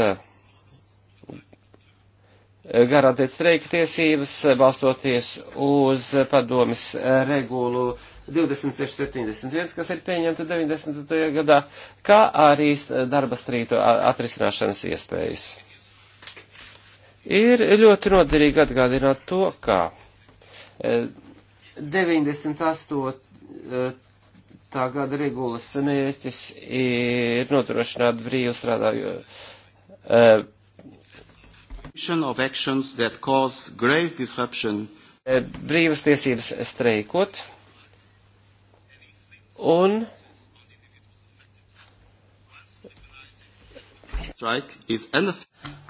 garantēt streika tiesības, balstoties uz padomis regulu 2671, kas ir pieņemta 90. gadā, kā arī darba strītu atrisināšanas iespējas. Ir ļoti noderīgi atgādināt to, ka 98. E, Tā gada regulas mērķis ir nodrošināt brīvu strādāju. E, e, brīvas tiesības streikot, Un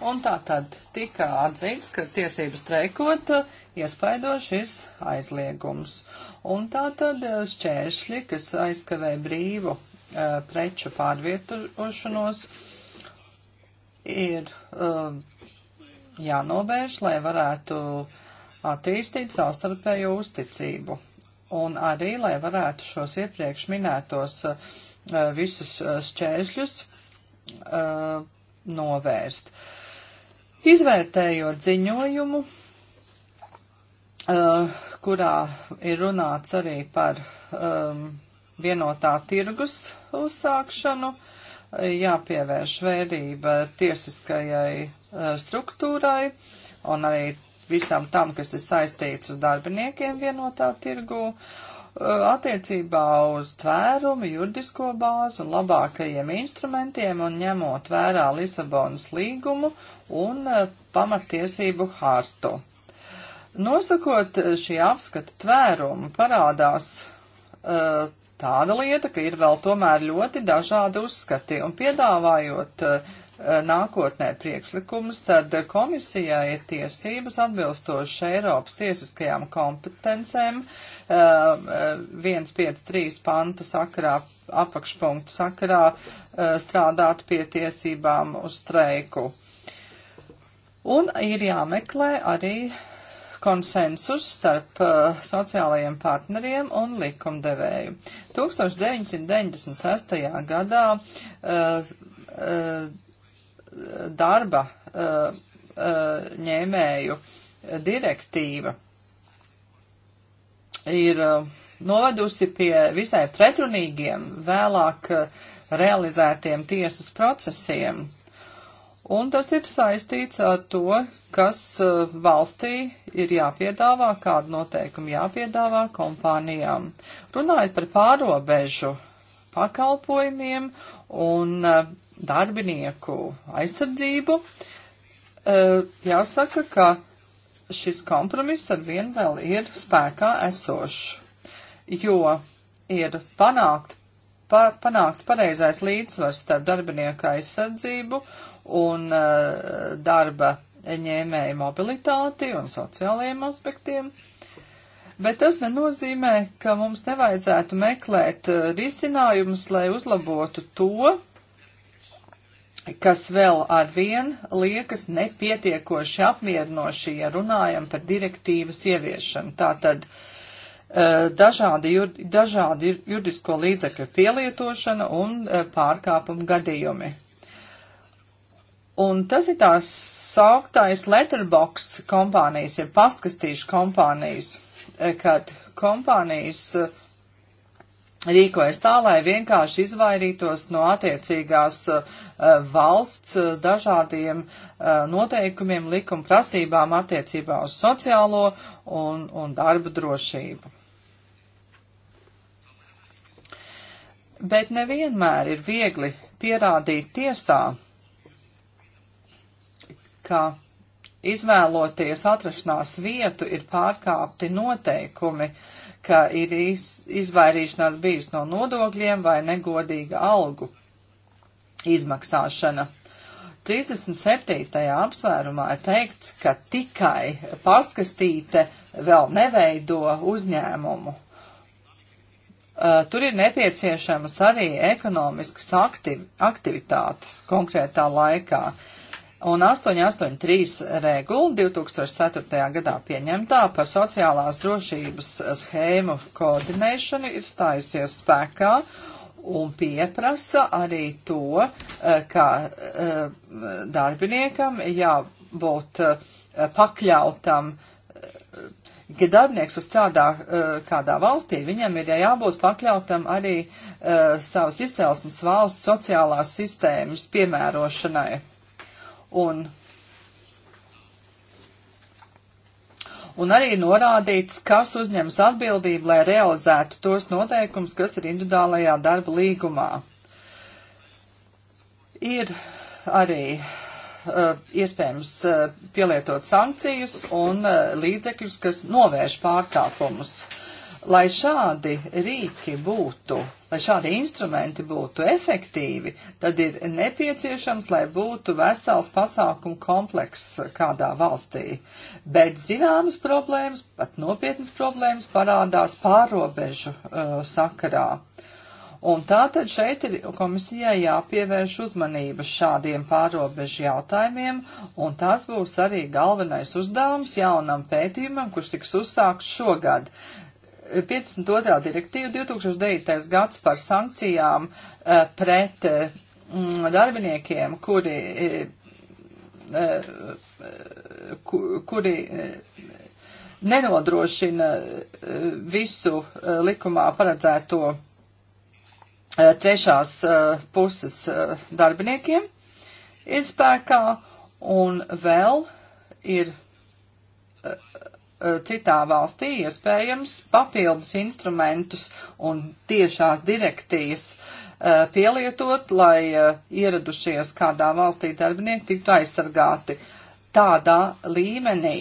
Un tā tad tika atzīts, ka tiesības streikot iespaido šis aizliegums. Un tā tad šķēršļi, kas aizkavē brīvu uh, preču pārvietošanos, ir uh, jānovērš, lai varētu attīstīt savstarpējo uzticību un arī, lai varētu šos iepriekš minētos eh, visus eh, šķēršļus eh, novērst. Izvērtējot ziņojumu, kurā ir runāts arī par vienotā tirgus uzsākšanu, jāpievērš vērība tiesiskajai struktūrai un arī visam tam, kas ir saistīts uz darbiniekiem vienotā tirgū, uh, attiecībā uz tvērumu, juridisko bāzi un labākajiem instrumentiem un ņemot vērā Lisabonas līgumu un uh, pamatiesību hartu. Nosakot uh, šī apskata tvērumu, parādās uh, tāda lieta, ka ir vēl tomēr ļoti dažādi uzskati, un piedāvājot uh, Eh, nākotnē priekšlikumus, tad komisijā ir tiesības atbilstoši Eiropas tiesiskajām kompetencēm 153 eh, panta sakarā, apakšpunktu sakarā eh, strādāt pie tiesībām uz streiku. Un ir jāmeklē arī konsensus starp uh, sociālajiem partneriem un likumdevēju. 1996. gadā uh, uh, darba eh, eh, ņēmēju direktīva ir eh, novedusi pie visai pretrunīgiem, vēlāk realizētiem tiesas procesiem. Un tas ir saistīts ar to, kas valstī ir jāpiedāvā, kādu noteikumu jāpiedāvā kompānijām. Runājot par pārobežu pakalpojumiem un darbinieku aizsardzību, e, jāsaka, ka šis kompromiss ar vienu vēl ir spēkā esošs, jo ir panākt, pa, panākts pareizais līdzsvars starp darbinieku aizsardzību un e, darba ņēmēju mobilitāti un sociālajiem aspektiem. Bet tas nenozīmē, ka mums nevajadzētu meklēt e, risinājumus, lai uzlabotu to, kas vēl arvien liekas nepietiekoši apmierinoši, ja runājam par direktīvas ieviešanu. Tātad eh, dažādi, jur, dažādi juridisko līdzekļu pielietošana un eh, pārkāpumu gadījumi. Un tas ir tās sauktais letterbox kompānijas, ja pastkastīšu kompānijas, eh, kad kompānijas uh, rīkojas tā, lai vienkārši izvairītos no attiecīgās uh, valsts uh, dažādiem uh, noteikumiem, likuma prasībām attiecībā uz sociālo un, un darba drošību. Bet nevienmēr ir viegli pierādīt tiesā, ka izvēloties atrašanās vietu ir pārkāpti noteikumi, uh, ka ir iz, izvairīšanās bijusi no nodokļiem vai negodīga algu izmaksāšana. 37. apsvērumā ir teikts, ka tikai pastkastīte vēl neveido uzņēmumu. Uh, tur ir nepieciešamas arī ekonomiskas aktiv aktivitātes konkrētā laikā. Uh, un 883 regula 2004. gadā pieņemtā par sociālās drošības schēmu koordinēšanu ir stājusies spēkā un pieprasa arī to, eh, ka eh, darbiniekam jābūt eh, pakļautam ja darbinieks strādā uh, kādā valstī, viņam ir jābūt pakļautam arī uh, savas izcelsmes valsts sociālās sistēmas piemērošanai. Un, un arī norādīts, kas uzņems atbildību, lai realizētu tos noteikumus, kas ir individuālajā darba līgumā. Ir arī uh, iespējams uh, pielietot sankcijas un uh, līdzekļus, kas novērš pārkāpumus. Lai šādi rīki būtu, lai šādi instrumenti būtu efektīvi, tad ir nepieciešams, lai būtu vesels pasākumu komplekss kādā valstī. Bet zināmas problēmas, pat nopietnas problēmas parādās pārobežu uh, sakarā. Un tātad šeit ir komisijai jāpievērš uzmanība šādiem pārobežu jautājumiem, un tas būs arī galvenais uzdevums jaunam pētījumam, kurš tiks uzsākts šogad. 52. direktīva 2009. gads par sankcijām eh, pret eh, darbiniekiem, kuri, eh, kuri nenodrošina visu likumā paredzēto trešās puses darbiniekiem ir spēkā, un vēl ir Eh, citā valstī iespējams papildus instrumentus un tiešās direktīvas eh, pielietot, lai eh, ieradušies kādā valstī darbinieki tiktu aizsargāti tādā līmenī,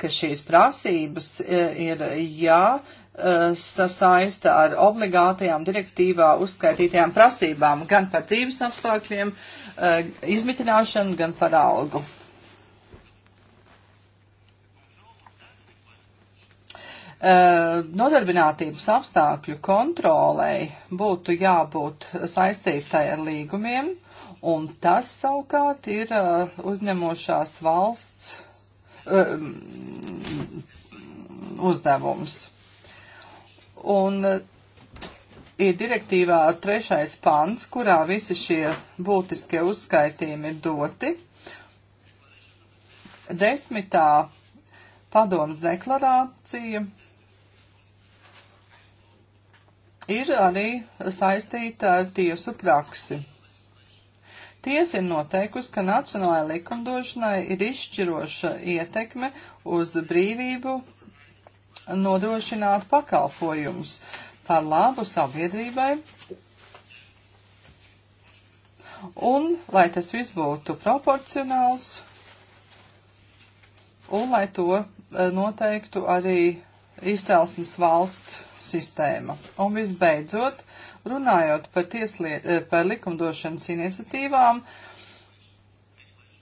ka šīs prasības ir jāsasaista ar obligātajām direktīvā uzskaitītajām prasībām gan par dzīves apstākļiem, izmitināšanu, gan par algu. Eh, nodarbinātības apstākļu kontrolei būtu jābūt saistītai ar līgumiem, un tas savukārt ir eh, uzņemošās valsts eh, uzdevums. Un ir direktīvā trešais pants, kurā visi šie būtiskie uzskaitījumi ir doti. Desmitā padomas deklarācija ir arī saistīta ar tiesu praksi. Tiesa ir noteikusi, ka nacionālajai likumdošanai ir izšķiroša ietekme uz brīvību nodrošināt pakalpojumus par labu sabiedrībai. Un, lai tas viss būtu proporcionāls, un lai to eh, noteiktu arī izcelsmes valsts sistēma. Un visbeidzot, runājot par, tiesliet, eh, par likumdošanas iniciatīvām,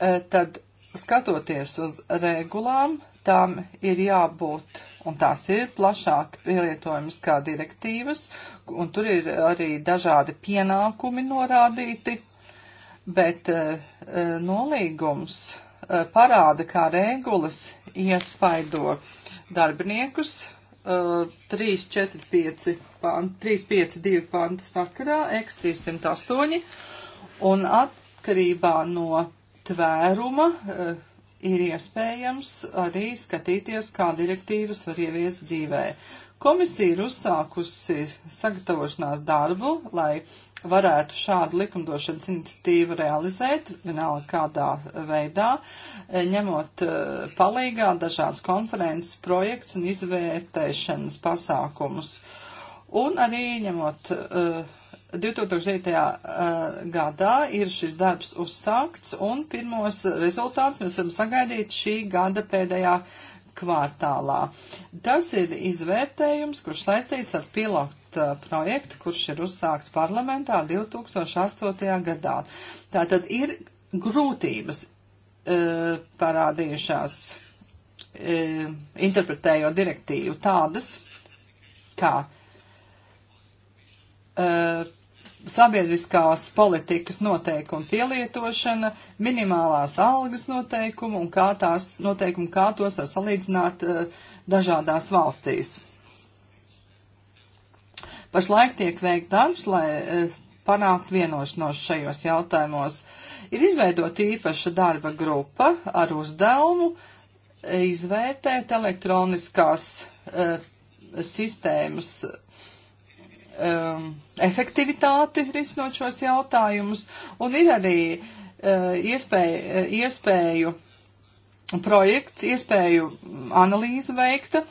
eh, tad skatoties uz regulām, tām ir jābūt, un tās ir plašāk pielietojamas kā direktīvas, un tur ir arī dažādi pienākumi norādīti, bet uh, nolīgums uh, parāda, kā regulas iespaido darbiniekus, Uh, 3, 4, 5, pant, 3, 5, 2 panta sakarā, X308, un atkarībā no tvēruma uh, ir iespējams arī skatīties, kā direktīvas var ieviest dzīvē. Uh, Komisija ir uzsākusi sagatavošanās darbu, lai varētu šādu likumdošanas iniciatīvu realizēt, vienalga kādā veidā, e, ņemot e, palīgā dažādas konferences projekts un izvērtēšanas pasākumus. Un arī ņemot 2009. E, gadā ir šis darbs uzsākts un pirmos rezultātus mēs varam sagaidīt šī gada pēdējā kvartālā. Tas ir izvērtējums, kurš saistīts ar pilotu uh, projektu, kurš ir uzsākts parlamentā 2008. gadā. Tātad ir grūtības e, parādījušās e, interpretējot direktīvu tādas, kā e, sabiedriskās politikas noteikumu pielietošana, minimālās algas noteikumu un kā, tās, noteikumu, kā tos var salīdzināt eh, dažādās valstīs. Pašlaik tiek veikt darbs, lai eh, panākt vienošanos šajos jautājumos. Ir izveidota īpaša darba grupa ar uzdevumu eh, izvērtēt elektroniskās sistēmas um, efektivitāti risinot šos jautājumus, un ir arī uh, iespēja, uh, iespēju projekts, iespēju analīze veikta,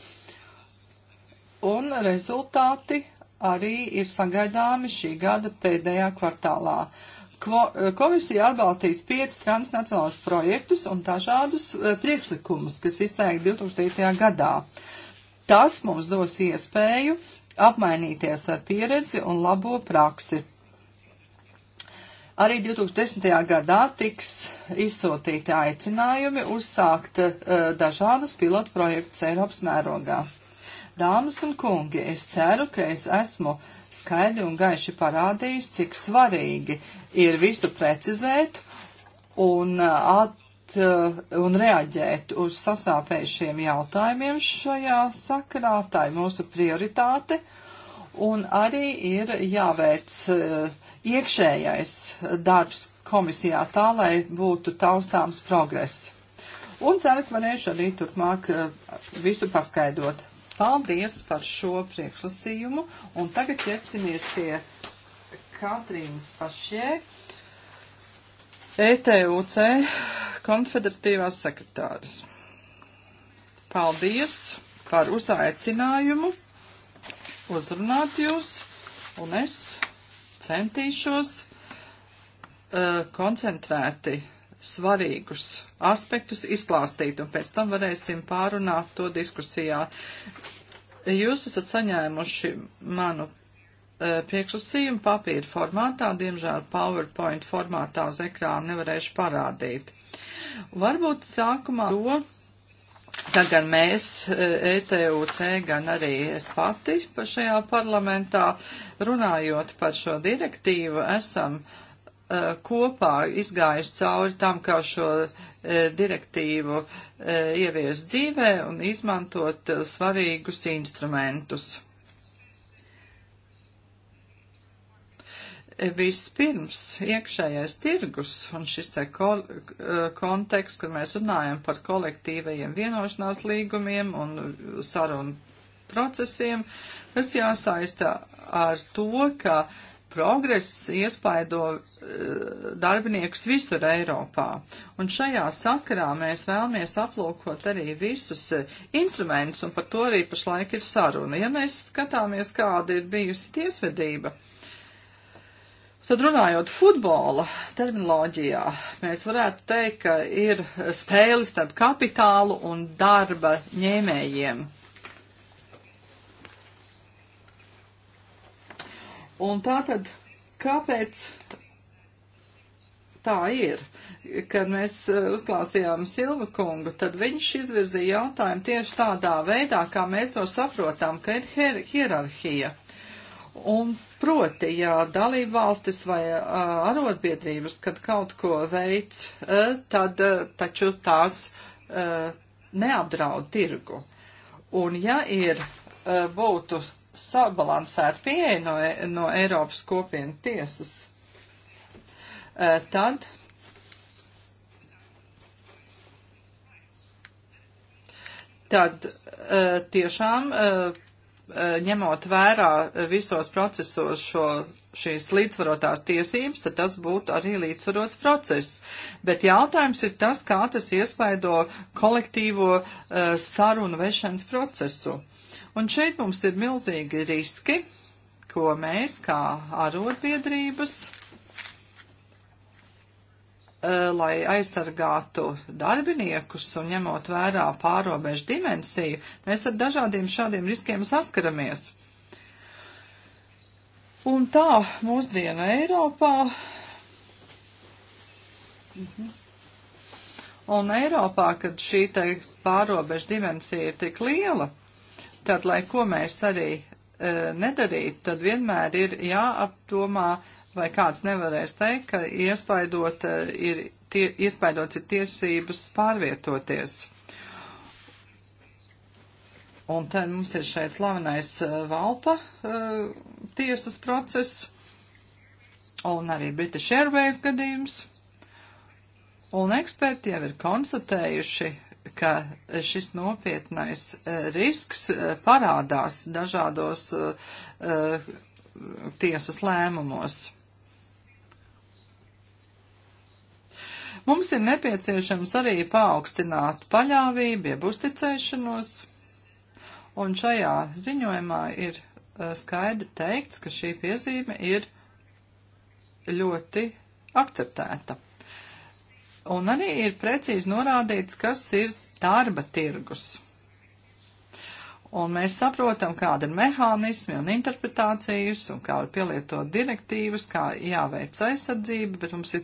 un rezultāti arī ir sagaidāmi šī gada pēdējā kvartālā. Kvo, uh, komisija atbalstīs piecus transnacionālus projektus un dažādus uh, priekšlikumus, kas izteikti 2008. gadā. Tas mums dos iespēju apmainīties ar pieredzi un labo praksi. Arī 2010. gadā tiks izsūtīti aicinājumi uzsākt uh, dažādus pilotu projektus Eiropas mērogā. Dāmas un kungi, es ceru, ka es esmu skaļi un gaiši parādījis, cik svarīgi ir visu precizēt un uh, at, Eh, un reaģēt uz sasāpējušiem jautājumiem šajā sakarā. Tā ir mūsu prioritāte. Un arī ir jāveic eh, iekšējais darbs komisijā tā, lai būtu taustāms progress. Un ceru, ka varēšu arī turpmāk eh, visu paskaidrot. Paldies par šo priekšlasījumu. Un tagad ķersimies pie Katrīnas Pašēk ETUC konfederatīvās sekretāras. Paldies par uzaicinājumu uzrunāt jūs, un es centīšos uh, koncentrēti svarīgus aspektus izklāstīt, un pēc tam varēsim pārunāt to diskusijā. Jūs esat saņēmuši manu Uh, priekšlasījumu papīra formātā, diemžēl PowerPoint formātā uz ekrāna nevarēšu parādīt. Varbūt sākumā to, tā gan mēs, uh, ETUC, gan arī es pati pa šajā parlamentā, runājot par šo direktīvu, esam uh, kopā izgājuši cauri tam, kā šo uh, direktīvu ievies dzīvē un izmantot svarīgus instrumentus. Vispirms iekšējais tirgus un šis te kol, eh, konteksts, kad mēs runājam par kolektīvajiem vienošanās līgumiem un sarunu procesiem, tas jāsaista ar to, ka progress iespaido eh, darbiniekus visur Eiropā. Un šajā sakarā mēs vēlamies aplūkot arī visus eh, instrumentus, un par to arī pašlaik ir saruna. Ja mēs skatāmies, kāda ir bijusi tiesvedība, uh, Tad runājot futbola terminoloģijā, mēs varētu teikt, ka ir spēle starp kapitālu un darba ņēmējiem. Un tā tad, kāpēc tā ir? Kad mēs e, uzklausījām Silva kungu, tad viņš izvirzīja jautājumu tieši tādā veidā, kā mēs to saprotam, ka ir hierarhija. Un proti, ja dalība valstis vai arotbiedrības, kad kaut ko veic, tad taču tās neapdraud tirgu. Un ja ir būtu sabalansēta pieeja no, e, no Eiropas kopienu tiesas, tad tad uh, tiešām uh, Eh, ņemot vērā visos procesos šo, šīs līdzsvarotās tiesības, tad tas būtu arī līdzsvarots process. Bet jautājums ir tas, kā tas iespaido kolektīvo uh, sarunu vešanas procesu. Un šeit mums ir milzīgi riski, ko mēs kā arotbiedrības Eh, lai aizsargātu darbiniekus un ņemot vērā pārobežu dimensiju, mēs ar dažādiem šādiem riskiem saskaramies. Un tā mūsdienu Eiropā. Mhm. Un Eiropā, kad šī te pārobežu dimensija ir tik liela, tad, lai ko mēs arī e, nedarītu, tad vienmēr ir jāapdomā vai kāds nevarēs teikt, ka iespaidot eh, ir, tie, iespaidots ir tiesības pārvietoties. Un tad mums ir šeit slavenais eh, Valpa uh, tiesas process un arī British Airways gadījums. Un eksperti jau ir konstatējuši, ka šis nopietnais uh, risks uh, parādās dažādos tiesas lēmumos. Mums ir nepieciešams arī paaugstināt paļāvību, jeb uzticēšanos, un šajā ziņojumā ir eh, skaidri teikts, ka šī piezīme ir ļoti akceptēta. Un arī ir precīzi norādīts, kas ir darba tirgus. Un mēs saprotam, kāda ir mehānismi un interpretācijas, un kā ir pielietot direktīvas, kā jāveic aizsardzība, bet mums ir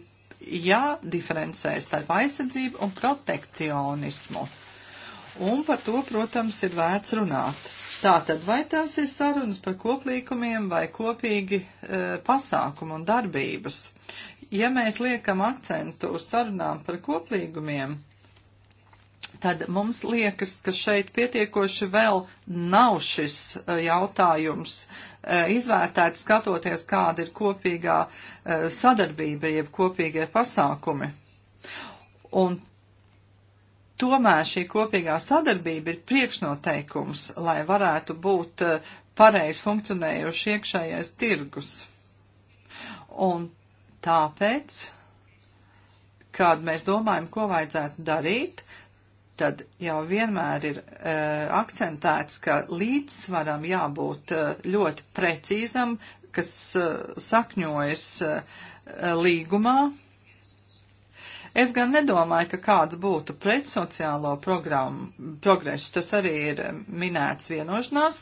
jādiferencē starp aizsardzību un protekcionismu. Un par to, protams, ir vērts runāt. Tātad, vai tās ir sarunas par koplīkumiem vai kopīgi e, pasākumu un darbības? Ja mēs liekam akcentu uz sarunām par koplīgumiem, tad mums liekas, ka šeit pietiekoši vēl nav šis e, jautājums e, izvērtēts skatoties, kāda ir kopīgā e, sadarbība, jeb kopīgie pasākumi. Un tomēr šī kopīgā sadarbība ir priekšnoteikums, lai varētu būt pareizi funkcionējuši iekšējais tirgus. Un tāpēc, kad mēs domājam, ko vajadzētu darīt, tad jau vienmēr ir uh, akcentēts, ka līdzsvaram jābūt uh, ļoti precīzam, kas uh, sakņojas uh, līgumā. Es gan nedomāju, ka kāds būtu pret sociālo programmu progresu. Tas arī ir minēts vienošanās,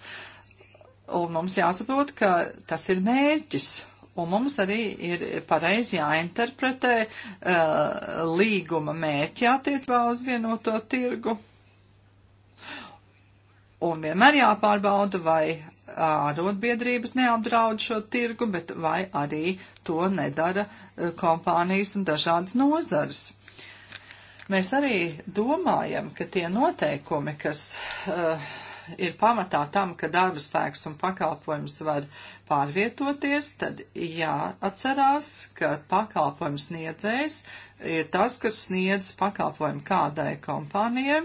un mums jāsaprot, ka tas ir mērķis Un mums arī ir pareizi jāinterpretē uh, līguma mērķi attiecībā uz vienoto tirgu. Un vienmēr jāpārbauda, vai ārotbiedrības neapdraud šo tirgu, bet vai arī to nedara uh, kompānijas un dažādas nozares. Mēs arī domājam, ka tie noteikumi, kas uh, ir pamatā tam, ka darba spēks un pakalpojums var pārvietoties, tad jāatcerās, ka pakalpojums sniedzējs ir tas, kas sniedz pakalpojumu kādai kompānijai.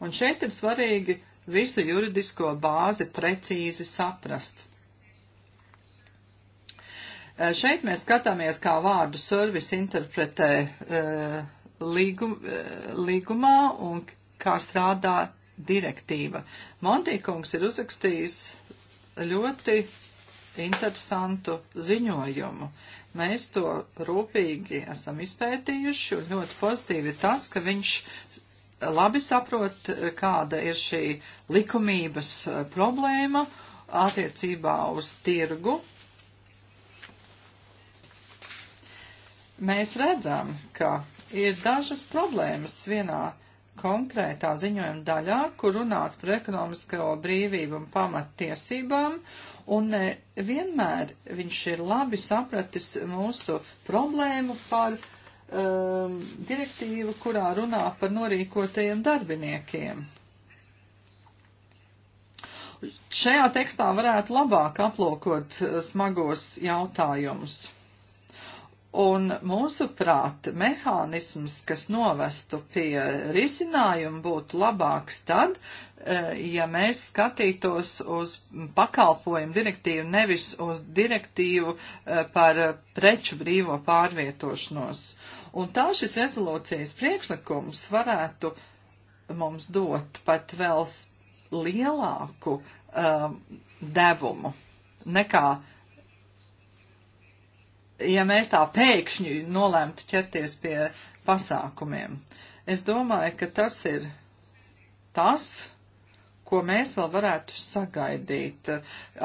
Un šeit ir svarīgi visu juridisko bāzi precīzi saprast. Eh, šeit mēs skatāmies, kā vārdu servis interpretē uh, līgum, eh, līgumā un kā strādā direktīva. Montīkungs ir uzrakstījis ļoti interesantu ziņojumu. Mēs to rūpīgi esam izpētījuši un ļoti pozitīvi ir tas, ka viņš labi saprot, kāda ir šī likumības eh, problēma attiecībā uz tirgu. Mēs redzam, ka ir dažas problēmas vienā konkrētā ziņojuma daļā, kur runāts par ekonomisko brīvību un pamattiesībām, un vienmēr viņš ir labi sapratis mūsu problēmu par um, direktīvu, kurā runā par norīkotajiem darbiniekiem. Šajā tekstā varētu labāk aplūkot uh, smagos jautājumus. Un mūsuprāt, mehānisms, kas novestu pie risinājuma, būtu labāks tad, e, ja mēs skatītos uz pakalpojumu direktīvu, nevis uz direktīvu e, par preču brīvo pārvietošanos. Un tā šis rezolūcijas priekšlikums varētu mums dot pat vēl lielāku um, devumu nekā uh, ja mēs tā pēkšņi nolēmtu ķerties pie pasākumiem. Es domāju, ka tas ir tas, ko mēs vēl varētu sagaidīt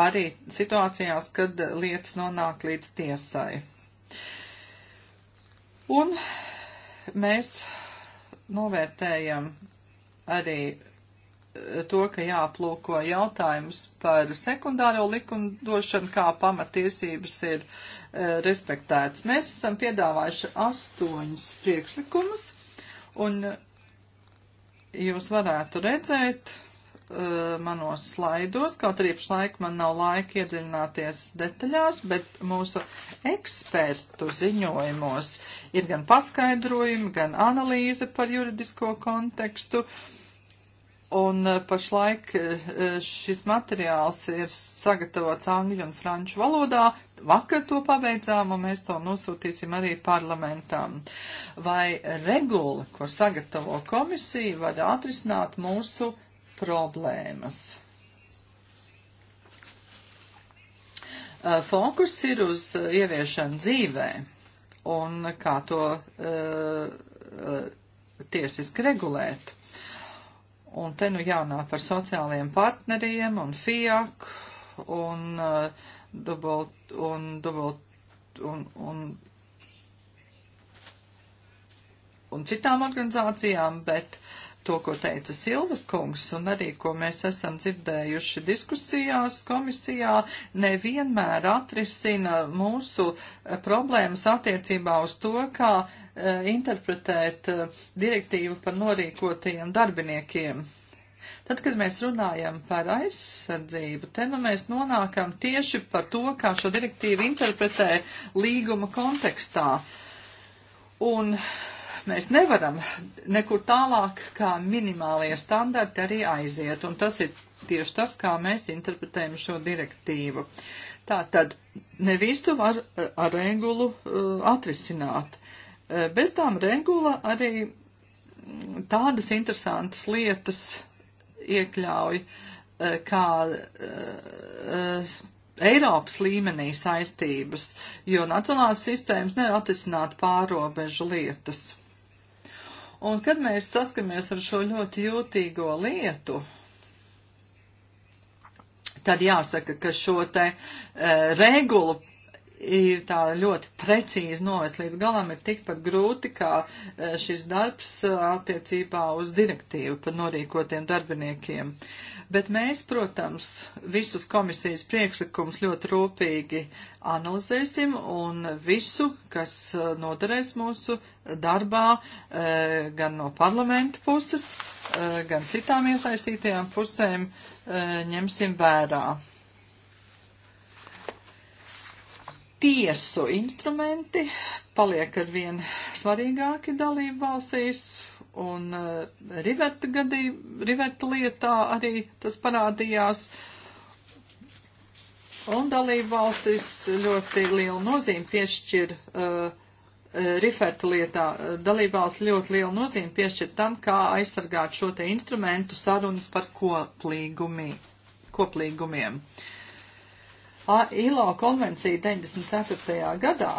arī situācijās, kad lietas nonāk līdz tiesai. Un mēs novērtējam arī to, ka jāplūko jautājums par sekundāro likumdošanu, kā pamatiesības ir e, respektētas. Mēs esam piedāvājuši astoņus priekšlikumus, un jūs varētu redzēt e, manos slaidos, kaut arī pašlaik man nav laika iedziļināties detaļās, bet mūsu ekspertu ziņojumos ir gan paskaidrojumi, gan analīze par juridisko kontekstu. Uh, Un eh, pašlaik eh, šis materiāls ir sagatavots angļu un franču valodā. Vakar to pabeidzām, un mēs to nosūtīsim arī parlamentam. Vai regula, ko sagatavo komisija, var atrisināt mūsu problēmas? Eh, fokus ir uz ieviešanu dzīvē, un kā to uh, tiesiski regulēt. Un te nu jānā par sociālajiem partneriem un FIAK un uh, dubult un dubult un, un, un citām organizācijām, bet uh, to, ko teica Silvas kungs, un arī, ko mēs esam dzirdējuši diskusijās komisijā, nevienmēr atrisina mūsu eh, problēmas attiecībā uz to, kā uh, interpretēt uh, direktīvu par norīkotajiem darbiniekiem. Tad, kad mēs runājam par aizsardzību, te nu mēs nonākam tieši par to, kā šo direktīvu interpretē līguma kontekstā. Un uh, mēs nevaram nekur tālāk kā minimālie standarti arī aiziet, un tas ir tieši tas, kā mēs interpretējam šo direktīvu. Tātad ne visu var ar regulu uh, atrisināt. Uh, bez tām regula arī mm, tādas interesantas lietas iekļauj, uh, kā uh, uh Eiropas līmenī saistības, jo nacionālās sistēmas nevar atrisināt pārobežu lietas. Un kad mēs saskamies ar šo ļoti jūtīgo lietu, tad jāsaka, ka šo te uh, regulu ir tā ļoti precīzi novest līdz galam ir tikpat grūti, kā uh, šis darbs uh, attiecībā uz direktīvu par norīkotiem darbiniekiem. Uh, Bet mēs, protams, visus komisijas priekšlikumus ļoti rūpīgi analizēsim un visu, kas eh, noderēs mūsu darbā, eh, gan no parlamenta puses, eh, gan citām iesaistītajām pusēm, ņemsim vērā. Tiesu instrumenti paliek arvien svarīgāki dalību valstīs Un uh, eh, Riveta, gadī, Riveta lietā arī tas parādījās. Un dalība valstis ļoti lielu nozīmi piešķir uh, eh, Riferta lietā dalībvalsts ļoti lielu nozīmi piešķir tam, kā aizsargāt šo te instrumentu sarunas par koplīgumi, koplīgumiem. A, ILO konvencija 94. gadā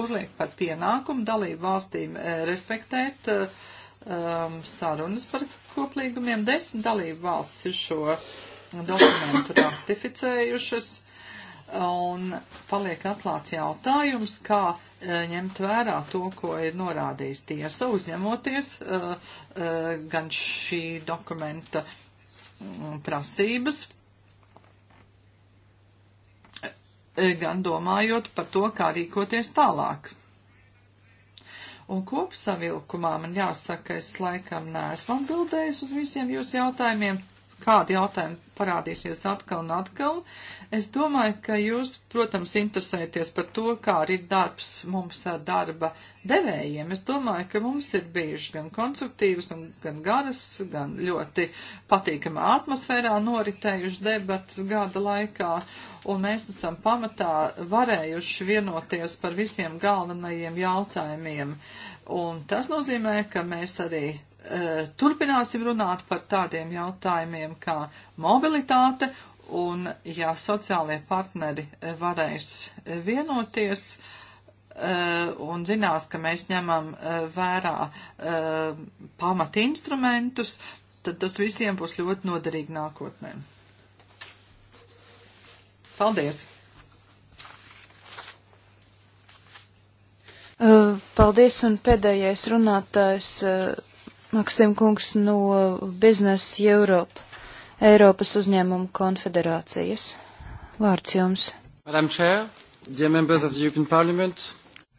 uzliek par pienākumu dalību valstīm eh, respektēt eh, um, sarunas par koplīgumiem. Desmit dalību valstis ir šo dokumentu ratificējušas. Un paliek atklāts jautājums, kā e, ņemt vērā to, ko ir norādījis tiesa, uzņemoties e, e, gan šī dokumenta mm, prasības E, gan domājot par to, kā rīkoties tālāk. Un kopsavilkumā man jāsaka, es laikam neesmu atbildējis uz visiem jūsu jautājumiem. Kādi jautājumi parādīsies atkal un atkal? Es domāju, ka jūs, protams, interesēties par to, kā ir darbs mums ar darba devējiem. Es domāju, ka mums ir bijuši gan konstruktīvas, gan garas, gan ļoti patīkamā atmosfērā noritējuši debats gada laikā. Uh, un mēs esam pamatā varējuši vienoties par visiem galvenajiem jautājumiem. Un tas nozīmē, ka mēs arī e, turpināsim runāt par tādiem jautājumiem kā mobilitāte, un ja sociālie partneri varēs vienoties, e, un zinās, ka mēs ņemam e, vērā e, pamata instrumentus, tad tas visiem būs ļoti noderīgi nākotnē. Paldies! Uh, paldies, un pēdējais runātājs uh, Maksim Kungs no Business Europe, Eiropas uzņēmumu konfederācijas. Vārds jums. Madam Chair, dear members of the European Parliament.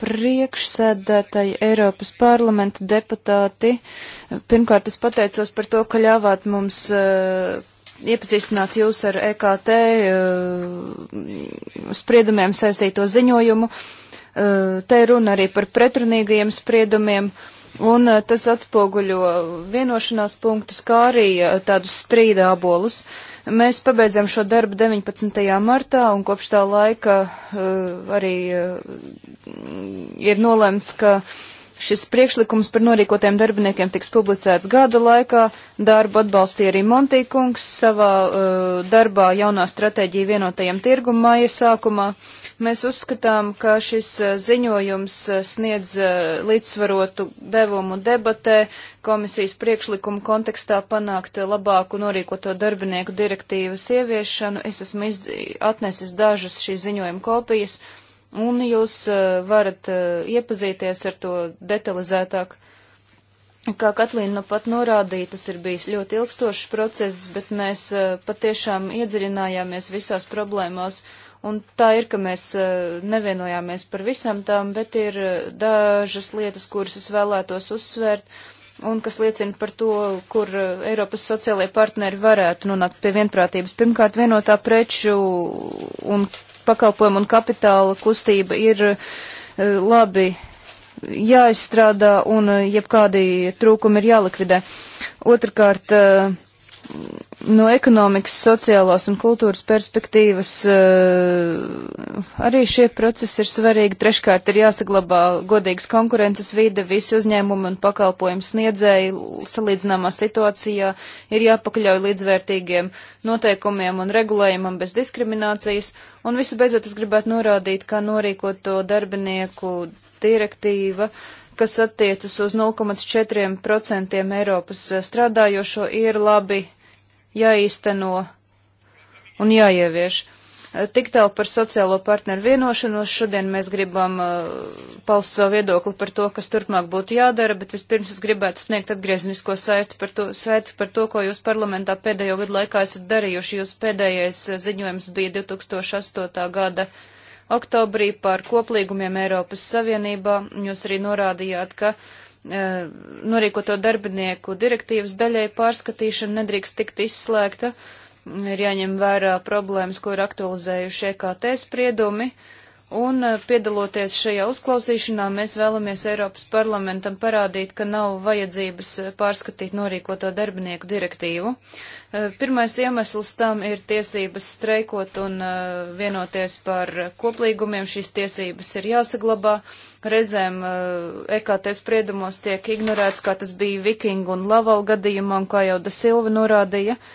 Priekšsēdētāji Eiropas parlamenta deputāti, pirmkārt es pateicos par to, ka ļāvāt mums uh, iepazīstināt jūs ar EKT eh, spriedumiem saistīto ziņojumu. Eh, te runa arī par pretrunīgajiem spriedumiem, un eh, tas atspoguļo vienošanās punktus, kā arī tādus strīda abolus. Mēs pabeidzam šo darbu 19. martā, un kopš tā laika arī ir nolēmts, ka Šis priekšlikums par norīkotiem darbiniekiem tiks publicēts gada laikā. Darbu atbalstīja arī Montīkungs savā uh, darbā jaunā stratēģija vienotajam tirgum māja sākumā. Mēs uzskatām, ka šis uh, ziņojums uh, sniedz uh, līdzsvarotu devumu debatē komisijas priekšlikumu kontekstā panākt labāku norīkoto darbinieku direktīvas ieviešanu. Es esmu atnesis dažas šī ziņojuma kopijas. Uh, un jūs eh, varat eh, iepazīties ar to detalizētāk. Kā Katlīna nu pat norādīja, tas ir bijis ļoti ilgstošs process, bet mēs eh, patiešām iedziļinājāmies visās problēmās, un tā ir, ka mēs nevienojāmies par visām tām, bet ir dažas lietas, kuras es vēlētos uzsvērt, un kas liecina par to, kur Eiropas sociālajie partneri varētu nonākt pie vienprātības. Pirmkārt, vienotā preču un pakalpojumu un kapitāla kustība ir eh, labi jāizstrādā un eh, jebkādi trūkumi ir jālikvidē. Otrakārt, uh, eh, no ekonomikas, sociālās un kultūras perspektīvas eh, arī šie procesi ir svarīgi. Treškārt ir jāsaglabā godīgas konkurences vide, visi uzņēmumi un pakalpojums sniedzēji salīdzināmā situācijā ir jāpakļauj līdzvērtīgiem noteikumiem un regulējumam bez diskriminācijas. Un visu beidzot es gribētu norādīt, kā norīkot to darbinieku direktīva kas attiecas uz 0,4% Eiropas eh, strādājošo, ir labi jāīsteno un jāievieš. Eh, tik tālu par sociālo partneru vienošanos. Šodien mēs gribam uh, paust savu viedokli par to, kas turpmāk būtu jādara, bet vispirms es gribētu sniegt atgrieznisko saisti par to, saiti par to, ko jūs parlamentā pēdējo gadu laikā esat darījuši. Jūs pēdējais eh, ziņojums bija 2008. gada oktobrī par koplīgumiem Eiropas Savienībā. Jūs arī norādījāt, ka uh, Eh, norīkoto darbinieku direktīvas daļai pārskatīšana nedrīkst tikt izslēgta. Ir jāņem vērā problēmas, ko ir aktualizējuši EKT spriedumi. Uh, Un eh, piedaloties šajā uzklausīšanā, mēs vēlamies Eiropas parlamentam parādīt, ka nav vajadzības eh, pārskatīt norīkoto darbinieku direktīvu. Eh, pirmais iemesls tam ir tiesības streikot un vienoties par koplīgumiem. Šīs tiesības ir jāsaglabā. Reizēm EKT e spriedumos tiek ignorēts, kā tas bija Vikingu un Lavalu gadījumā, un kā jau Da Silva norādīja. Uh,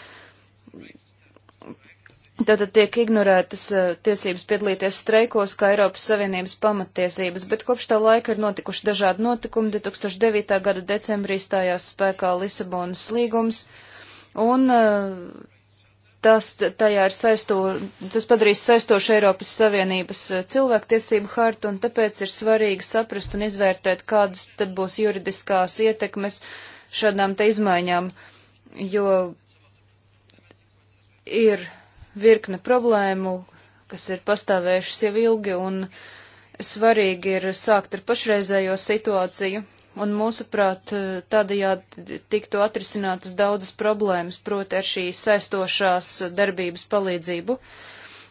Tātad tiek ignorētas eh, tiesības piedalīties streikos, kā Eiropas Savienības pamatiesības, bet kopš tā laika ir notikuši dažādi notikumi. 2009. gada decembrī stājās spēkā Lisabonas līgums, un eh, tas, tajā ir saisto, tas padarīs saistošu Eiropas Savienības eh, cilvēktiesību hartu, un tāpēc ir svarīgi saprast un izvērtēt, kādas tad būs juridiskās ietekmes šādām te izmaiņām, jo ir virkne problēmu, kas ir pastāvējušas jau ilgi, un svarīgi ir sākt ar pašreizējo situāciju, un mūsuprāt, tādajādi tiktu atrisinātas daudzas problēmas, proti ar šī saistošās darbības palīdzību.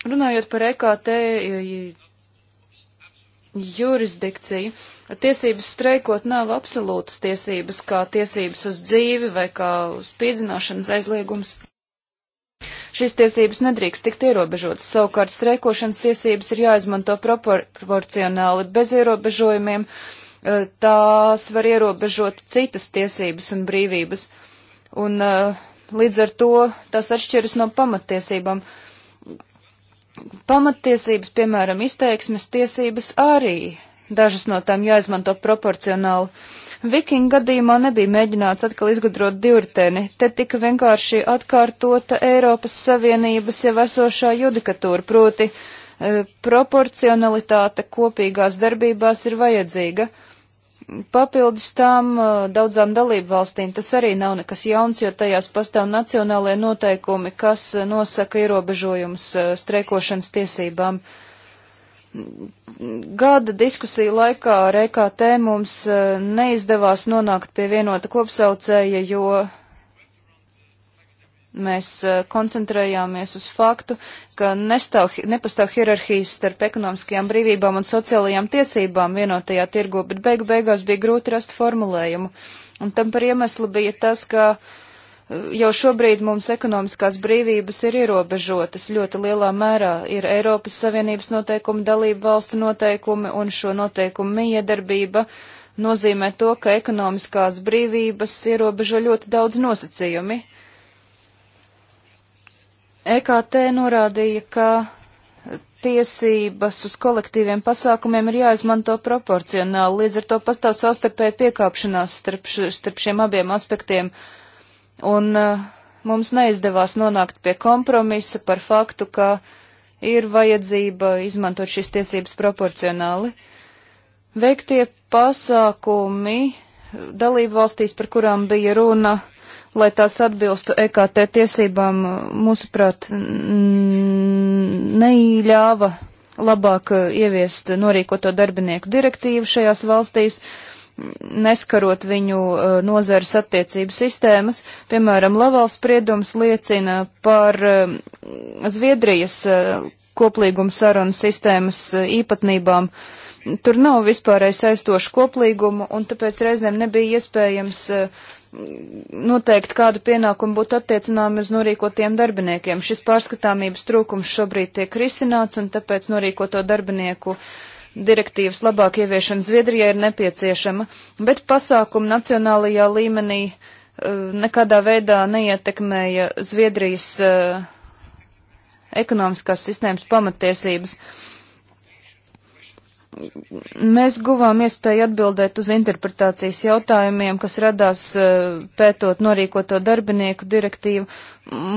Runājot par EKT jurisdikciju, tiesības streikot nav absolūtas tiesības, kā tiesības uz dzīvi vai kā spīdzināšanas aizliegums. Šīs tiesības nedrīkst tikt ierobežotas, savukārt streikošanas tiesības ir jāizmanto propor proporcionāli, bez ierobežojumiem, eh, tās var ierobežot citas tiesības un brīvības. Un eh, līdz ar to tas atšķiras no pamattiesībām pamattiesības, piemēram, izteiksmes tiesības arī. Dažas no tām jāizmanto proporcionāli. Vikinga gadījumā nebija mēģināts atkal izgudrot divriteni, te tika vienkārši atkārtota Eiropas Savienības jau esošā judikatūra, proti e, proporcionalitāte kopīgās darbībās ir vajadzīga. Papildus tām e, daudzām dalību valstīm tas arī nav nekas jauns, jo tajās pastāv nacionālajie noteikumi, kas nosaka ierobežojumus e, streikošanas tiesībām. Uh, Gada diskusiju laikā ar EKT mums e, neizdevās nonākt pie vienota kopsaucēja, jo mēs e, koncentrējāmies uz faktu, ka nestāv, nepastāv hierarhijas starp ekonomiskajām brīvībām un sociālajām tiesībām vienotajā tirgu, bet beigu beigās bija grūti rast formulējumu. Un tam par iemeslu bija tas, ka uh, Jau šobrīd mums ekonomiskās brīvības ir ierobežotas, ļoti lielā mērā ir Eiropas Savienības noteikumi, dalību valstu noteikumi un šo noteikumu miedarbība nozīmē to, ka ekonomiskās brīvības ierobežo ļoti daudz nosacījumi. EKT norādīja, ka tiesības uz kolektīviem pasākumiem ir jāizmanto proporcionāli, līdz ar to pastāv savstarpēja piekāpšanās starp, starp šiem abiem aspektiem. Uh, un eh, mums neizdevās nonākt pie kompromisa par faktu, ka ir vajadzība izmantot šīs tiesības proporcionāli. Veiktie pasākumi dalību valstīs, par kurām bija runa, lai tās atbilstu EKT tiesībām, mūsuprāt, neļāva labāk eh, ieviest norīkoto darbinieku direktīvu šajās valstīs. Uh, neskarot viņu eh, nozares attiecību sistēmas. Piemēram, Lavals spriedums liecina par eh, Zviedrijas eh, koplīguma sarunu sistēmas īpatnībām. Tur nav vispārēji saistošu koplīgumu, un tāpēc reizēm nebija iespējams noteikt, kādu pienākumu būtu attiecināmi uz norīkotiem darbiniekiem. Šis pārskatāmības trūkums šobrīd tiek risināts, un tāpēc norīkoto darbinieku uh, direktīvas labāk ieviešana Zviedrijai ir nepieciešama, bet pasākumi nacionālajā līmenī uh, nekādā veidā neietekmēja Zviedrijas uh, ekonomiskās sistēmas pamatiesības. Uh, Mēs guvām iespēju atbildēt uz interpretācijas jautājumiem, kas radās e, pētot norīkoto darbinieku direktīvu.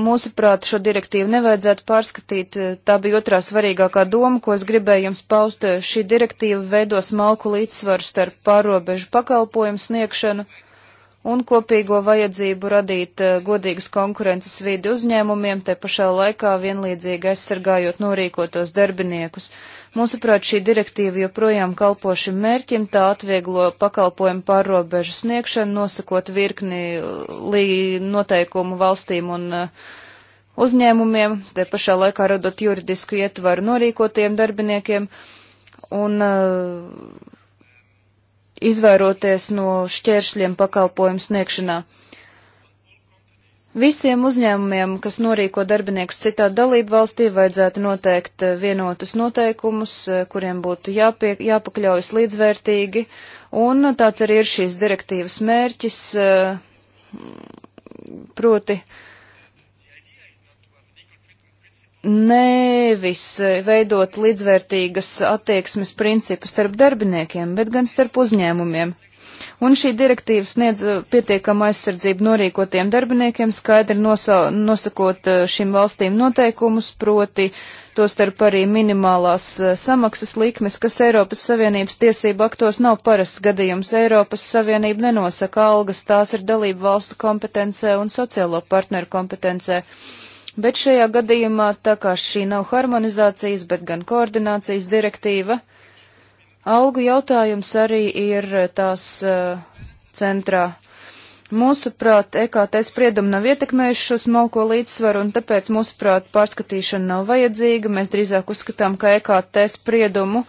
Mūsuprāt, šo direktīvu nevajadzētu pārskatīt. E, Tā bija otrā svarīgākā doma, ko es gribēju jums paust. E, Šī direktīva veidos malku līdzsvaru starp pārobežu pakalpojumu sniegšanu un kopīgo vajadzību radīt godīgas konkurences vidi uzņēmumiem, te pašā laikā vienlīdzīgi aizsargājot norīkotos darbiniekus. Uh, Mūsuprāt, šī direktīva joprojām kalpo šim mērķim, tā atvieglo pakalpojumu pārrobežu sniegšanu, nosakot virkni uh, lī noteikumu valstīm un uh, uzņēmumiem, te pašā laikā radot juridisku ietvaru norīkotiem darbiniekiem un uh, izvairoties no šķēršļiem pakalpojumu sniegšanā. Visiem uzņēmumiem, kas norīko darbiniekus citā dalību valstī, vajadzētu noteikt eh, vienotus noteikumus, eh, kuriem būtu jāpie, jāpakļaujas līdzvērtīgi, un tāds arī ir šīs direktīvas mērķis, eh, proti nevis veidot līdzvērtīgas attieksmes principus starp darbiniekiem, bet gan starp uzņēmumiem un šī direktīva sniedz uh, pietiekamu aizsardzību norīkotiem darbiniekiem, skaidri nosa nosakot uh, šīm valstīm noteikumus, proti tostarp arī minimālās uh, samaksas likmes, kas Eiropas Savienības tiesību aktos nav parasts gadījums. Eiropas Savienība nenosaka algas, tās ir dalību valstu kompetencē un sociālo partneru kompetencē. Bet šajā gadījumā, tā kā šī nav harmonizācijas, bet gan koordinācijas direktīva, Algu jautājums arī ir eh, tās uh, centrā. Mūsuprāt, EKT spriedumi nav ietekmējuši šo smalko līdzsvaru, un tāpēc, mūsuprāt, pārskatīšana nav vajadzīga. Mēs drīzāk uzskatām, ka EKT spriedumu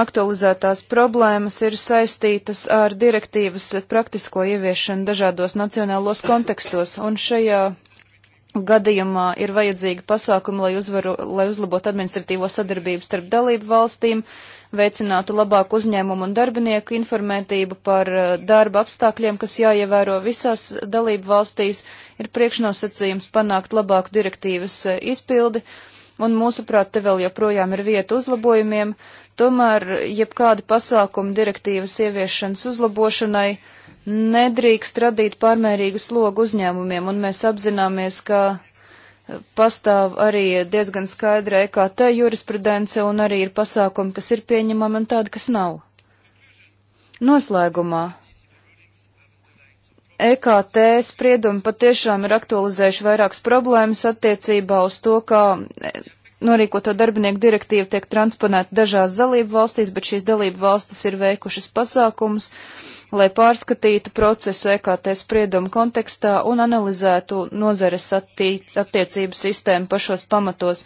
aktualizētās problēmas ir saistītas ar direktīvas praktisko ieviešanu dažādos nacionālos kontekstos, un šajā gadījumā ir vajadzīga pasākuma, lai, uzvaru, lai uzlabotu administratīvo sadarbību starp dalību valstīm, veicinātu labāku uzņēmumu un darbinieku informētību par eh, darba apstākļiem, kas jāievēro visās dalību valstīs, ir priekšnosacījums panākt labāku direktīvas eh, izpildi, un mūsuprāt, te vēl joprojām ir vieta uzlabojumiem, tomēr jebkādi pasākumi direktīvas ieviešanas uzlabošanai nedrīkst radīt pārmērīgu slogu uzņēmumiem, un mēs apzināmies, ka pastāv arī diezgan skaidra EKT jurisprudence un arī ir pasākumi, kas ir pieņemami un tādi, kas nav. Noslēgumā. EKT spriedumi patiešām ir aktualizējuši vairākas problēmas attiecībā uz to, kā norīkoto darbinieku direktīva tiek transponēta dažās dalību valstīs, bet šīs dalību valstis ir veikušas pasākumus. Uh, lai pārskatītu procesu EKT spriedumu kontekstā un analizētu nozares attiecību sistēmu pašos pamatos.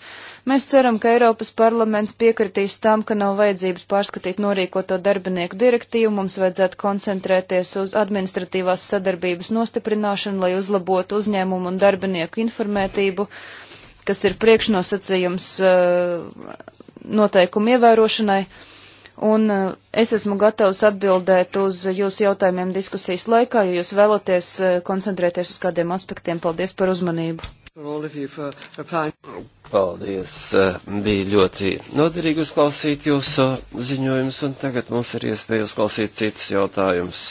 Mēs ceram, ka Eiropas parlaments piekritīs tam, ka nav vajadzības pārskatīt norīkoto darbinieku direktīvu, mums vajadzētu koncentrēties uz administratīvās sadarbības nostiprināšanu, lai uzlabotu uzņēmumu un darbinieku informētību, kas ir priekšnosacījums uh, noteikumu ievērošanai. Un uh, es esmu gatavs atbildēt uz jūsu jautājumiem diskusijas laikā, ja jūs vēlaties uh, koncentrēties uz kādiem aspektiem. Paldies par uzmanību. Paldies. Uh, bija ļoti noderīgi uzklausīt jūsu ziņojumus, un tagad mums ir iespēja uzklausīt citus jautājumus.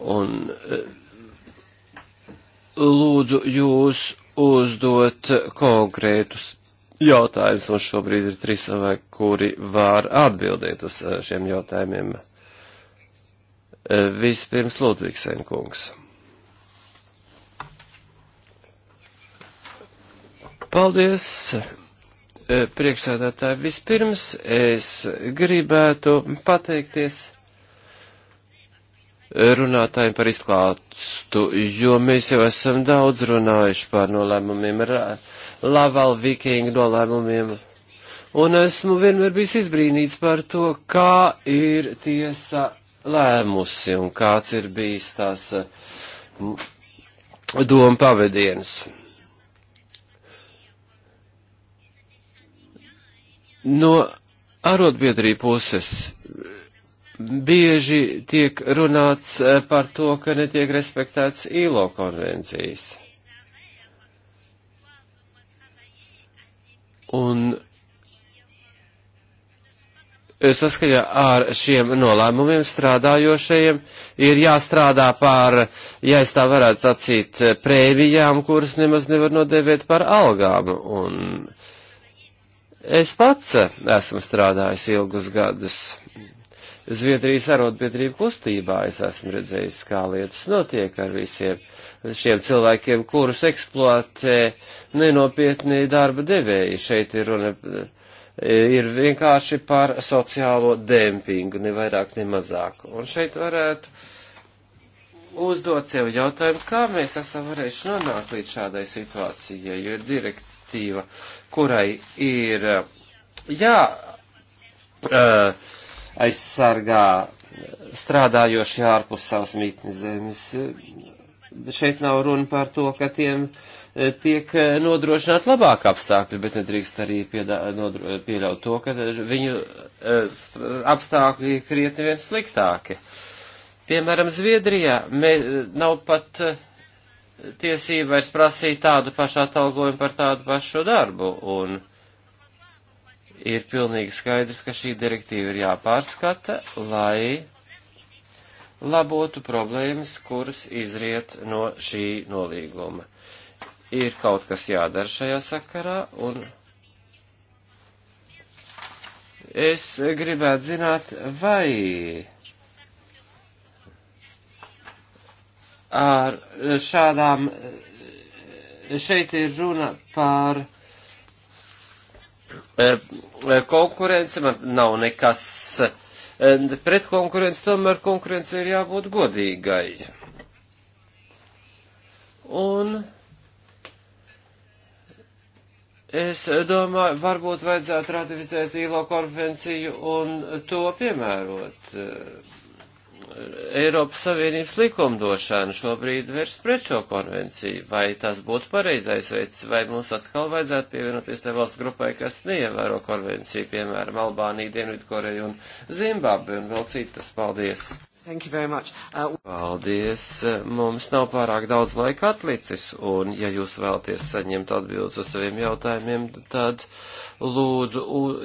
Un lūdzu jūs uzdot konkrētus jautājums, un šobrīd ir trīs cilvēki, kuri var atbildēt uz eh, šiem jautājumiem. Eh, vispirms Ludvigsen kungs. Paldies, eh, priekšsēdētāji. Vispirms es gribētu pateikties runātājiem par izklāstu, jo mēs jau esam daudz runājuši par nolēmumiem. Ar, Laval Vikinga nolēmumiem. Un esmu vienmēr bijis izbrīnīts par to, kā ir tiesa lēmusi un kāds ir bijis tās doma pavadiens. No arotbiedrību puses bieži tiek runāts par to, ka netiek respektēts īlo konvencijas. Un saskaņā ar šiem nolēmumiem strādājošajiem ir jāstrādā pār, ja es tā varētu sacīt, prēmijām, kuras nemaz nevar nodēvēt par algām. Un es pats esmu strādājis ilgus gadus. Zviedrijas arotbiedrību kustībā es esmu redzējis, kā lietas notiek ar visiem šiem cilvēkiem, kurus eksploatē nenopietni darba devēji. Šeit ir runa ir vienkārši par sociālo dempingu, ne vairāk, ne mazāk. Un šeit varētu uzdot sev jautājumu, kā mēs esam varējuši nonākt līdz šādai situācijai, jo ir direktīva, kurai ir jā. Uh, aizsargā strādājoši ārpus savas mītnes zemes. Šeit nav runa par to, ka tiem eh, tiek eh, nodrošināt labāk apstākļi, bet nedrīkst arī piedā, nodro, pieļaut to, ka viņu eh, apstākļi krietni vien sliktāki. Piemēram, Zviedrijā me, nav pat tiesība vairs prasīt tādu pašu atalgojumu par tādu pašu darbu. Un, uh, ir pilnīgi skaidrs, ka šī direktīva ir jāpārskata, lai labotu problēmas, kuras izriet no šī nolīguma. Ir kaut kas jādara šajā sakarā, un es gribētu zināt, vai ar šādām šeit ir runa par uh, Eh, eh, konkurence nav nekas eh, pret konkurence, tomēr konkurence ir jābūt godīgai. Un es domāju, varbūt vajadzētu ratificēt īlo konvenciju un to piemērot. Eiropas Savienības likumdošana šobrīd vairs pret šo konvenciju. Vai tas būtu pareizais veids, vai mums atkal vajadzētu pievienoties tai valstu grupai, kas neievēro konvenciju, piemēram, Albānija, Dienvidkoreja un Zimbabve un vēl citas. Paldies! Thank you very much. Uh, Paldies. Mums nav pārāk daudz laika atlicis, un ja jūs vēlaties saņemt atbildes uz saviem jautājumiem, tad lūdzu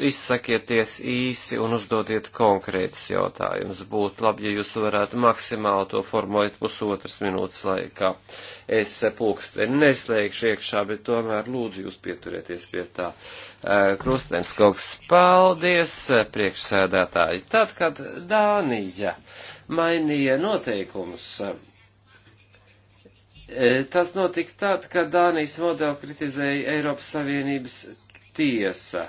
izsakieties īsi un uzdodiet konkrētus jautājumus. Būtu labi, ja jūs varētu maksimāli to formulēt pusotras minūtes laikā. Es pulksteni neslēgšu iekšā, bet tomēr lūdzu jūs pieturieties pie tā. Uh, Krustens Koks, paldies, priekšsēdētāji. Tad, kad Dānija mainīja noteikumus. E, tas notika tad, kad Dānijas modeli kritizēja Eiropas Savienības tiesa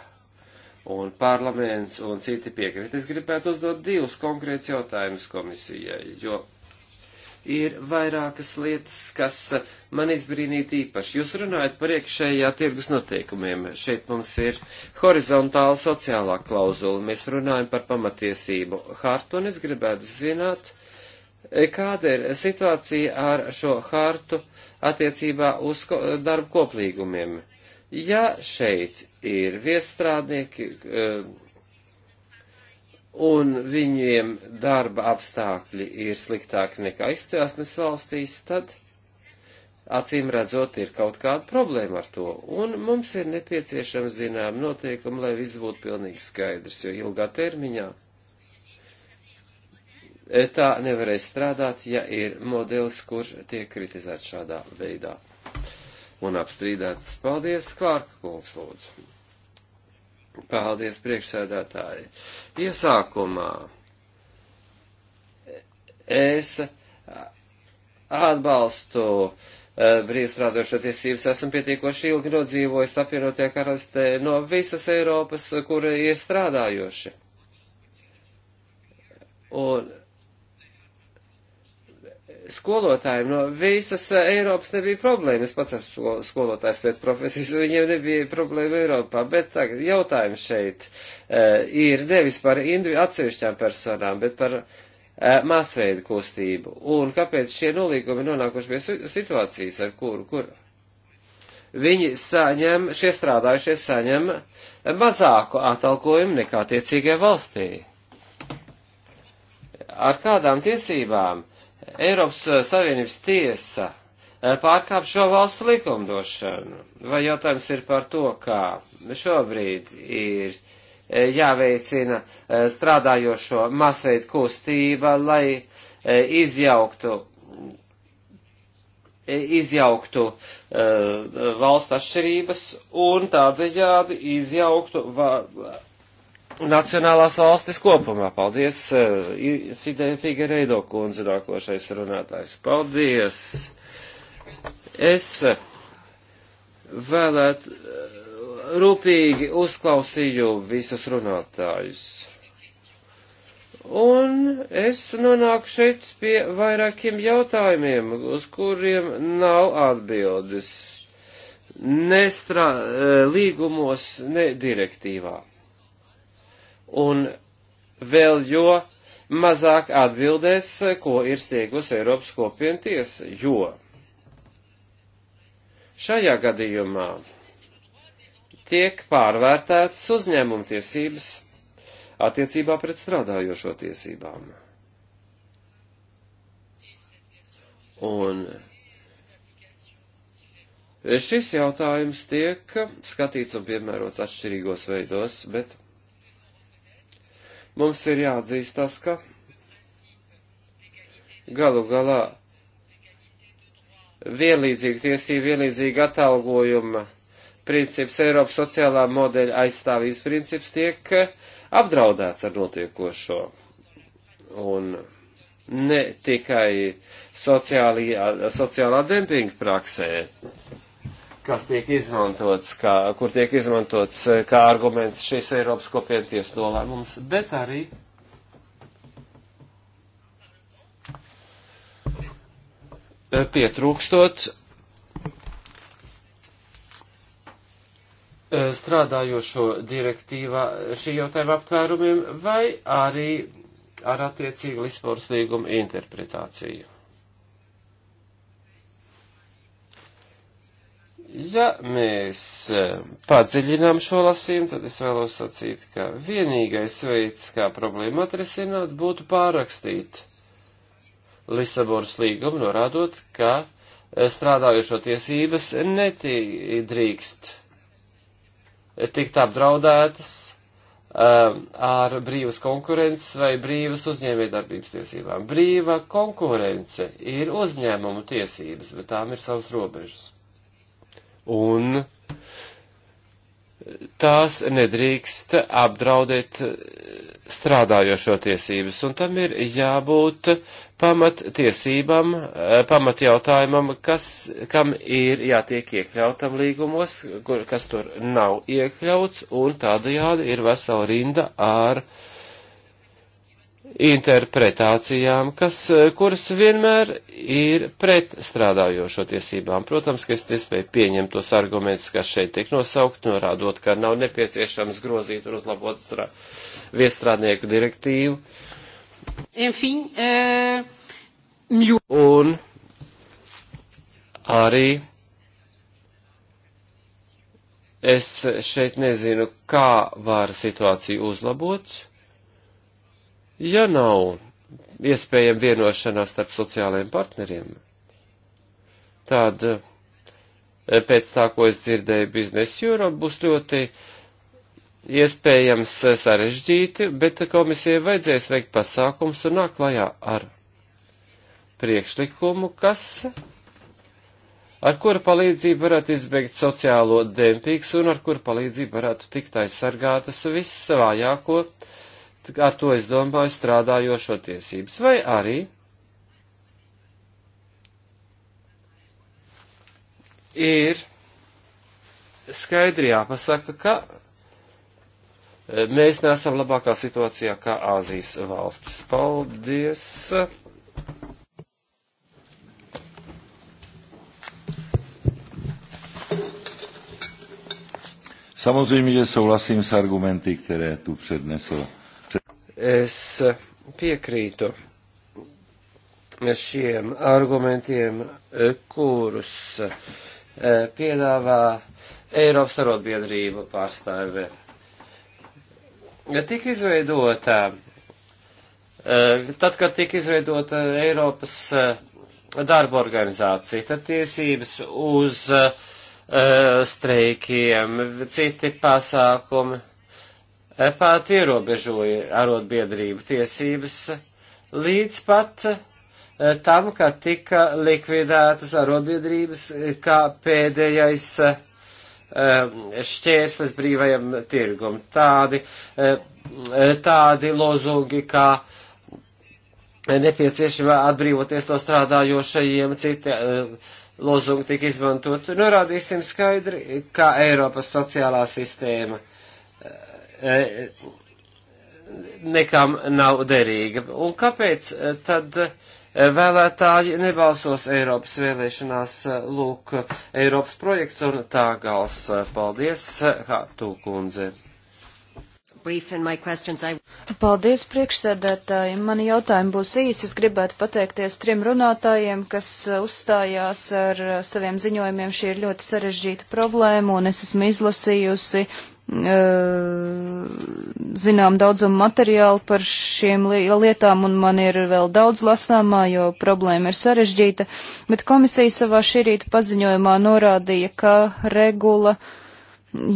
un parlaments un citi piekrīt. Es gribētu uzdot divus konkrēts jautājumus komisijai, jo ir vairākas lietas, kas man izbrīnīja īpaši. Jūs runājat par iekšējā tirgus noteikumiem. Šeit mums ir horizontāla sociālā klauzula. Mēs runājam par pamatiesību hartu, un es gribētu zināt, kāda ir situācija ar šo hartu attiecībā uz ko, darbu koplīgumiem. Ja šeit ir viestrādnieki, eh, un viņiem darba apstākļi ir sliktāki nekā izcelsmes valstīs, tad acīm redzot ir kaut kāda problēma ar to. Un mums ir nepieciešama zinām noteikuma, lai viss būtu pilnīgi skaidrs, jo ilgā termiņā tā nevarēs strādāt, ja ir modelis, kurš tiek kritizēts šādā veidā. Un apstrīdēts. Paldies, Klārka kungs, lūdzu. Paldies, priekšsēdētāji. Iesākumā es atbalstu e, brīvstrādošo tiesības. Esmu pietiekoši ilgi nodzīvojis apvienotie karastē no visas Eiropas, kur ir strādājoši. Un skolotājiem no visas eh, Eiropas nebija problēma. Es pats esmu skolotājs pēc profesijas, viņiem nebija problēma Eiropā, bet tagad jautājums šeit uh, ir nevis par atsevišķām personām, bet par uh, masveidu kustību. Un kāpēc šie nolīgumi nonākuši pie situācijas, ar kuru, kur? Viņi saņem, šie strādājušie saņem mazāku atalgojumu nekā tiecīgai valstī. Ar kādām tiesībām uh, Eiropas eh, Savienības tiesa eh, pārkāp šo valstu likumdošanu? Vai jautājums ir par to, kā šobrīd ir eh, jāveicina strādājošo masveidu kustība, lai izjauktu, izjauktu valstu atšķirības un tādējādi izjauktu nacionālās valstis kopumā. Paldies, eh, Fide Figereido kundze, nākošais runātājs. Paldies! Es eh, vēlētu eh, rūpīgi uzklausīju visus runātājus. Un es nonāku šeit pie vairākiem jautājumiem, uz kuriem nav atbildes. Ne strā, līgumos, ne direktīvā un vēl jo mazāk atbildēs, ko ir sniegusi Eiropas kopienu tiesa, jo šajā gadījumā tiek pārvērtētas uzņēmumtiesības attiecībā pret strādājošo tiesībām. Un šis jautājums tiek skatīts un piemērots atšķirīgos veidos, bet Mums ir jāatzīstas, ka galu galā vienlīdzīga tiesība, vienlīdzīga atalgojuma princips, Eiropas sociālā modeļa aizstāvības princips tiek apdraudēts ar notiekošo. Un ne tikai sociālajā, sociālā dempinga praksē, kas tiek izmantots, kā, kur tiek izmantots eh, kā arguments šīs Eiropas kopienties nolēmums, bet arī eh, pietrūkstot eh, strādājošo direktīvā šī jautājuma aptvērumiem vai arī ar attiecīgu Lisbonas līguma interpretāciju. Ja mēs eh, padziļinām šo lasījumu, tad es vēlos sacīt, ka vienīgais veids, kā problēmu atrisināt, būtu pārrakstīt Lisabonas līgumu, norādot, ka eh, strādājošo tiesības netīdrīkst eh, tikt apdraudētas um, ar brīvas konkurences vai brīvas uzņēmējdarbības tiesībām. Brīva konkurence ir uzņēmumu tiesības, bet tām ir savas robežas un tās nedrīkst apdraudēt strādājošo tiesības, un tam ir jābūt pamat tiesībām, eh, pamat jautājumam, kas, kam ir jātiek iekļautam līgumos, kur, kas tur nav iekļauts, un tādajādi ir vesela rinda ar uh, interpretācijām, kas, eh, kuras vienmēr ir pret strādājošo tiesībām. Protams, ka es nespēju pieņemt tos argumentus, kas šeit tiek nosaukt, norādot, ka nav nepieciešams grozīt un uzlabot viestrādnieku direktīvu. Enfim, uh, un arī es šeit nezinu, kā var situāciju uzlabot Ja nav iespējama vienošanās starp sociālajiem partneriem, tad eh, pēc tā, ko es dzirdēju biznesa jūrā, būs ļoti iespējams eh, sarežģīti, bet komisijai vajadzēs veikt pasākums un nāk klajā ar priekšlikumu, kas ar kura palīdzību varētu izbeigt sociālo dempīgs un ar kura palīdzību varētu tikt aizsargātas viss vājāko uh, ar to es domāju strādājošo tiesības, vai arī ir skaidri jāpasaka, ka e, mēs neesam labākā situācijā kā Āzijas valstis. Paldies! Samozřejmě, že souhlasím s argumenty, které tu přednesl Es piekrītu šiem argumentiem, kurus eh, piedāvā Eiropas arotbiedrību pārstāve. Ja tika izveidota, eh, tad, kad tika izveidota Eiropas eh, darba organizācija, tad tiesības uz streikiem, citi pasākumi pat ierobežoja arotbiedrību tiesības līdz pat e, tam, ka tika likvidētas arotbiedrības e, kā pēdējais e, šķērslis brīvajam tirgum. Tādi, tādi lozungi, kā nepieciešamā atbrīvoties no strādājošajiem, citi lozungi tika izmantot. Norādīsim skaidri, kā Eiropas sociālā sistēma Eh, nekam nav derīga. Un kāpēc eh, tad eh, vēlētāji nebalsos Eiropas vēlēšanās lūk Eiropas projekts un tā gals? Paldies, Hatu kundze. Paldies priekšsēdētāji. Mani jautājumi būs īsi. Es gribētu pateikties trim runātājiem, kas uzstājās ar saviem ziņojumiem. Šī ir ļoti sarežģīta problēma, un es esmu izlasījusi Eh, zinām daudzumu materiālu par šiem lietām, un man ir vēl daudz lasāmā, jo problēma ir sarežģīta, bet komisija savā šī rīta paziņojumā norādīja, ka regula,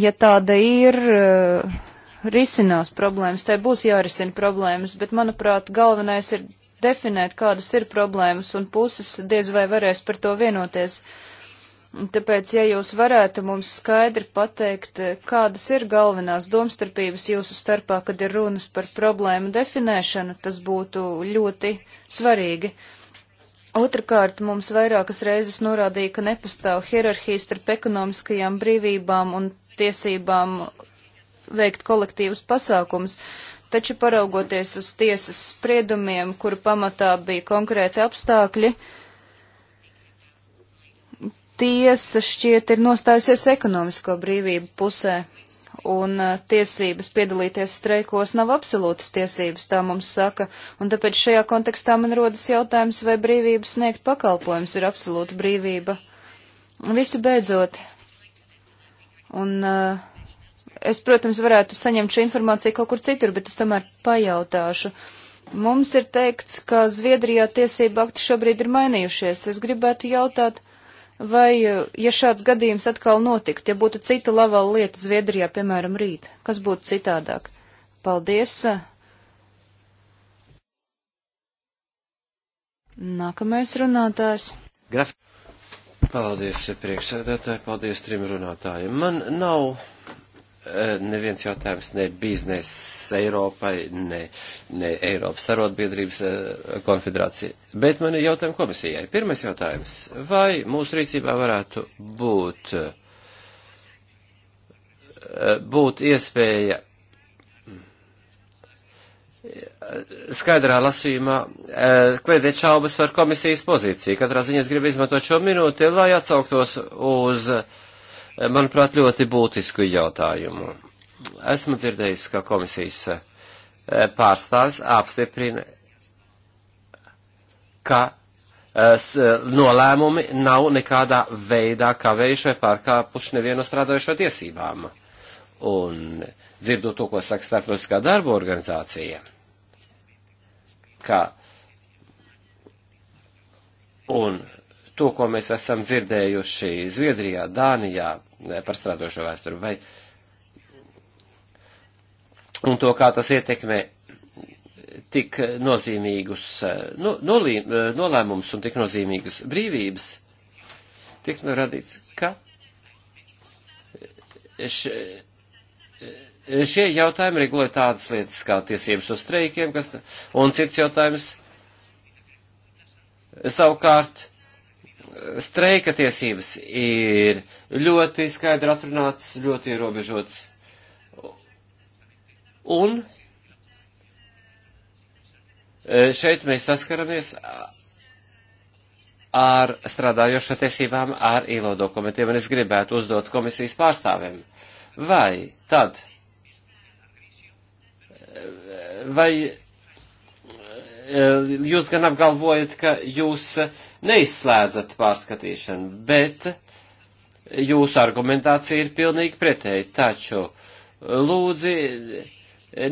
ja tāda ir, eh, risinās problēmas, tai būs jārisina problēmas, bet, manuprāt, galvenais ir definēt, kādas ir problēmas, un puses diez vai varēs par to vienoties. Uh, Tāpēc, ja jūs varētu mums skaidri pateikt, kādas ir galvenās domstarpības jūsu starpā, kad ir runas par problēmu definēšanu, tas būtu ļoti svarīgi. Otrakārt, mums vairākas reizes norādīja, ka nepastāv hierarhijas starp ekonomiskajām brīvībām un tiesībām veikt kolektīvus pasākumus, taču paraugoties uz tiesas spriedumiem, kuru pamatā bija konkrēti apstākļi, uh, tiesa šķiet ir nostājusies ekonomisko brīvību pusē, un uh, tiesības piedalīties streikos nav absolūtas tiesības, tā mums saka, un tāpēc šajā kontekstā man rodas jautājums, vai brīvības sniegt pakalpojums ir absolūta brīvība. Visu beidzot, un uh, es, protams, varētu saņemt šo informāciju kaut kur citur, bet es tomēr pajautāšu. Mums ir teikts, ka Zviedrijā tiesība akti šobrīd ir mainījušies. Es gribētu jautāt, uh, Vai, eh, ja šāds gadījums atkal notikt, ja būtu cita lavāla lieta Zviedrijā, piemēram, rīt, kas būtu citādāk? Paldies! Nākamais runātājs. Graf. Paldies, priekšsēdētāji, paldies trim runātājiem. Man nav Eh, neviens jautājums ne biznesa Eiropai, ne, ne Eiropas arotbiedrības eh, konfederācija. Bet man ir jautājumi komisijai. Pirmais jautājums. Vai mūsu rīcībā varētu būt, eh, būt iespēja skaidrā lasījumā kliedēt šaubas par komisijas pozīciju? Katrā ziņā es gribu izmantot šo minūti, lai atsauktos uz uh, manuprāt, ļoti būtisku jautājumu. Esmu dzirdējis, ka komisijas e, pārstāvis apstiprina, ka e, e, nolēmumi nav nekādā veidā kavējuši vai pārkāpuši nevienu strādājušo tiesībām. Un dzirdot to, ko saka starptautiskā darba organizācija, ka un to, ko mēs esam dzirdējuši Zviedrijā, Dānijā par strādošo vēsturi, vai un to, kā tas ietekmē tik nozīmīgus nu, nolī, nolēmumus un tik nozīmīgus brīvības, tiek radīts, ka š, šie jautājumi regulē tādas lietas kā tiesības uz streikiem, kas, un cits jautājums savukārt streika tiesības ir ļoti skaidri atrunāts, ļoti ierobežots. Un e, šeit mēs saskaramies ar strādājošo tiesībām, ar ILO dokumentiem, un es gribētu uzdot komisijas pārstāvēm. Vai tad, e, vai Eh, jūs gan apgalvojat, ka jūs neizslēdzat pārskatīšanu, bet jūsu argumentācija ir pilnīgi pretēji. Taču, lūdzi,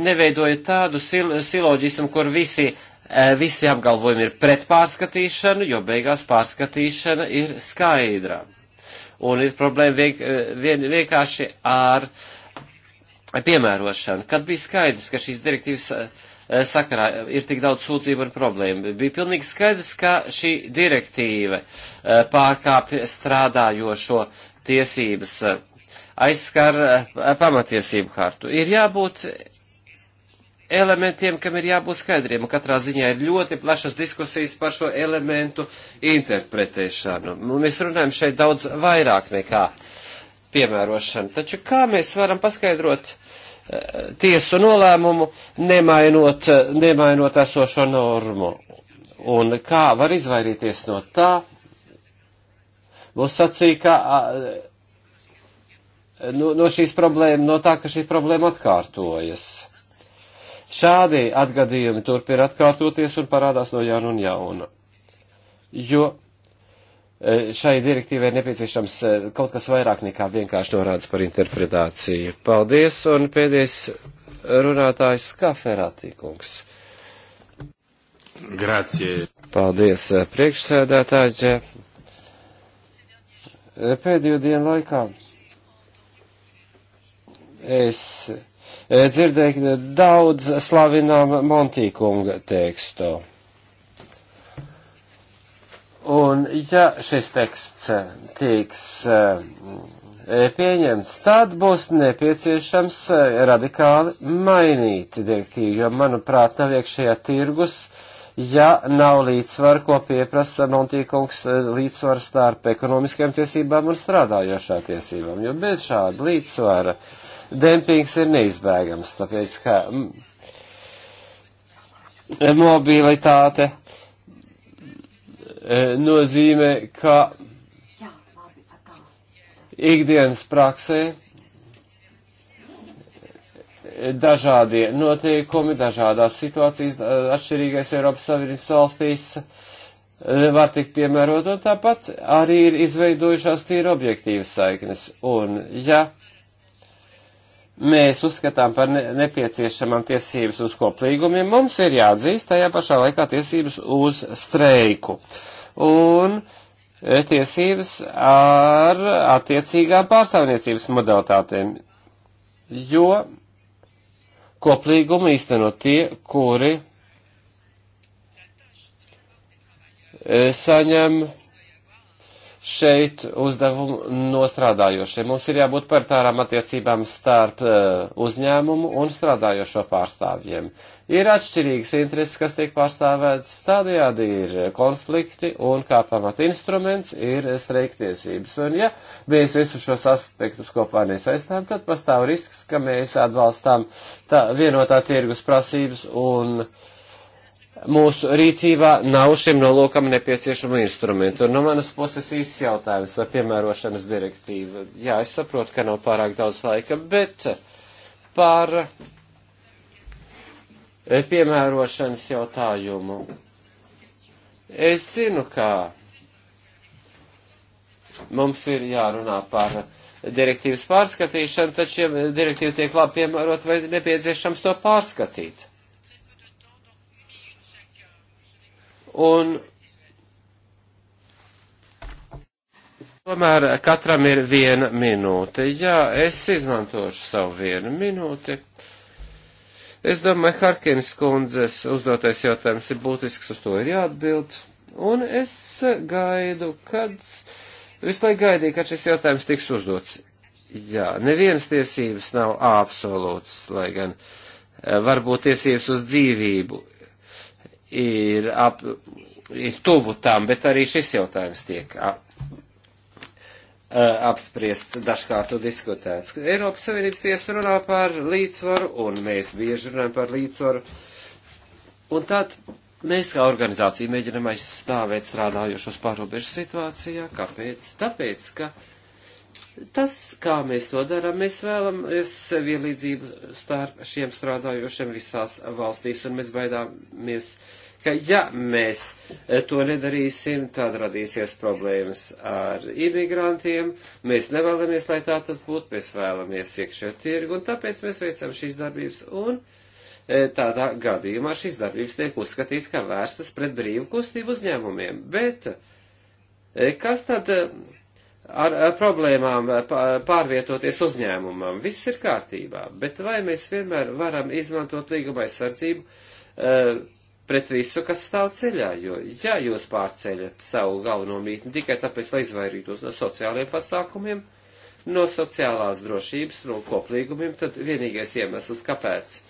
neveidojiet tādu sil siloģismu, kur visi, eh, visi apgalvojumi ir pret pārskatīšanu, jo beigās pārskatīšana ir skaidra. Un ir problēma vienk eh, vien vienkārši ar piemērošanu. Kad bija skaidrs, ka šīs direktīvas Eh, sakarā ir tik daudz sūdzību un problēmu. Bija pilnīgi skaidrs, ka šī direktīva eh, pārkāpja strādājošo tiesības eh, aizskar pamatiesību hartu. Ir jābūt elementiem, kam ir jābūt skaidriem, un katrā ziņā ir ļoti plašas diskusijas par šo elementu interpretēšanu. Mēs runājam šeit daudz vairāk nekā piemērošana. Taču kā mēs varam paskaidrot tiesu nolēmumu, nemainot, nemainot esošo normu. Un kā var izvairīties no tā? Būs sacīja, ka no, nu, no šīs problēmas, no tā, ka šī problēma atkārtojas. Šādi atgadījumi turpina atkārtoties un parādās no jauna un jauna. Jo Eh, šai direktīvai nepieciešams eh, kaut kas vairāk nekā vienkārši norādes par interpretāciju. Paldies, un pēdējais runātājs Kaferātī kungs. Grācie. Paldies, eh, priekšsēdētāģe. Pēdējo dienu laikā es dzirdēju daudz slavinām Montīkunga tekstu Un ja šis teksts eh, tiks eh, pieņemts, tad būs nepieciešams eh, radikāli mainīt direktīvu, jo, manuprāt, nav iekšējā tirgus, ja nav līdzsvaru, ko pieprasa Montīkungs līdzsvaru starp ekonomiskajām tiesībām un strādājošā tiesībām, jo bez šāda līdzsvara dempings ir neizbēgams, tāpēc, ka mm, mobilitāte E, nozīmē, ka ikdienas praksē dažādie noteikumi, dažādās situācijas, atšķirīgais Eiropas Savienības valstīs e, var tikt piemērot, un tāpat arī ir izveidojušās tīri objektīvas saiknes. Un, ja mēs uzskatām par nepieciešamām tiesības uz koplīgumiem, mums ir jāatzīst tajā pašā laikā tiesības uz streiku. Un e, tiesības ar attiecīgām pārstāvniecības modalitātēm, jo koplīgumu īstenot tie, kuri e, saņem šeit uzdevumu nostrādājošiem. Mums ir jābūt partārām attiecībām starp e, uzņēmumu un strādājošo pārstāvjiem. Ir atšķirīgas intereses, kas tiek pārstāvētas, tādējādi ir konflikti un kā pamat instruments ir streiktiesības. Un ja mēs visu šos aspektus kopā nesaistām, tad pastāv risks, ka mēs atbalstām tā vienotā tirgus prasības un uh, mūsu rīcībā nav šim nolūkam nepieciešama instrumenta. Un no manas puses īsts jautājums par piemērošanas direktīvu. Jā, es saprotu, ka nav pārāk daudz laika, bet par e, piemērošanas jautājumu. Es zinu, ka mums ir jārunā par direktīvas pārskatīšanu, taču, ja direktīva tiek labi piemērot, vai nepieciešams to pārskatīt? Un tomēr katram ir viena minūte. Jā, es izmantošu savu vienu minūti. Es domāju, Harkins kundzes uzdotais jautājums ir būtisks, uz to ir jāatbild. Un es gaidu, kad, visu laiku gaidīju, kad šis jautājums tiks uzdots. Jā, nevienas tiesības nav absolūtas, lai gan eh, varbūt tiesības uz dzīvību ir, ap, ir tuvu tam, bet arī šis jautājums tiek ap, apspriests, dažkārt un diskutēts. Eiropas Savienības tiesa runā par līdzsvaru, un mēs bieži runājam par līdzsvaru. Un tad mēs kā organizācija mēģinam aizstāvēt strādājošos pārobežu situācijā. Kāpēc? Tāpēc, ka tas, kā mēs to darām, mēs vēlamies vienlīdzību starp šiem strādājošiem visās valstīs, un mēs baidāmies ka ja mēs eh, to nedarīsim, tad radīsies problēmas ar imigrantiem. Mēs nevēlamies, lai tā tas būtu, mēs vēlamies iekšējo tirgu, un tāpēc mēs veicam šīs darbības. Un eh, tādā gadījumā šīs darbības tiek uzskatīts kā vērstas pret brīvu kustību uzņēmumiem. Bet eh, kas tad ar problēmām pārvietoties uzņēmumam. Viss ir kārtībā, bet vai mēs vienmēr varam izmantot līguma aizsardzību pret visu, kas stāv ceļā, jo, ja jūs pārceļat savu galveno mītni tikai tāpēc, lai izvairītos no sociālajiem pasākumiem, no sociālās drošības, no koplīgumiem, tad vienīgais iemesls, kāpēc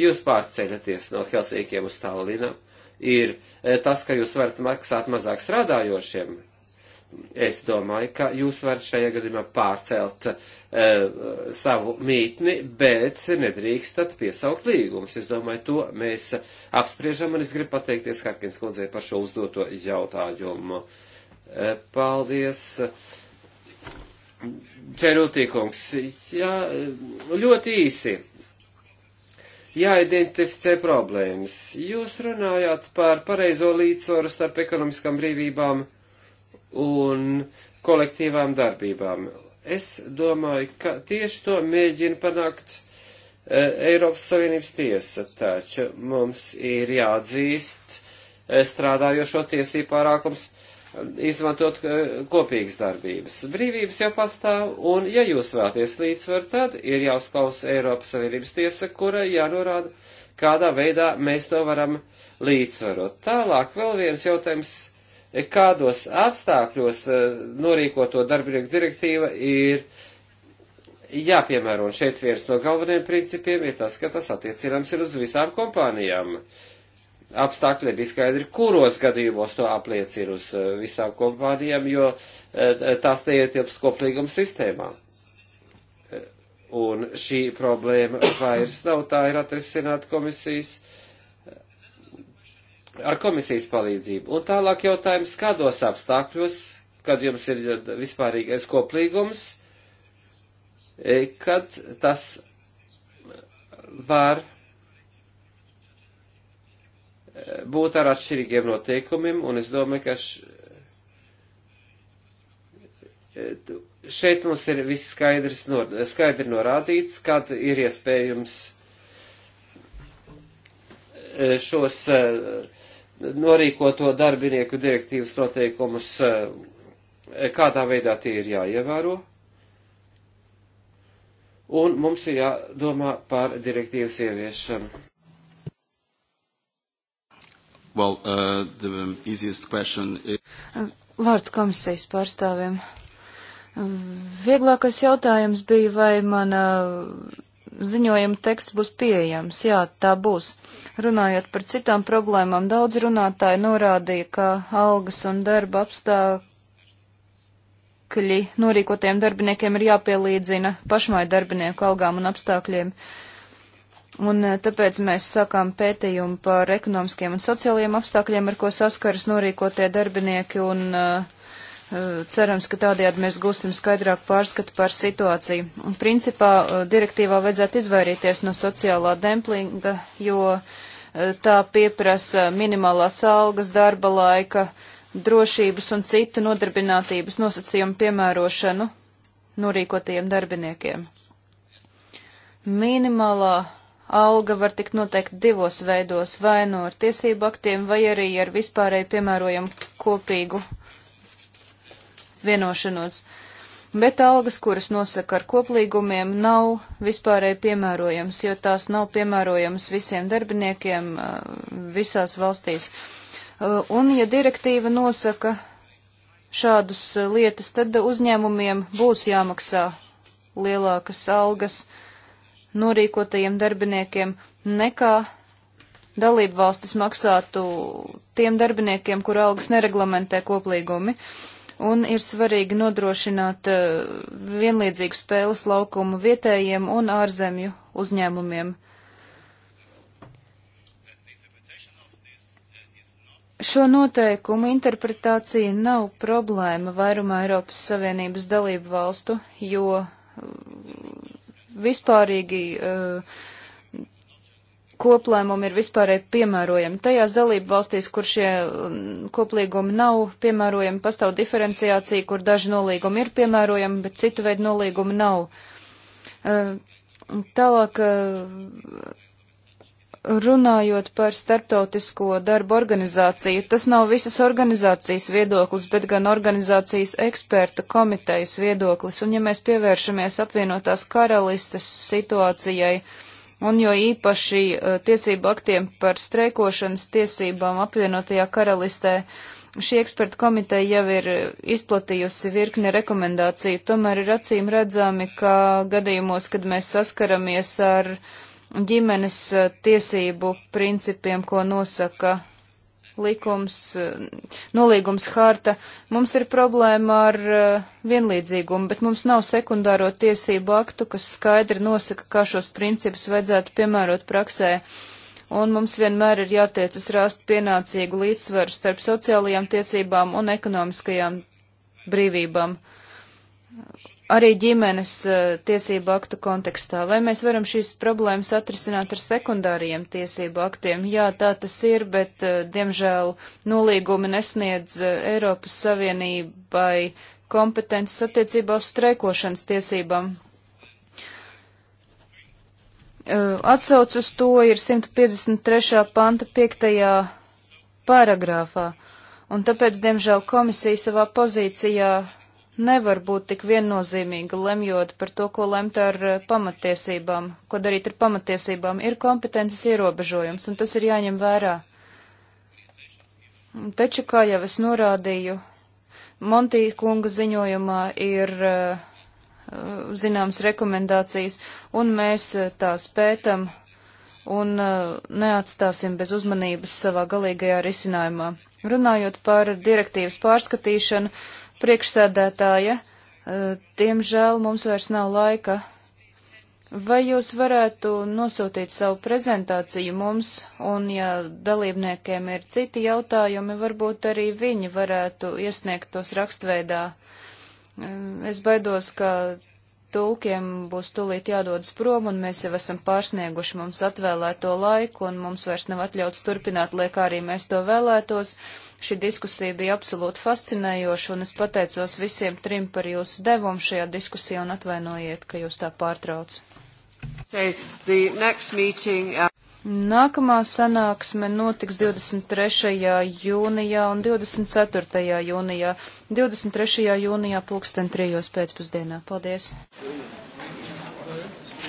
jūs pārceļaties no Helsinkiem uz Tallinam, ir eh, tas, ka jūs varat maksāt mazāk strādājošiem Es domāju, ka jūs varat šajā gadījumā pārcelt e, savu mītni, bet nedrīkstat piesaukt līgumus. Es domāju, to mēs apspriežam, un es gribu pateikties Harkins kundzei par šo uzdoto jautājumu. E, paldies! Čerūtīkungs, jā, ļoti īsi. Jāidentificē problēmas. Jūs runājāt par pareizo līdzsvaru starp ekonomiskām brīvībām un kolektīvām darbībām. Es domāju, ka tieši to mēģina panākt e, Eiropas Savienības tiesa, taču mums ir jāatzīst e, strādājošo tiesību pārākums e, izmantot kopīgas darbības. Brīvības jau pastāv, un ja jūs vēlaties līdzsvaru, tad ir jāuzklausa Eiropas Savienības tiesa, kurai jānorāda, kādā veidā mēs to varam līdzsvarot. Tālāk vēl viens jautājums kādos apstākļos eh, norīkoto darbinieku direktīva ir jāpiemēro. Un šeit viens no galvenajiem principiem ir tas, ka tas attiecināms ir uz visām kompānijām. Apstākļi bija skaidri, kuros gadījumos to apliecina uz eh, visām kompānijām, jo eh, tās neietilpst koplīguma sistēmā. Un šī problēma vairs nav, tā ir atrisināta komisijas ar komisijas palīdzību. Un tālāk jautājums, kādos apstākļos, kad jums ir vispārīgais koplīgums, e, kad tas var e, būt ar atšķirīgiem noteikumiem, un es domāju, ka š... E, šeit mums ir viss skaidrs, nor... skaidri norādīts, kad ir iespējams šos uh, norīkoto darbinieku direktīvas noteikumus, eh, kādā veidā tie ir jāievēro. Un mums ir jādomā par direktīvas ieviešanu. Well, uh, the easiest question is... Uh, vārds komisijas pārstāvjiem. Vieglākais jautājums bija, vai mana uh, ziņojuma teksts būs pieejams. Jā, tā būs. Runājot par citām problēmām, daudz runātāji norādīja, ka algas un darba apstākļi norīkotiem darbiniekiem ir jāpielīdzina pašmāju darbinieku algām un apstākļiem. Un e, tāpēc mēs sākām pētījumu par ekonomiskiem un sociālajiem apstākļiem, ar ko saskaras norīkotie darbinieki un uh, Eh, cerams, ka tādējādi mēs gūsim skaidrāku pārskatu par situāciju. Un, principā eh, direktīvā vajadzētu izvairīties no sociālā demplinga, jo eh, tā pieprasa minimālās algas, darba laika, drošības un citu nodarbinātības nosacījumu piemērošanu norīkotajiem darbiniekiem. Minimālā alga var tikt noteikta divos veidos, vai no nu ar tiesību aktiem, vai arī ar vispārēju piemērojumu kopīgu vienošanos, bet algas, kuras nosaka ar koplīgumiem, nav vispārēji piemērojams, jo tās nav piemērojams visiem darbiniekiem uh, visās valstīs. Uh, un, ja direktīva nosaka šādus uh, lietas, tad uzņēmumiem būs jāmaksā lielākas algas norīkotajiem darbiniekiem nekā dalību valstis maksātu tiem darbiniekiem, kur algas nereglamentē koplīgumi un ir svarīgi nodrošināt eh, vienlīdzīgu spēles laukumu vietējiem un ārzemju uzņēmumiem. Šo noteikumu interpretācija nav problēma vairumā Eiropas Savienības dalību valstu, jo eh, vispārīgi uh, koplēmumi ir vispārēji piemērojami. Tajās dalību valstīs, kur šie mm, koplīgumi nav piemērojami, pastāv diferenciācija, kur daži nolīgumi ir piemērojami, bet citu veidu nolīgumi nav. Eh, tālāk, eh, runājot par starptautisko darbu organizāciju, tas nav visas organizācijas viedoklis, bet gan organizācijas eksperta komitejas viedoklis. Un ja mēs pievēršamies apvienotās karalistes situācijai, uh, un jo īpaši eh, tiesību aktiem par streikošanas tiesībām apvienotajā karalistē. Šī eksperta komiteja jau ir izplatījusi virkni rekomendāciju, tomēr ir acīm redzami, ka gadījumos, kad mēs saskaramies ar ģimenes eh, tiesību principiem, ko nosaka likums, nolīgums harta, mums ir problēma ar eh, vienlīdzīgumu, bet mums nav sekundāro tiesību aktu, kas skaidri nosaka, kā šos principus vajadzētu piemērot praksē. Un mums vienmēr ir jātiecas rast pienācīgu līdzsvaru starp sociālajām tiesībām un ekonomiskajām brīvībām arī ģimenes eh, tiesību aktu kontekstā. Vai mēs varam šīs problēmas atrisināt ar sekundāriem tiesību aktiem? Jā, tā tas ir, bet, eh, diemžēl, nolīgumi nesniedz eh, Eiropas Savienībai kompetences attiecībā uz streikošanas tiesībām. Atsauc uz to ir 153. panta 5. paragrāfā, un tāpēc, diemžēl, komisija savā pozīcijā nevar būt tik viennozīmīga lemjot par to, ko lemt ar eh, pamatiesībām, ko darīt ar pamatiesībām. Ir kompetences ierobežojums, un tas ir jāņem vērā. Taču, kā jau es norādīju, Montī kunga ziņojumā ir eh, zināmas rekomendācijas, un mēs eh, tās pētam un neatstāsim bez uzmanības savā galīgajā risinājumā. Runājot par direktīvas pārskatīšanu, uh, Priekšsēdētāja, eh, diemžēl mums vairs nav laika. Vai jūs varētu nosūtīt savu prezentāciju mums, un ja dalībniekiem ir citi jautājumi, varbūt arī viņi varētu iesniegt tos rakstveidā? Eh, es baidos, ka tulkiem būs tūlīt jādodas prom, un mēs jau esam pārsnieguši mums atvēlēto laiku, un mums vairs nav atļauts turpināt, lai kā arī mēs to vēlētos. Šī diskusija bija absolūti fascinējoša, un es pateicos visiem trim par jūsu devumu šajā diskusijā un atvainojiet, ka jūs tā pārtrauc. Uh, Nākamā sanāksme notiks 23. jūnijā un 24. jūnijā. 23. jūnijā pulksten trijos pēcpusdienā. Paldies!